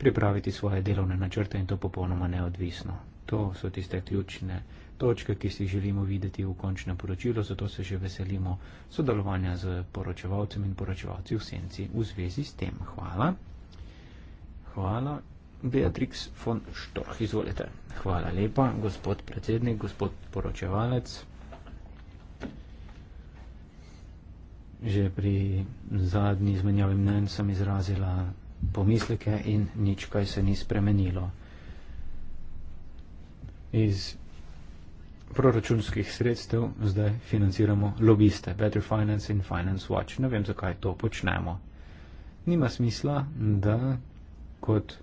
pripraviti svoje delovne načrte in to popolnoma neodvisno. To so tiste ključne točke, ki si želimo videti v končnem poročilu, zato se že veselimo sodelovanja z poročevalcem in poročevalci v senci v zvezi s tem. Hvala. Hvala. Beatrix von Storch, izvolite. Hvala lepa, gospod predsednik, gospod poročevalec. Že pri zadnji izmenjavi mnen sem izrazila pomisleke in nič kaj se ni spremenilo. Iz proračunskih sredstev zdaj financiramo lobiste, Better Finance in Finance Watch. Ne vem, zakaj to počnemo. Nima smisla, da kot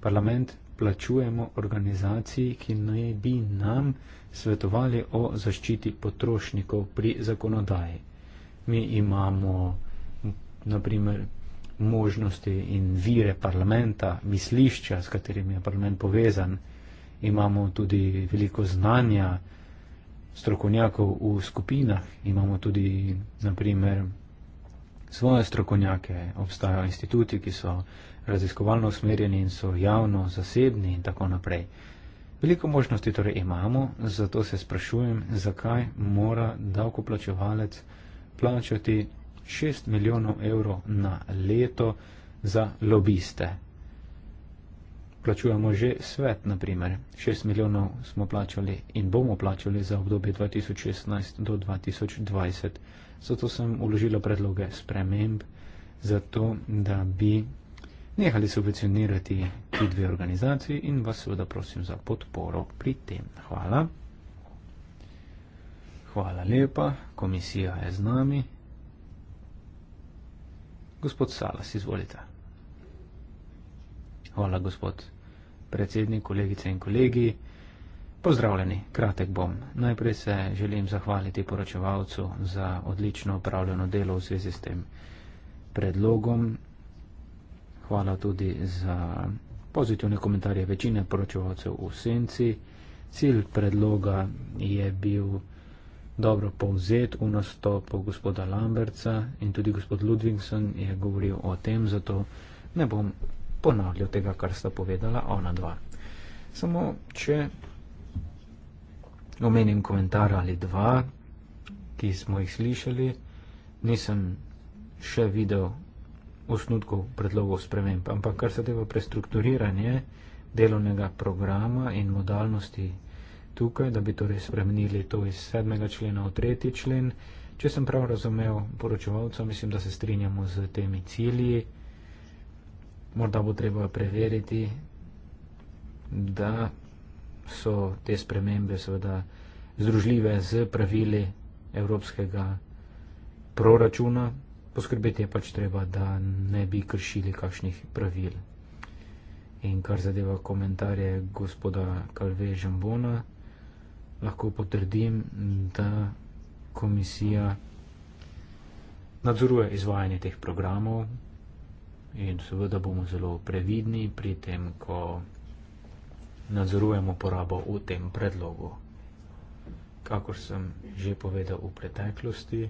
parlament plačujemo organizaciji, ki naj bi nam svetovali o zaščiti potrošnikov pri zakonodaji. Mi imamo naprimer možnosti in vire parlamenta, mislišča, s katerimi je parlament povezan, imamo tudi veliko znanja, strokovnjakov v skupinah, imamo tudi naprimer svoje strokovnjake, obstajajo instituti, ki so raziskovalno usmerjeni in so javno, zasebni in tako naprej. Veliko možnosti torej imamo, zato se sprašujem, zakaj mora davkoplačevalec plačati 6 milijonov evrov na leto za lobiste plačujemo že svet, naprimer. 6 milijonov smo plačali in bomo plačali za obdobje 2016 do 2020. Zato sem uložila predloge sprememb, zato da bi nehali subvencionirati ti dve organizaciji in vas seveda prosim za podporo pri tem. Hvala. Hvala lepa, komisija je z nami. Gospod Salas, izvolite. Hvala, gospod predsednik, kolegice in kolegi. Pozdravljeni, kratek bom. Najprej se želim zahvaliti poročevalcu za odlično upravljeno delo v zvezi s tem predlogom. Hvala tudi za pozitivne komentarje večine poročevalcev v senci. Cilj predloga je bil dobro povzet v nastopu gospoda Lamberca in tudi gospod Ludvigson je govoril o tem, zato ne bom ponavljal tega, kar sta povedala ona dva. Samo, če omenim komentar ali dva, ki smo jih slišali, nisem še videl osnutkov predlogov sprememb, ampak kar se tega prestrukturiranje delovnega programa in modalnosti tukaj, da bi torej spremenili to iz sedmega člena v tretji člen, če sem prav razumel poročevalca, mislim, da se strinjamo z temi cilji morda bo treba preveriti, da so te spremembe seveda združljive z pravili evropskega proračuna. Poskrbeti je pač treba, da ne bi kršili kakšnih pravil. In kar zadeva komentarje gospoda Kalve Žambona, lahko potrdim, da komisija nadzoruje izvajanje teh programov, in seveda bomo zelo previdni pri tem, ko nadzorujemo porabo v tem predlogu. Kakor sem že povedal v preteklosti,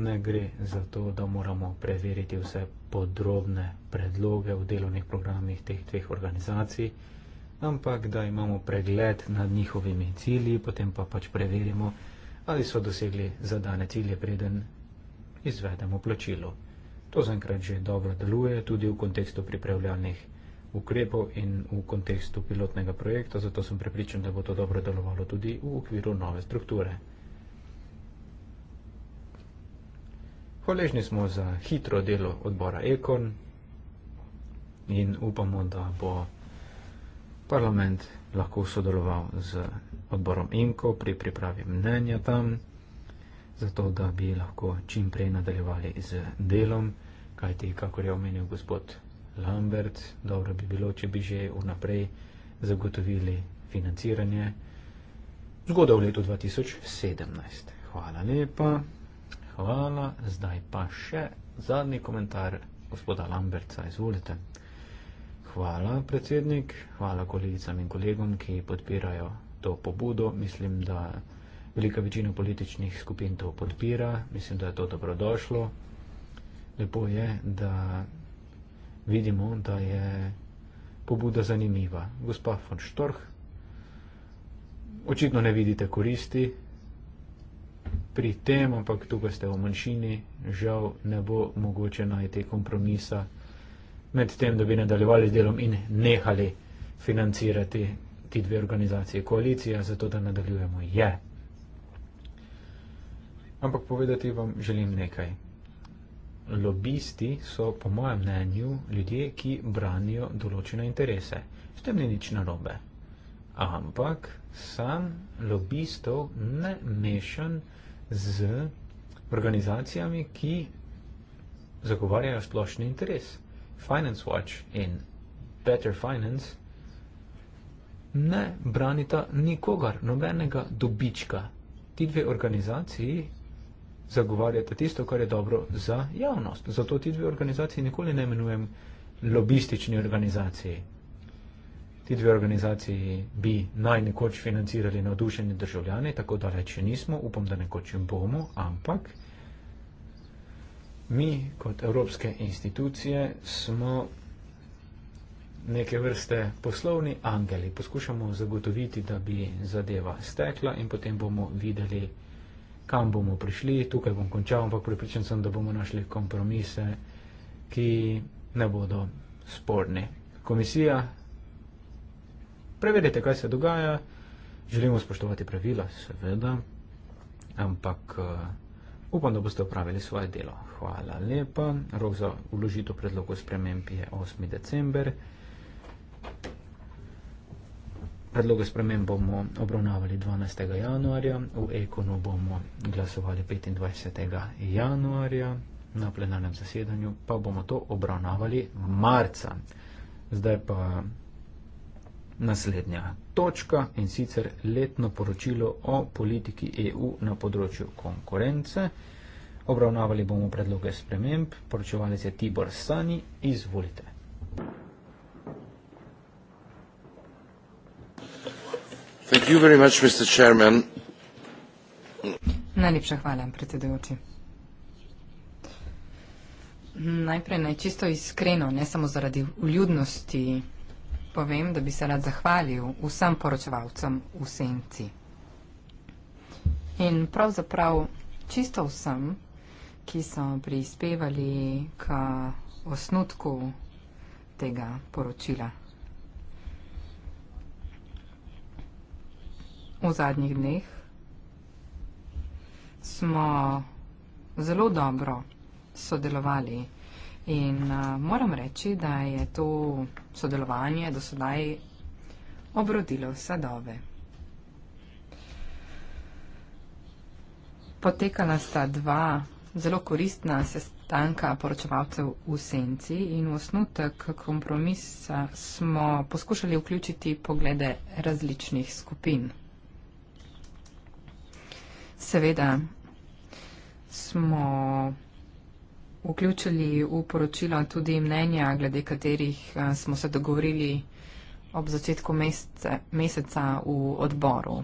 ne gre za to, da moramo preveriti vse podrobne predloge v delovnih programih teh dveh organizacij, ampak da imamo pregled nad njihovimi cilji, potem pa pač preverimo, ali so dosegli zadane cilje preden izvedemo plačilo. To zaenkrat že dobro deluje, tudi v kontekstu pripravljalnih ukrepov in v kontekstu pilotnega projekta, zato sem prepričan, da bo to dobro delovalo tudi v okviru nove strukture. Hvaležni smo za hitro delo odbora Ekon in upamo, da bo parlament lahko sodeloval z odborom Inko pri pripravi mnenja tam, zato da bi lahko čim prej nadaljevali z delom kaj ti, kakor je omenil gospod Lambert, dobro bi bilo, če bi že vnaprej zagotovili financiranje. Zgoda v letu 2017. Hvala lepa. Hvala. Zdaj pa še zadnji komentar gospoda Lamberta. Izvolite. Hvala, predsednik. Hvala kolegicam in kolegom, ki podpirajo to pobudo. Mislim, da velika večina političnih skupin to podpira. Mislim, da je to dobrodošlo lepo je, da vidimo, da je pobuda zanimiva. Gospa von Storch, očitno ne vidite koristi pri tem, ampak tukaj ste v manjšini, žal ne bo mogoče najti kompromisa med tem, da bi nadaljevali z delom in nehali financirati ti dve organizacije. Koalicija zato, da nadaljujemo, je. Ampak povedati vam želim nekaj lobisti so, po mojem mnenju, ljudje, ki branijo določene interese. S tem ni nič narobe. Ampak sam lobistov ne mešam z organizacijami, ki zagovarjajo splošni interes. Finance Watch in Better Finance ne branita nikogar, nobenega dobička. Ti dve organizaciji zagovarjate tisto, kar je dobro za javnost. Zato ti dve organizaciji nikoli ne imenujem lobistični organizaciji. Ti dve organizaciji bi naj nekoč financirali navdušenje državljane, tako da več nismo, upam, da nekoč jim bomo, ampak mi kot evropske institucije smo neke vrste poslovni angeli. Poskušamo zagotoviti, da bi zadeva stekla in potem bomo videli, da bi zadeva stekla kam bomo prišli, tukaj bom končal, ampak pripričan sem, da bomo našli kompromise, ki ne bodo sporni. Komisija, preverite, kaj se dogaja, želimo spoštovati pravila, seveda, ampak eh, upam, da boste upravili svoje delo. Hvala lepa, rok za uložitev predlogov sprememb je 8. december. Predloge sprememb bomo obravnavali 12. januarja, v Ekonu bomo glasovali 25. januarja, na plenarnem zasedanju pa bomo to obravnavali marca. Zdaj pa naslednja točka in sicer letno poročilo o politiki EU na področju konkurence. Obravnavali bomo predloge sprememb, poročevalec je Tibor Sani, izvolite. Najlepša hvala, predsedujoči. Najprej naj čisto iskreno, ne samo zaradi vljudnosti, povem, da bi se rad zahvalil vsem poročevalcem v senci. In pravzaprav čisto vsem, ki so prispevali k osnutku tega poročila. v zadnjih dneh smo zelo dobro sodelovali. In uh, moram reči, da je to sodelovanje do sedaj obrodilo sadove. Potekala sta dva zelo koristna sestanka poročevalcev v senci in v osnutek kompromisa smo poskušali vključiti poglede različnih skupin. Seveda smo vključili v poročilo tudi mnenja, glede katerih smo se dogovorili ob začetku mesece, meseca v odboru.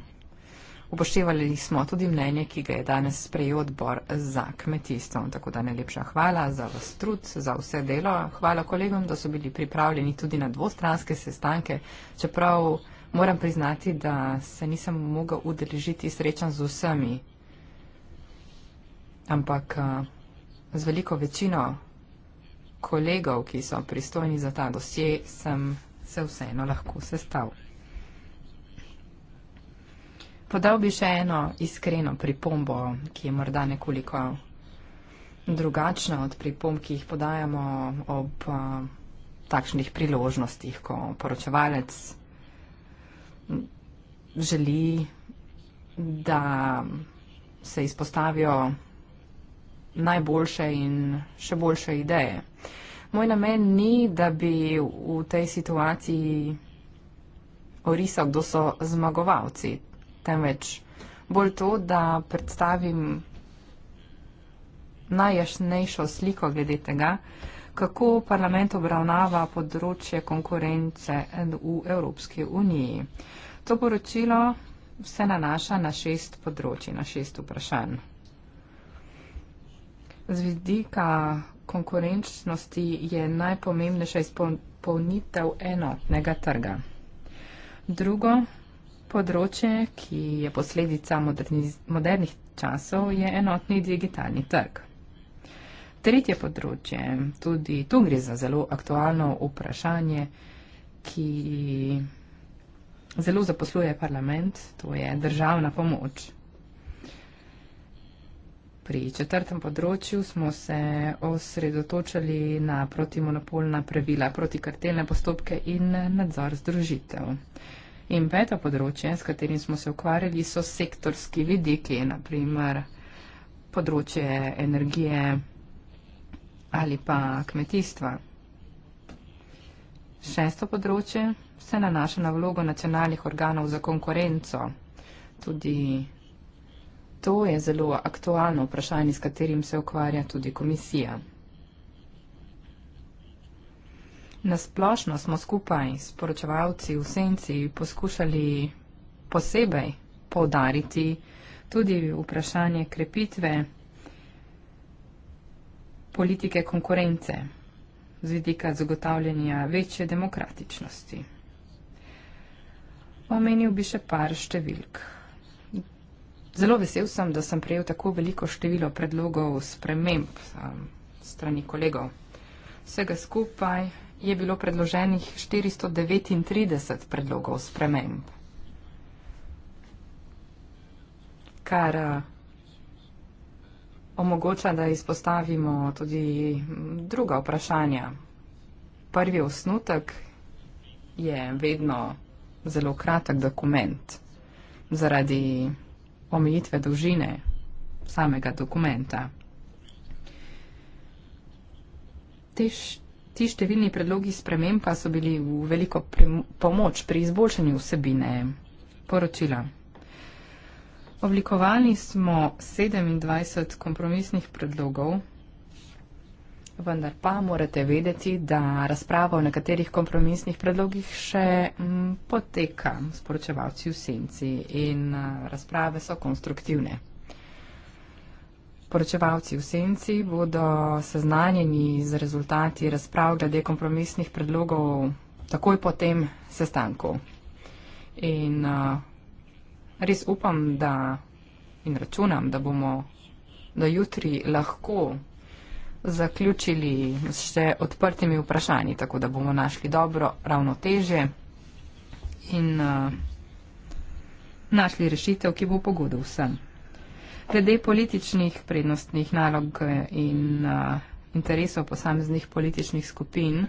Upoštevali smo tudi mnenje, ki ga je danes sprejel odbor za kmetijstvo. Tako da najlepša hvala za vas trud, za vse delo. Hvala kolegom, da so bili pripravljeni tudi na dvostranske sestanke. Čeprav moram priznati, da se nisem mogel udeležiti srečan z vsemi ampak eh, z veliko večino kolegov, ki so pristojni za ta dosje, sem se vseeno lahko sestav. Podal bi še eno iskreno pripombo, ki je morda nekoliko drugačna od pripomb, ki jih podajamo ob uh, takšnih priložnostih, ko poročevalec želi, da se izpostavijo najboljše in še boljše ideje. Moj namen ni, da bi v tej situaciji orisal, kdo so zmagovalci, temveč bolj to, da predstavim najjašnejšo sliko glede tega, kako parlament obravnava področje konkurence v Evropski uniji. To poročilo se nanaša na šest področji, na šest vprašanj z vidika konkurenčnosti je najpomembnejša izpolnitev enotnega trga. Drugo področje, ki je posledica modernih časov, je enotni digitalni trg. Tretje področje, tudi tu gre za zelo aktualno vprašanje, ki zelo zaposluje parlament, to je državna pomoč. Pri četrtem področju smo se osredotočali na protimonopolna pravila, protikartelne postopke in nadzor združitev. In peto področje, s katerim smo se ukvarjali, so sektorski vidiki, naprimer področje energije ali pa kmetijstva. Šesto področje se nanaša na vlogo nacionalnih organov za konkurenco. Tudi To je zelo aktualno vprašanje, s katerim se ukvarja tudi komisija. Nasplošno smo skupaj s poročevalci v senci poskušali posebej povdariti tudi vprašanje krepitve politike konkurence z vidika zagotavljanja večje demokratičnosti. Omenil bi še par številk. Zelo vesel sem, da sem prejel tako veliko število predlogov sprememb um, strani kolegov. Vsega skupaj je bilo predloženih 439 predlogov sprememb, kar uh, omogoča, da izpostavimo tudi druga vprašanja. Prvi osnutek je vedno zelo kratek dokument zaradi omejitve dolžine samega dokumenta. Ti številni predlogi sprememb pa so bili v veliko pomoč pri izboljšanju vsebine poročila. Oblikovali smo 27 kompromisnih predlogov Vendar pa morate vedeti, da razprava o nekaterih kompromisnih predlogih še m, mm, poteka, sporočevalci v senci in a, eh, razprave so konstruktivne. Sporočevalci v senci bodo seznanjeni z rezultati razprav glede kompromisnih predlogov takoj po tem sestanku. In a, eh, res upam, da in računam, da bomo do jutri lahko zaključili s še odprtimi vprašanji, tako da bomo našli dobro ravnoteže in uh, našli rešitev, ki bo pogodil vsem. Glede političnih prednostnih nalog eh, in uh, interesov posameznih političnih skupin,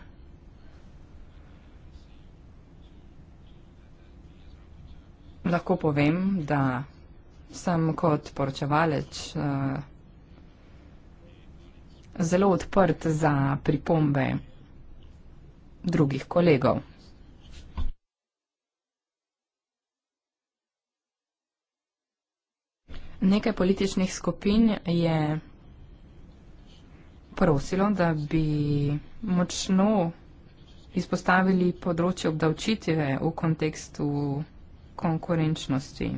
lahko povem, da sem kot poročevalec uh, zelo odprt za pripombe drugih kolegov. Nekaj političnih skupin je prosilo, da bi močno izpostavili področje obdavčitve v kontekstu konkurenčnosti.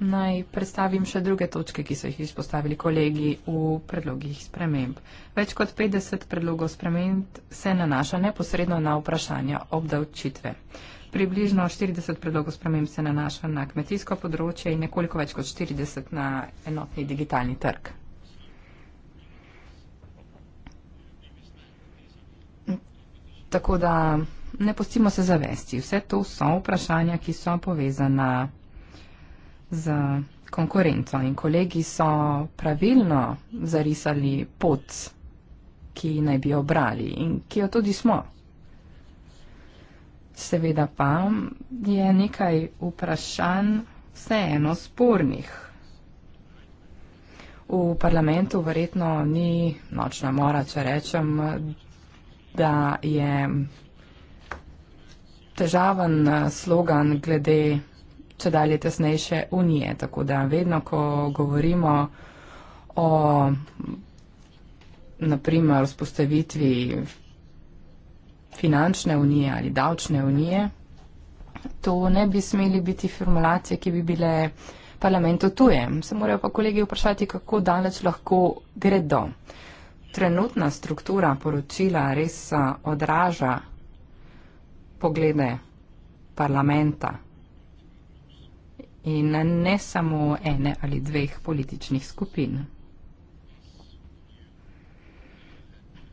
Naj predstavim še druge točke, ki so jih izpostavili kolegi v predlogih sprememb. Več kot 50 predlogov sprememb se nanaša neposredno na vprašanja obdavčitve. Približno 40 predlogov sprememb se nanaša na kmetijsko področje in nekoliko več kot 40 na enotni digitalni trg. Tako da ne postimo se zavesti. Vse to so vprašanja, ki so povezana z konkurenco. In kolegi so pravilno zarisali pot, ki naj bi jo brali in ki jo tudi smo. Seveda pa je nekaj vprašanj vseeno spornih. V parlamentu verjetno ni nočna mora, če rečem, da je težaven slogan glede če dalje tesnejše unije. Tako da vedno, ko govorimo o naprimer vzpostavitvi finančne unije ali davčne unije, to ne bi smeli biti formulacije, ki bi bile parlamentu tuje. Se morajo pa kolegi vprašati, kako daleč lahko gredo. Trenutna struktura poročila res odraža poglede parlamenta in ne samo ene ali dveh političnih skupin.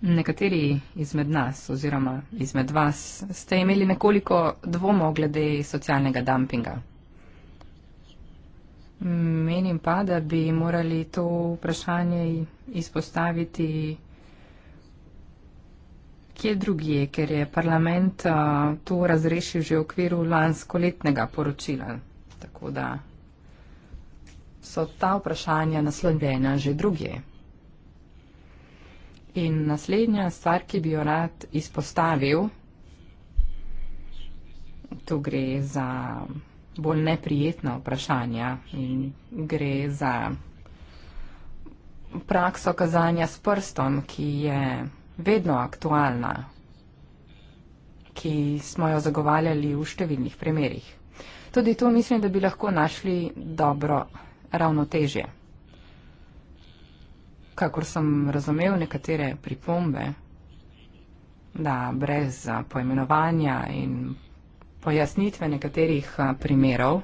Nekateri izmed nas oziroma izmed vas ste imeli nekoliko dvomo glede socialnega dumpinga. Menim pa, da bi morali to vprašanje izpostaviti kje drugje, ker je parlament to razrešil že v okviru lansko letnega poročila, tako da so ta vprašanja naslovljena že druge. In naslednja stvar, ki bi jo rad izpostavil, tu gre za bolj neprijetna vprašanja in gre za prakso kazanja s prstom, ki je vedno aktualna, ki smo jo zagovarjali v številnih primerjih. Tudi tu mislim, da bi lahko našli dobro ravnotežje. Kakor sem razumel nekatere pripombe, da brez poimenovanja in pojasnitve nekaterih primerov,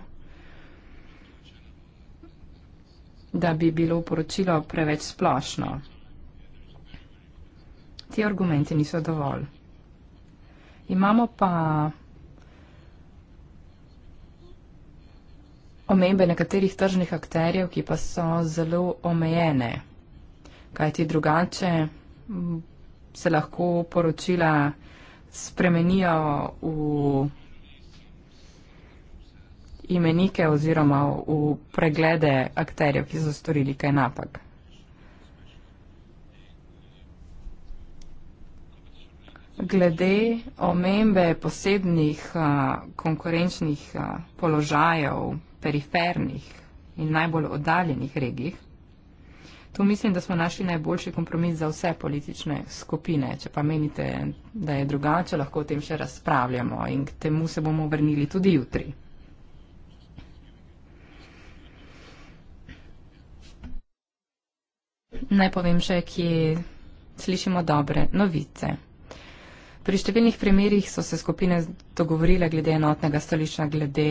da bi bilo poročilo preveč splošno. Ti argumenti niso dovolj. Imamo pa omembe nekaterih tržnih akterjev, ki pa so zelo omejene. Kaj ti drugače se lahko poročila spremenijo v imenike oziroma v preglede akterjev, ki so storili kaj napak. Glede omembe posebnih a, konkurenčnih a, položajev, perifernih in najbolj oddaljenih regijih. Tu mislim, da smo našli najboljši kompromis za vse politične skupine. Če pa menite, da je drugače, lahko o tem še razpravljamo in k temu se bomo vrnili tudi jutri. Naj povem še, kje slišimo dobre novice. Pri številnih primerjih so se skupine dogovorile glede enotnega stališča, glede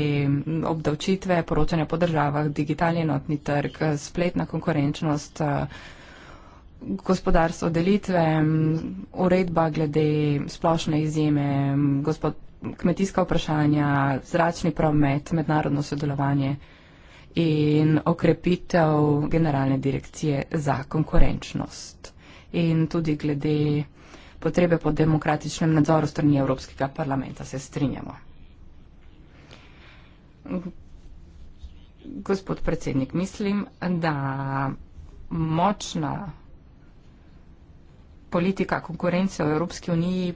obdavčitve, poročanja po državah, digitalni enotni trg, spletna konkurenčnost, eh, gospodarstvo delitve, uredba glede splošne izjeme, gospod, kmetijska vprašanja, zračni promet, mednarodno sodelovanje in okrepitev generalne direkcije za konkurenčnost. In tudi glede potrebe po demokratičnem nadzoru strani Evropskega parlamenta. Se strinjamo. Gospod predsednik, mislim, da močna politika konkurence v Evropski uniji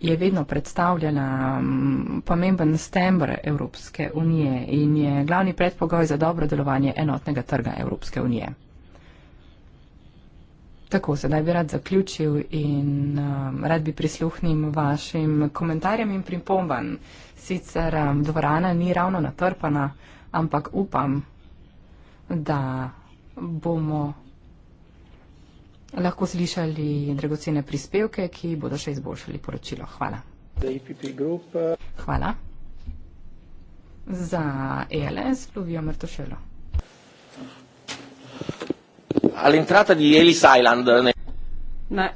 je vedno predstavljala mm, pomemben stembr Evropske unije in je glavni predpogoj za dobro delovanje enotnega trga Evropske unije. Tako, sedaj bi rad zaključil in um, rad bi prisluhnil vašim komentarjem in pripombam. Sicer um, dvorana ni ravno natrpana, ampak upam, da bomo lahko slišali dragocene prispevke, ki bodo še izboljšali poročilo. Hvala. E uh, Hvala. Za ELS, Lovijo Mrtošelo. Thank you all'entrata di Ellis Island. Nel... Na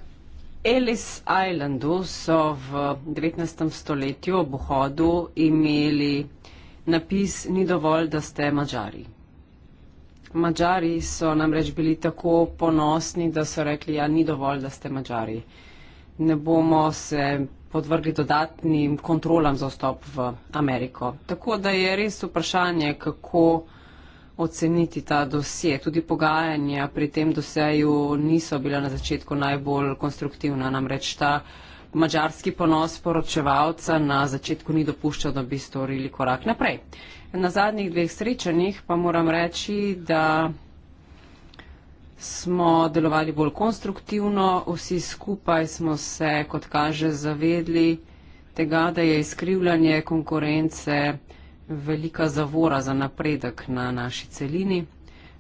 Ellis Islandu so v 19. stoletju ob vhodu imeli napis Ni dovolj, da ste mađari. Mađari so namreč bili tako ponosni, da so rekli, ja, ni dovolj, da ste mađari. Ne bomo se podvrgli dodatnim kontrolam za vstop v Ameriko. Tako da je res vprašanje, kako oceniti ta dosje. Tudi pogajanja pri tem doseju niso bila na začetku najbolj konstruktivna. Namreč ta mađarski ponos poročevalca na začetku ni dopuščal, da bi storili korak naprej. Na zadnjih dveh srečanjih pa moram reči, da smo delovali bolj konstruktivno, vsi skupaj smo se, kot kaže, zavedli tega, da je izkrivljanje konkurence velika zavora za napredek na naši celini.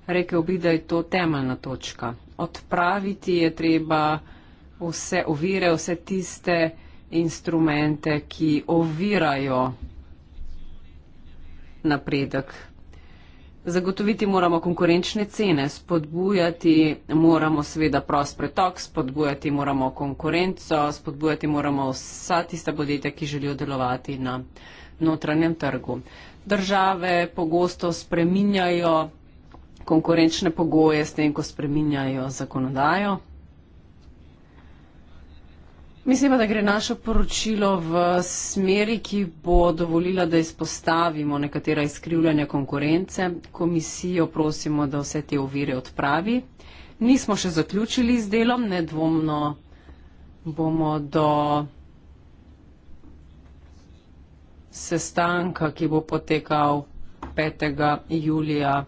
Rekel bi, da je to temeljna točka. Odpraviti je treba vse ovire, vse tiste instrumente, ki ovirajo napredek. Zagotoviti moramo konkurenčne cene, spodbujati moramo seveda prost pretok, spodbujati moramo konkurenco, spodbujati moramo vsa tista podjetja, ki želijo delovati na notranjem trgu. Države pogosto spreminjajo konkurenčne pogoje s tem, ko spreminjajo zakonodajo. Mislim pa, da gre naše poročilo v smeri, ki bo dovolila, da izpostavimo nekatera izkrivljanja konkurence. Komisijo prosimo, da vse te ovire odpravi. Nismo še zaključili z delom, nedvomno bomo do sestanka, ki bo potekal 5. julija,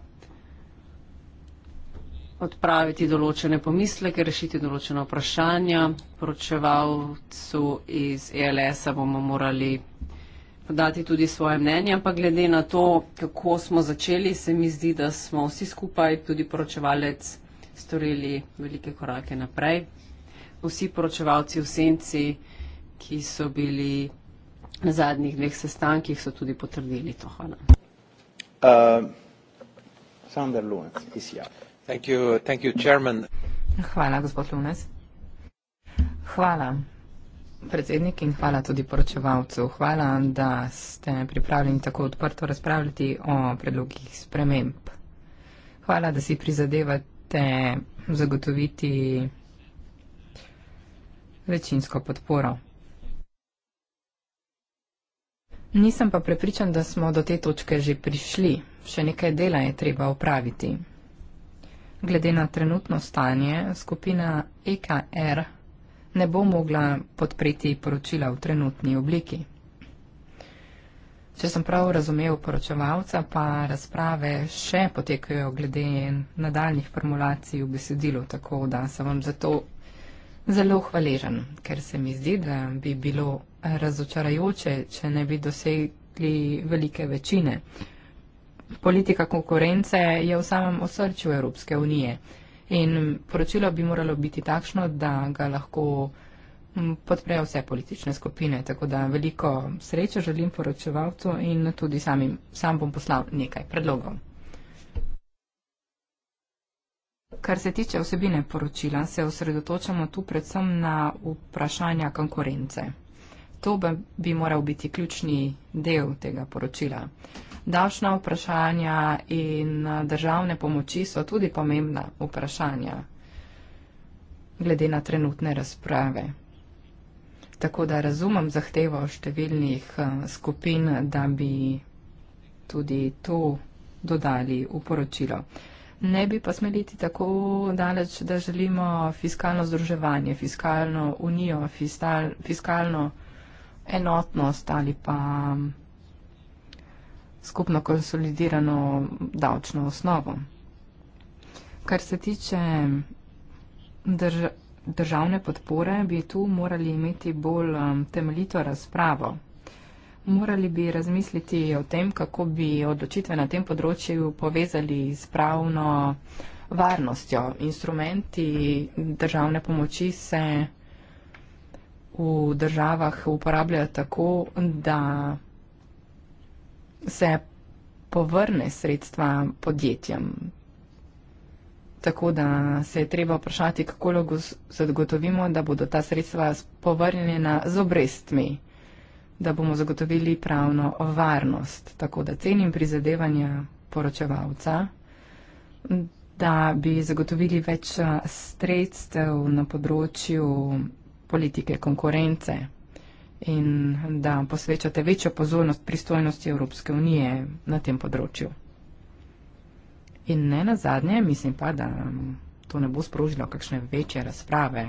odpraviti določene pomisleke, rešiti določene vprašanja. Poročevalcu iz ELS-a bomo morali podati tudi svoje mnenje, ampak glede na to, kako smo začeli, se mi zdi, da smo vsi skupaj, tudi poročevalec, storili velike korake naprej. Vsi poročevalci v senci, ki so bili na zadnjih dveh sestankih so tudi potrdili to. Hvala. Uh, Sander Lunes, thank you, thank you, hvala, gospod Lunes. Hvala, predsednik in hvala tudi poročevalcu. Hvala, da ste pripravljeni tako odprto razpravljati o predlogih sprememb. Hvala, da si prizadevate zagotoviti večinsko podporo. Nisem pa prepričan, da smo do te točke že prišli. Še nekaj dela je treba upraviti. Glede na trenutno stanje, skupina EKR ne bo mogla podpreti poročila v trenutni obliki. Če sem prav razumel poročevalca, pa razprave še potekajo glede nadaljnih formulacij v besedilu, tako da sem vam zato zelo hvaležen, ker se mi zdi, da bi bilo razočarajoče, če ne bi dosegli velike večine. Politika konkurence je v samem osrčju Evropske unije in poročilo bi moralo biti takšno, da ga lahko podprejo vse politične skupine. Tako da veliko sreče želim poročevalcu in tudi samim, sam bom poslal nekaj predlogov. Kar se tiče vsebine poročila, se osredotočamo tu predvsem na vprašanja konkurence. To bi moral biti ključni del tega poročila. Davčna vprašanja in eh, državne pomoči so tudi pomembna vprašanja glede na trenutne razprave. Tako da razumem zahtevo številnih eh, skupin, da bi tudi to dodali v poročilo. Ne bi pa smeliti tako daleč, da želimo fiskalno združevanje, fiskalno unijo, fiskalno enotnost ali pa mm, skupno konsolidirano davčno osnovo. Kar se tiče drž državne podpore, bi tu morali imeti bolj um, temeljito razpravo. Morali bi razmisliti o tem, kako bi odločitve na tem področju povezali s pravno varnostjo. Instrumenti državne pomoči se v državah uporabljajo tako, da se povrne sredstva podjetjem. Tako da se je treba vprašati, kako lahko zagotovimo, da bodo ta sredstva povrnjena z obrestmi, da bomo zagotovili pravno varnost. Tako da cenim prizadevanja poročevalca, da bi zagotovili več sredstev na področju politike konkurence in da posvečate večjo pozornost pristojnosti Evropske unije na tem področju. In ne na zadnje, mislim pa, da to ne bo sprožilo kakšne večje razprave.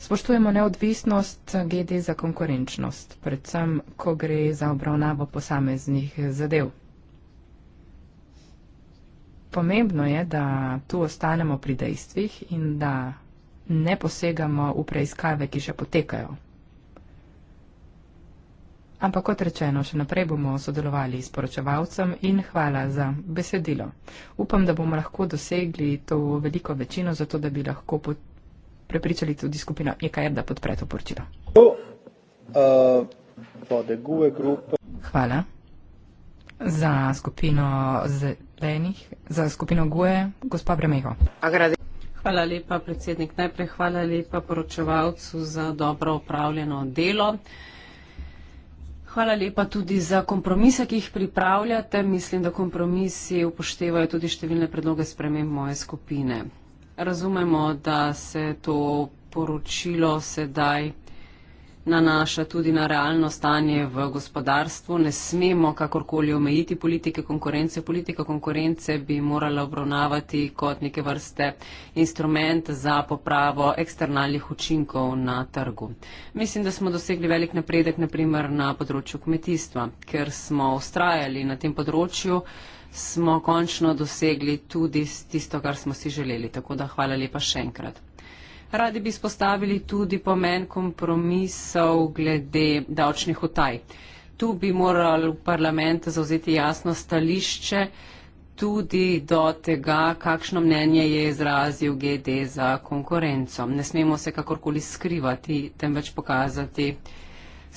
Spoštujemo neodvisnost GD za konkurenčnost, predvsem, ko gre za obravnavo posameznih zadev. Pomembno je, da tu ostanemo pri dejstvih in da ne posegamo v preiskave, ki še potekajo. Ampak kot rečeno, še naprej bomo sodelovali s poročevalcem in hvala za besedilo. Upam, da bomo lahko dosegli to veliko večino, zato da bi lahko prepričali tudi skupino IKR, e da podpre to poročilo. Eh, hvala za skupino zelenih, za skupino GUE, gospod Bremeho. Hvala lepa, predsednik. Najprej hvala lepa poročevalcu za dobro upravljeno delo. Hvala lepa tudi za kompromise, ki jih pripravljate. Mislim, da kompromisi upoštevajo tudi številne predloge sprememb moje skupine. Razumemo, da se to poročilo sedaj nanaša tudi na realno stanje v gospodarstvu. Ne smemo kakorkoli omejiti politike konkurence. Politika konkurence bi morala obravnavati kot neke vrste instrument za popravo eksternalnih učinkov na trgu. Mislim, da smo dosegli velik napredek naprimer na področju kmetijstva, ker smo ustrajali na tem področju smo končno dosegli tudi tisto, kar smo si želeli. Tako da hvala lepa še enkrat. Radi bi spostavili tudi pomen kompromisov glede davčnih utaj. Tu bi moral parlament zauzeti jasno stališče tudi do tega, kakšno mnenje je izrazil GD za konkurenco. Ne smemo se kakorkoli skrivati, temveč pokazati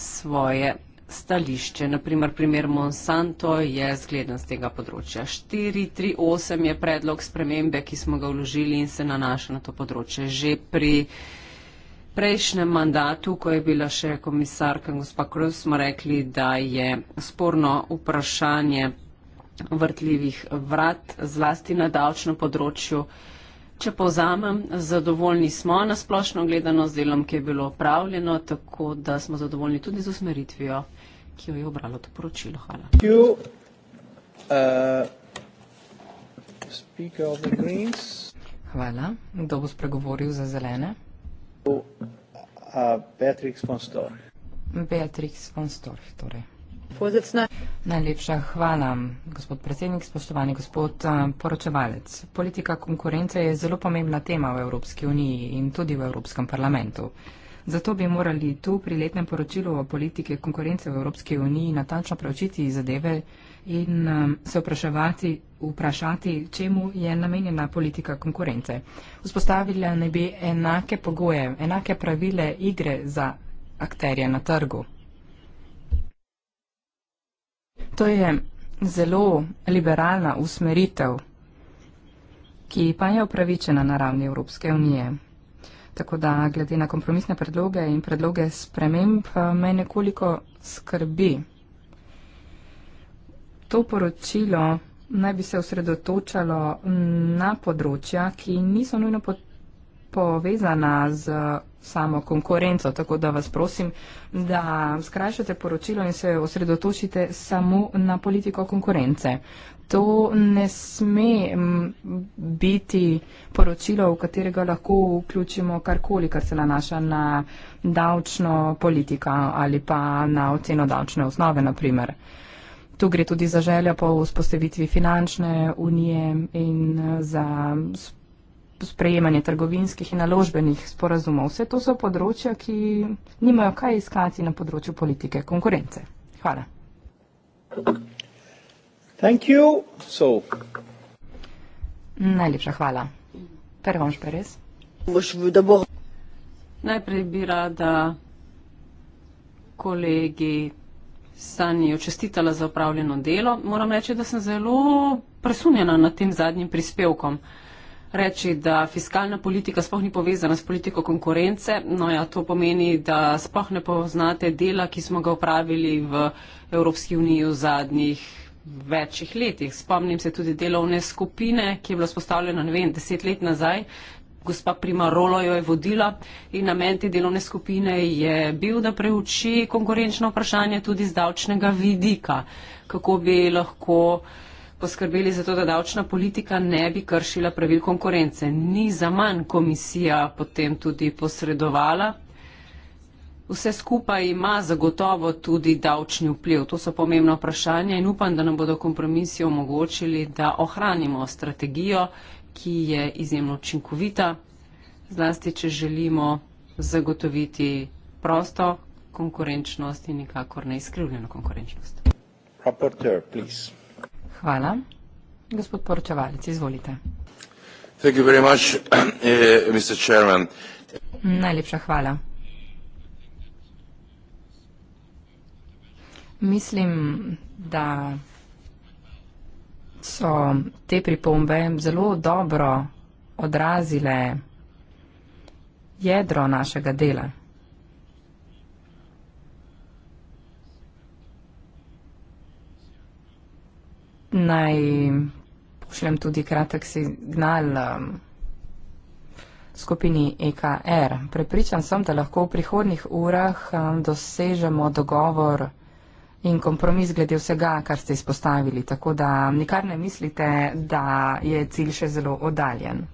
svoje stališče. Naprimer, primer Monsanto je zgleden z tega področja. 438 je predlog spremembe, ki smo ga vložili in se nanaša na to področje. Že pri prejšnjem mandatu, ko je bila še komisarka gospa Kroz, smo rekli, da je sporno vprašanje vrtljivih vrat, zlasti na davčnem področju. Če povzamem, zadovoljni smo na splošno gledano z delom, ki je bilo upravljeno, tako da smo zadovoljni tudi z usmeritvijo, ki jo je obralo to poročilo. Hvala. Uh, Hvala. Kdo bo spregovoril za zelene? Uh, Beatrix von Storch. Beatrix von Storch, torej. Najlepša hvala, gospod predsednik, spoštovani gospod eh, poročevalec. Politika konkurence je zelo pomembna tema v Evropski uniji in tudi v Evropskem parlamentu. Zato bi morali tu pri letnem poročilu o politike konkurence v Evropski uniji natančno preučiti zadeve in eh, se vpraševati, vprašati, čemu je namenjena politika konkurence. Vzpostavila naj bi enake pogoje, enake pravile igre za akterje na trgu. To je zelo liberalna usmeritev, ki pa je upravičena na ravni Evropske unije. Tako da glede na kompromisne predloge in predloge sprememb eh, me nekoliko skrbi. To poročilo naj bi se osredotočalo na področja, ki niso nujno po povezana z samo konkurenco. Tako da vas prosim, da skrajšate poročilo in se osredotočite samo na politiko konkurence. To ne sme biti poročilo, v katerega lahko vključimo karkoli, kar se nanaša na davčno politiko ali pa na oceno davčne osnove, naprimer. Tu gre tudi za željo po vzpostavitvi finančne unije in eh, za spoštovanje sprejemanje trgovinskih in naložbenih sporazumov. Vse to so področja, ki nimajo kaj iskati na področju politike konkurence. Hvala. So... Najlepša hvala. Pervanš Perez. Najprej bi rada kolegi Sani očestitala za upravljeno delo. Moram reči, da sem zelo presunjena nad tem zadnjim prispevkom reči, da fiskalna politika sploh ni povezana s politiko konkurence. No ja, to pomeni, da sploh ne poznate dela, ki smo ga upravili v Evropski uniji v zadnjih večjih letih. Spomnim se tudi delovne skupine, ki je bila spostavljena, ne vem, deset let nazaj. Gospa Prima Rolo jo je vodila in namen te delovne skupine je bil, da preuči konkurenčno vprašanje tudi z davčnega vidika, kako bi lahko poskrbeli za to, da davčna politika ne bi kršila pravil konkurence. Ni za manj komisija potem tudi posredovala. Vse skupaj ima zagotovo tudi davčni vpliv. To so pomembna vprašanja in upam, da nam bodo kompromisi omogočili, da ohranimo strategijo, ki je izjemno učinkovita, zlasti, če želimo zagotoviti prosto konkurenčnost in nikakor neizkrivljeno konkurenčnost. Rapporteur, prosim. Hvala. Gospod poročevalec, izvolite. Thank you very much, eh, Mr. Chairman. Najlepša hvala. Mislim, da so te pripombe zelo dobro odrazile jedro našega dela. naj pošljem tudi kratek signal um, skupini EKR. Prepričan sem, da lahko v prihodnih urah um, dosežemo dogovor in kompromis glede vsega, kar ste izpostavili. Tako da um, nikar ne mislite, da je cilj še zelo oddaljen.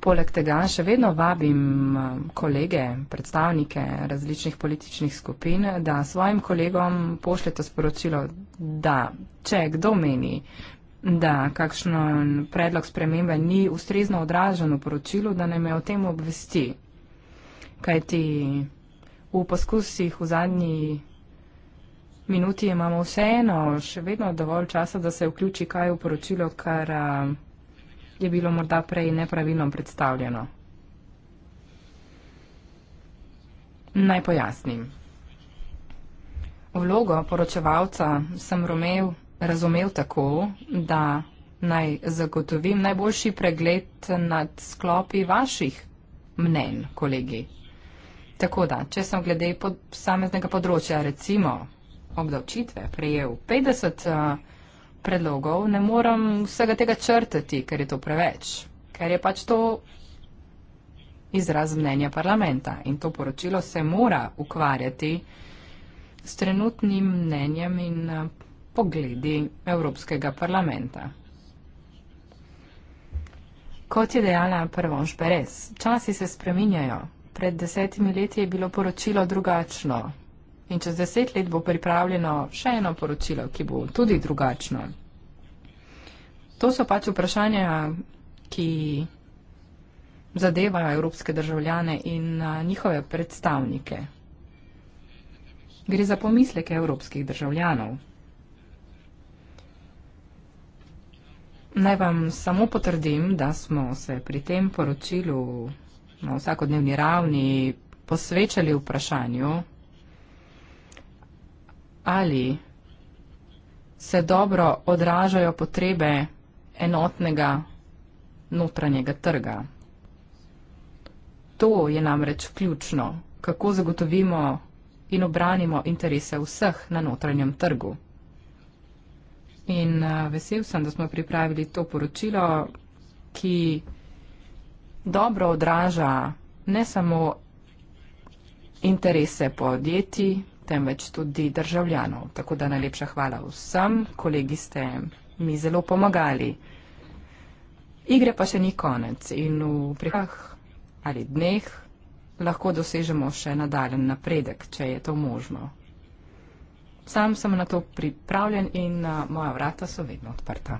Poleg tega še vedno vabim um, kolege, predstavnike različnih političnih skupin, da svojim kolegom pošljete sporočilo, da če kdo meni, da kakšno predlog spremembe ni ustrezno odražen v poročilu, da ne me o tem obvesti. Kaj ti v poskusih v zadnji minuti imamo vseeno še vedno dovolj časa, da se vključi kaj v poročilo, kar. Uh, je bilo morda prej nepravilno predstavljeno. Naj pojasnim. Vlogo poročevalca sem romev, razumel tako, da naj zagotovim najboljši pregled nad sklopi vaših mnen, kolegi. Tako da, če sem glede posameznega področja, recimo obdavčitve, prejel 50 uh, eh, predlogov, ne morem vsega tega črtati, ker je to preveč, ker je pač to izraz mnenja parlamenta in to poročilo se mora ukvarjati s trenutnim mnenjem in eh, pogledi Evropskega parlamenta. Kot je dejala Prvonš Perez, časi se spreminjajo. Pred desetimi leti je bilo poročilo drugačno, in čez deset let bo pripravljeno še eno poročilo, ki bo tudi drugačno. To so pač vprašanja, ki zadevajo evropske državljane in njihove predstavnike. Gre za pomisleke evropskih državljanov. Naj vam samo potrdim, da smo se pri tem poročilu na vsakodnevni ravni posvečali vprašanju ali se dobro odražajo potrebe enotnega notranjega trga. To je namreč ključno, kako zagotovimo in obranimo interese vseh na notranjem trgu. In eh, vesel sem, da smo pripravili to poročilo, ki dobro odraža ne samo interese podjetij, temveč tudi državljanov. Tako da najlepša hvala vsem, kolegi ste mi zelo pomagali. Igre pa še ni konec in v prihodnjih ali dneh lahko dosežemo še nadaljen napredek, če je to možno. Sam sem na to pripravljen in moja vrata so vedno odprta.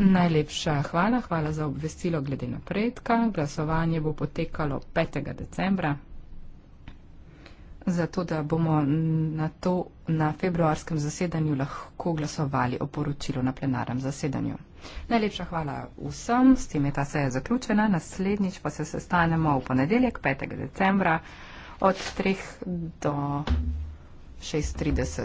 Najlepša hvala, hvala za obvestilo glede napredka. Glasovanje bo potekalo 5. decembra zato da bomo na to na februarskem zasedanju lahko glasovali o poročilu na plenarnem zasedanju. Najlepša hvala vsem, s tem je ta seja zaključena, naslednjič pa se sestanemo v ponedeljek 5. decembra od 3 do 6.30.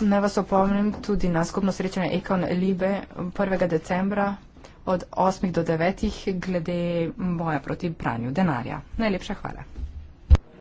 Naj vas opomnim tudi na skupno srečanje Ekon Libe 1. decembra od 8. do 9. glede boja proti pranju denarja. Najlepša hvala.